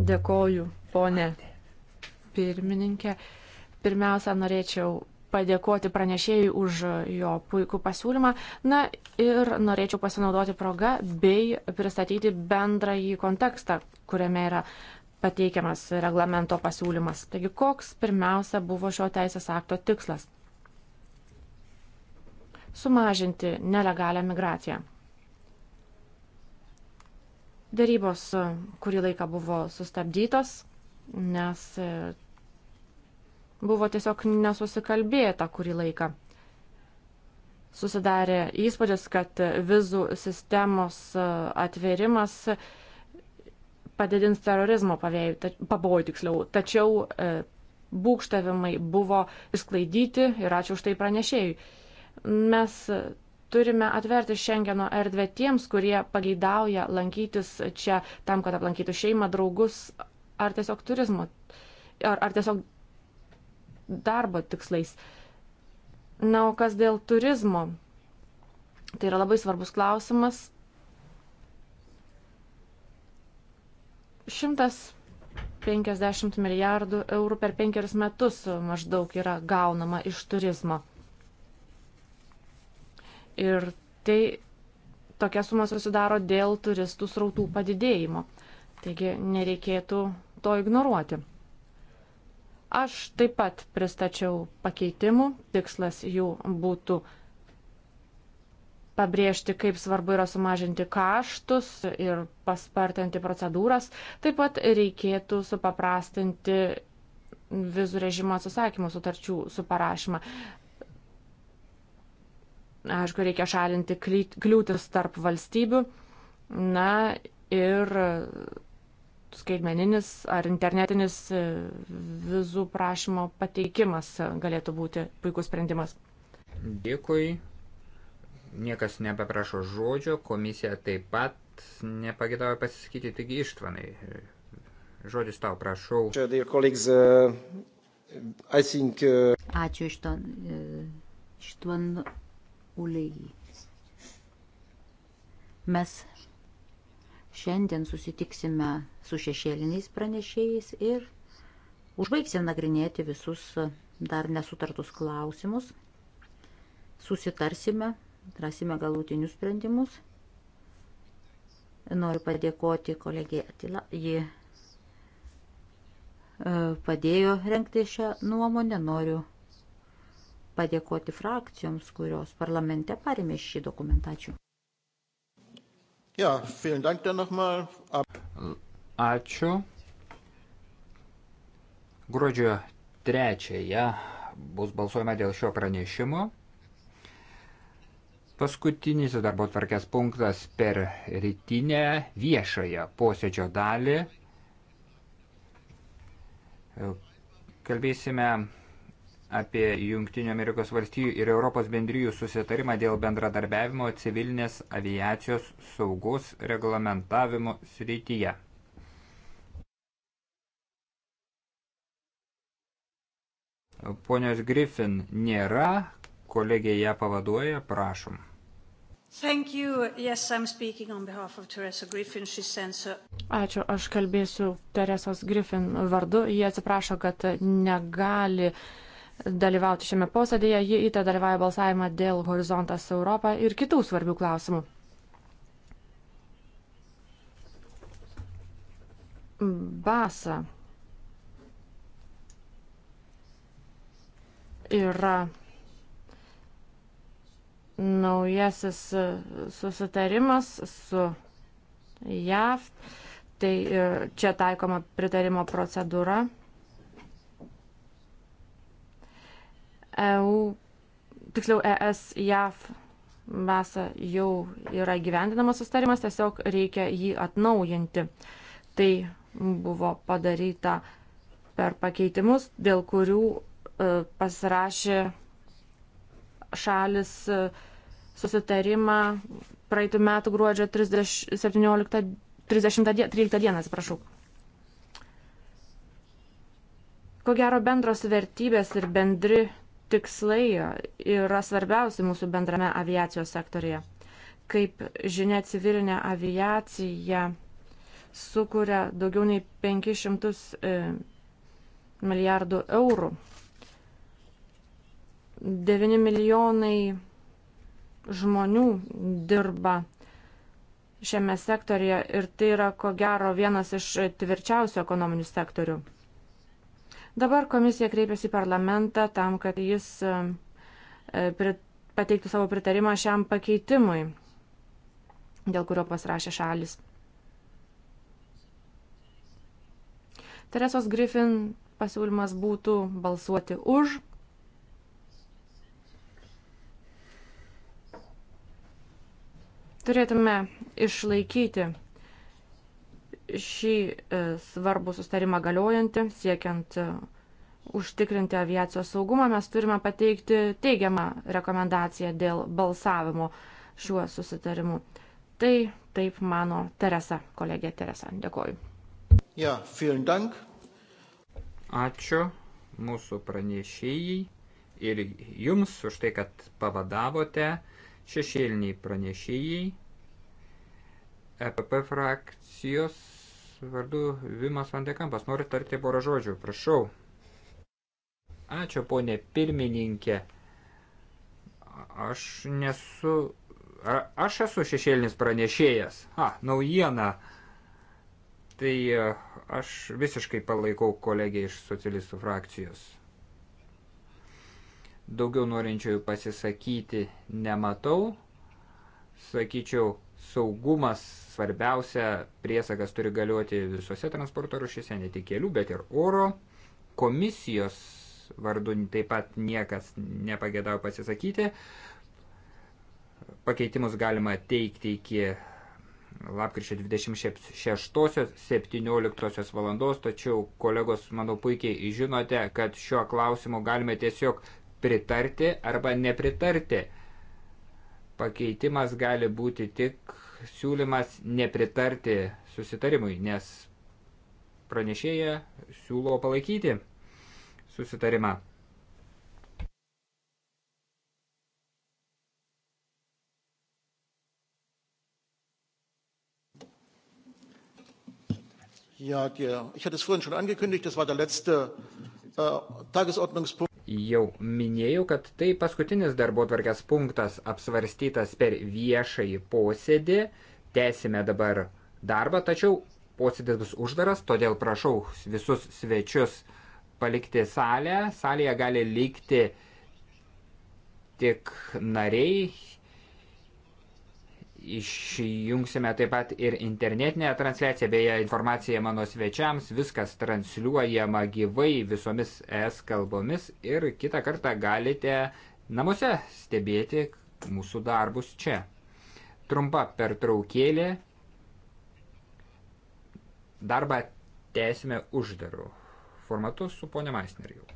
Dėkoju, ponė pirmininkė. Pirmiausia, norėčiau padėkoti pranešėjui už jo puikų pasiūlymą. Na ir norėčiau pasinaudoti progą bei pristatyti bendrąjį kontekstą, kuriame yra pateikiamas reglamento pasiūlymas. Taigi, koks pirmiausia buvo šio teisės akto tikslas? sumažinti nelegalią migraciją. Darybos kurį laiką buvo sustabdytos, nes e, buvo tiesiog nesusikalbėta kurį laiką. Susidarė įspūdis, kad vizų sistemos e, atvėrimas padidins terorizmo pavojų tiksliau. Tačiau e, būkštavimai buvo išsklaidyti ir ačiū už tai pranešėjui Mes turime atverti Šengeno erdvę tiems, kurie pageidauja lankytis čia tam, kad aplankytų šeimą, draugus ar tiesiog turizmo, ar, ar tiesiog darbo tikslais. Na, o kas dėl turizmo? Tai yra labai svarbus klausimas. Šimtas 50 milijardų eurų per penkerius metus maždaug yra gaunama iš turizmo. Ir tai tokia suma susidaro dėl turistų srautų padidėjimo. Taigi nereikėtų to ignoruoti. Aš taip pat pristačiau pakeitimų, tikslas jų būtų pabrėžti, kaip svarbu yra sumažinti kaštus ir paspartinti procedūras. Taip pat reikėtų supaprastinti vizų režimo atsisakymų sutarčių suparašymą. Aišku, reikia šalinti kliūtis tarp valstybių. Na ir skaitmeninis ar internetinis vizų prašymo pateikimas galėtų būti puikus sprendimas. Dėkui. Niekas nebeprašo žodžio, komisija taip pat nepagėdavo pasiskyti, taigi ištvanai. Žodis tau, prašau. Uh, uh, Ačiū iš to. Uh, Ištvan ULEI. Mes šiandien susitiksime su šešėliniais pranešėjais ir užbaigsim nagrinėti visus dar nesutartus klausimus. Susitarsime, rasime galutinius sprendimus. Noriu padėkoti kolegijai Atila. Ji e, padėjo renkti šią nuomonę. Noriu padėkoti frakcijoms, kurios parlamente parėmė šį dokumentačių. Ja, dank dann noch mal. Ačiū. Gruodžio trečiąją bus balsuojama dėl šio pranešimo. Paskutinis darbo tvarkės punktas per rytinę viešąją posėdžio dalį. Kalbėsime apie Junktinių Amerikos valstijų ir Europos bendrijų susitarimą dėl bendradarbiavimo civilinės aviacijos saugos reglamentavimo srityje. Ponios Griffin nėra, kolegė ją pavaduoja, prašom. Thank you. Yes, I'm speaking on behalf of Teresa Griffin. She sends her... Ačiū, aš kalbėsiu Teresos Griffin vardu. Jie atsiprašo, kad negali uh, dalyvauti šiame posėdėje. Ji įtė dalyvauja balsavimą dėl Horizontas Europą ir kitų svarbių klausimų. Basa yra naujasis susitarimas su JAV. Tai e, čia taikoma pritarimo procedūra. EU, tiksliau ES JAF vasa jau yra gyvendinamas sustarimas, tiesiog reikia jį atnaujinti. Tai buvo padaryta per pakeitimus, dėl kurių e, pasirašė šalis e, susitarimą praeitų metų gruodžio 30, 17, 30, 13 dieną, atsiprašau. Ko gero bendros vertybės ir bendri tikslai yra svarbiausi mūsų bendrame aviacijos sektorėje. Kaip žinia, civilinė aviacija sukuria daugiau nei 500 e, milijardų eurų. 9 milijonai žmonių dirba šiame sektorėje ir tai yra ko gero vienas iš tvirčiausių ekonominių sektorių. Dabar komisija kreipiasi į parlamentą tam, kad jis e, e, pateiktų savo pritarimą šiam pakeitimui, dėl kurio pasirašė šalis. Teresos Griffin pasiūlymas būtų balsuoti už. Turėtume išlaikyti šį e, svarbų sustarimą galiojantį, siekiant e, užtikrinti aviacijos saugumą, mes turime pateikti teigiamą rekomendaciją dėl balsavimo šiuo susitarimu. Tai taip mano Teresa, kolegė Teresa. Dėkoju. Ja, vielen dank. Ačiū mūsų pranešėjai ir jums už tai, kad pavadavote šešėliniai pranešėjai. EPP frakcijos vardu Vimas Vandekampas. Noriu tarti porą žodžių. Prašau. Ačiū, ponė pirmininkė. Aš nesu... A, aš esu šešėlinis pranešėjas. Ha, naujiena. Tai e, aš visiškai palaikau kolegiją iš socialistų frakcijos. Daugiau norinčiųjų pasisakyti nematau. Sakyčiau, saugumas svarbiausia priesagas turi galioti visose transporto rušyse, ne tik kelių, bet ir oro. Komisijos vardu taip pat niekas nepagėdavo pasisakyti. Pakeitimus galima teikti iki lapkričio 26-17 valandos, tačiau kolegos, manau, puikiai žinote, kad šiuo klausimu galime tiesiog pritarti arba nepritarti pakeitimas gali būti tik siūlymas nepritarti susitarimui, nes pranešėja siūlo palaikyti susitarimą. Ja, der, ich hatte es vorhin schon angekündigt, das war der letzte äh, Tagesordnungspunkt jau minėjau, kad tai paskutinis darbo tvarkės punktas apsvarstytas per viešąjį posėdį. Tęsime dabar darbą, tačiau posėdis bus uždaras, todėl prašau visus svečius palikti salę. Salėje gali likti tik nariai, Išjungsime taip pat ir internetinę transliaciją, beje, informacija mano svečiams, viskas transliuojama gyvai visomis es kalbomis ir kitą kartą galite namuose stebėti mūsų darbus čia. Trumpa pertraukėlė. Darbą tęsime uždaru formatu su ponia Maisneriu.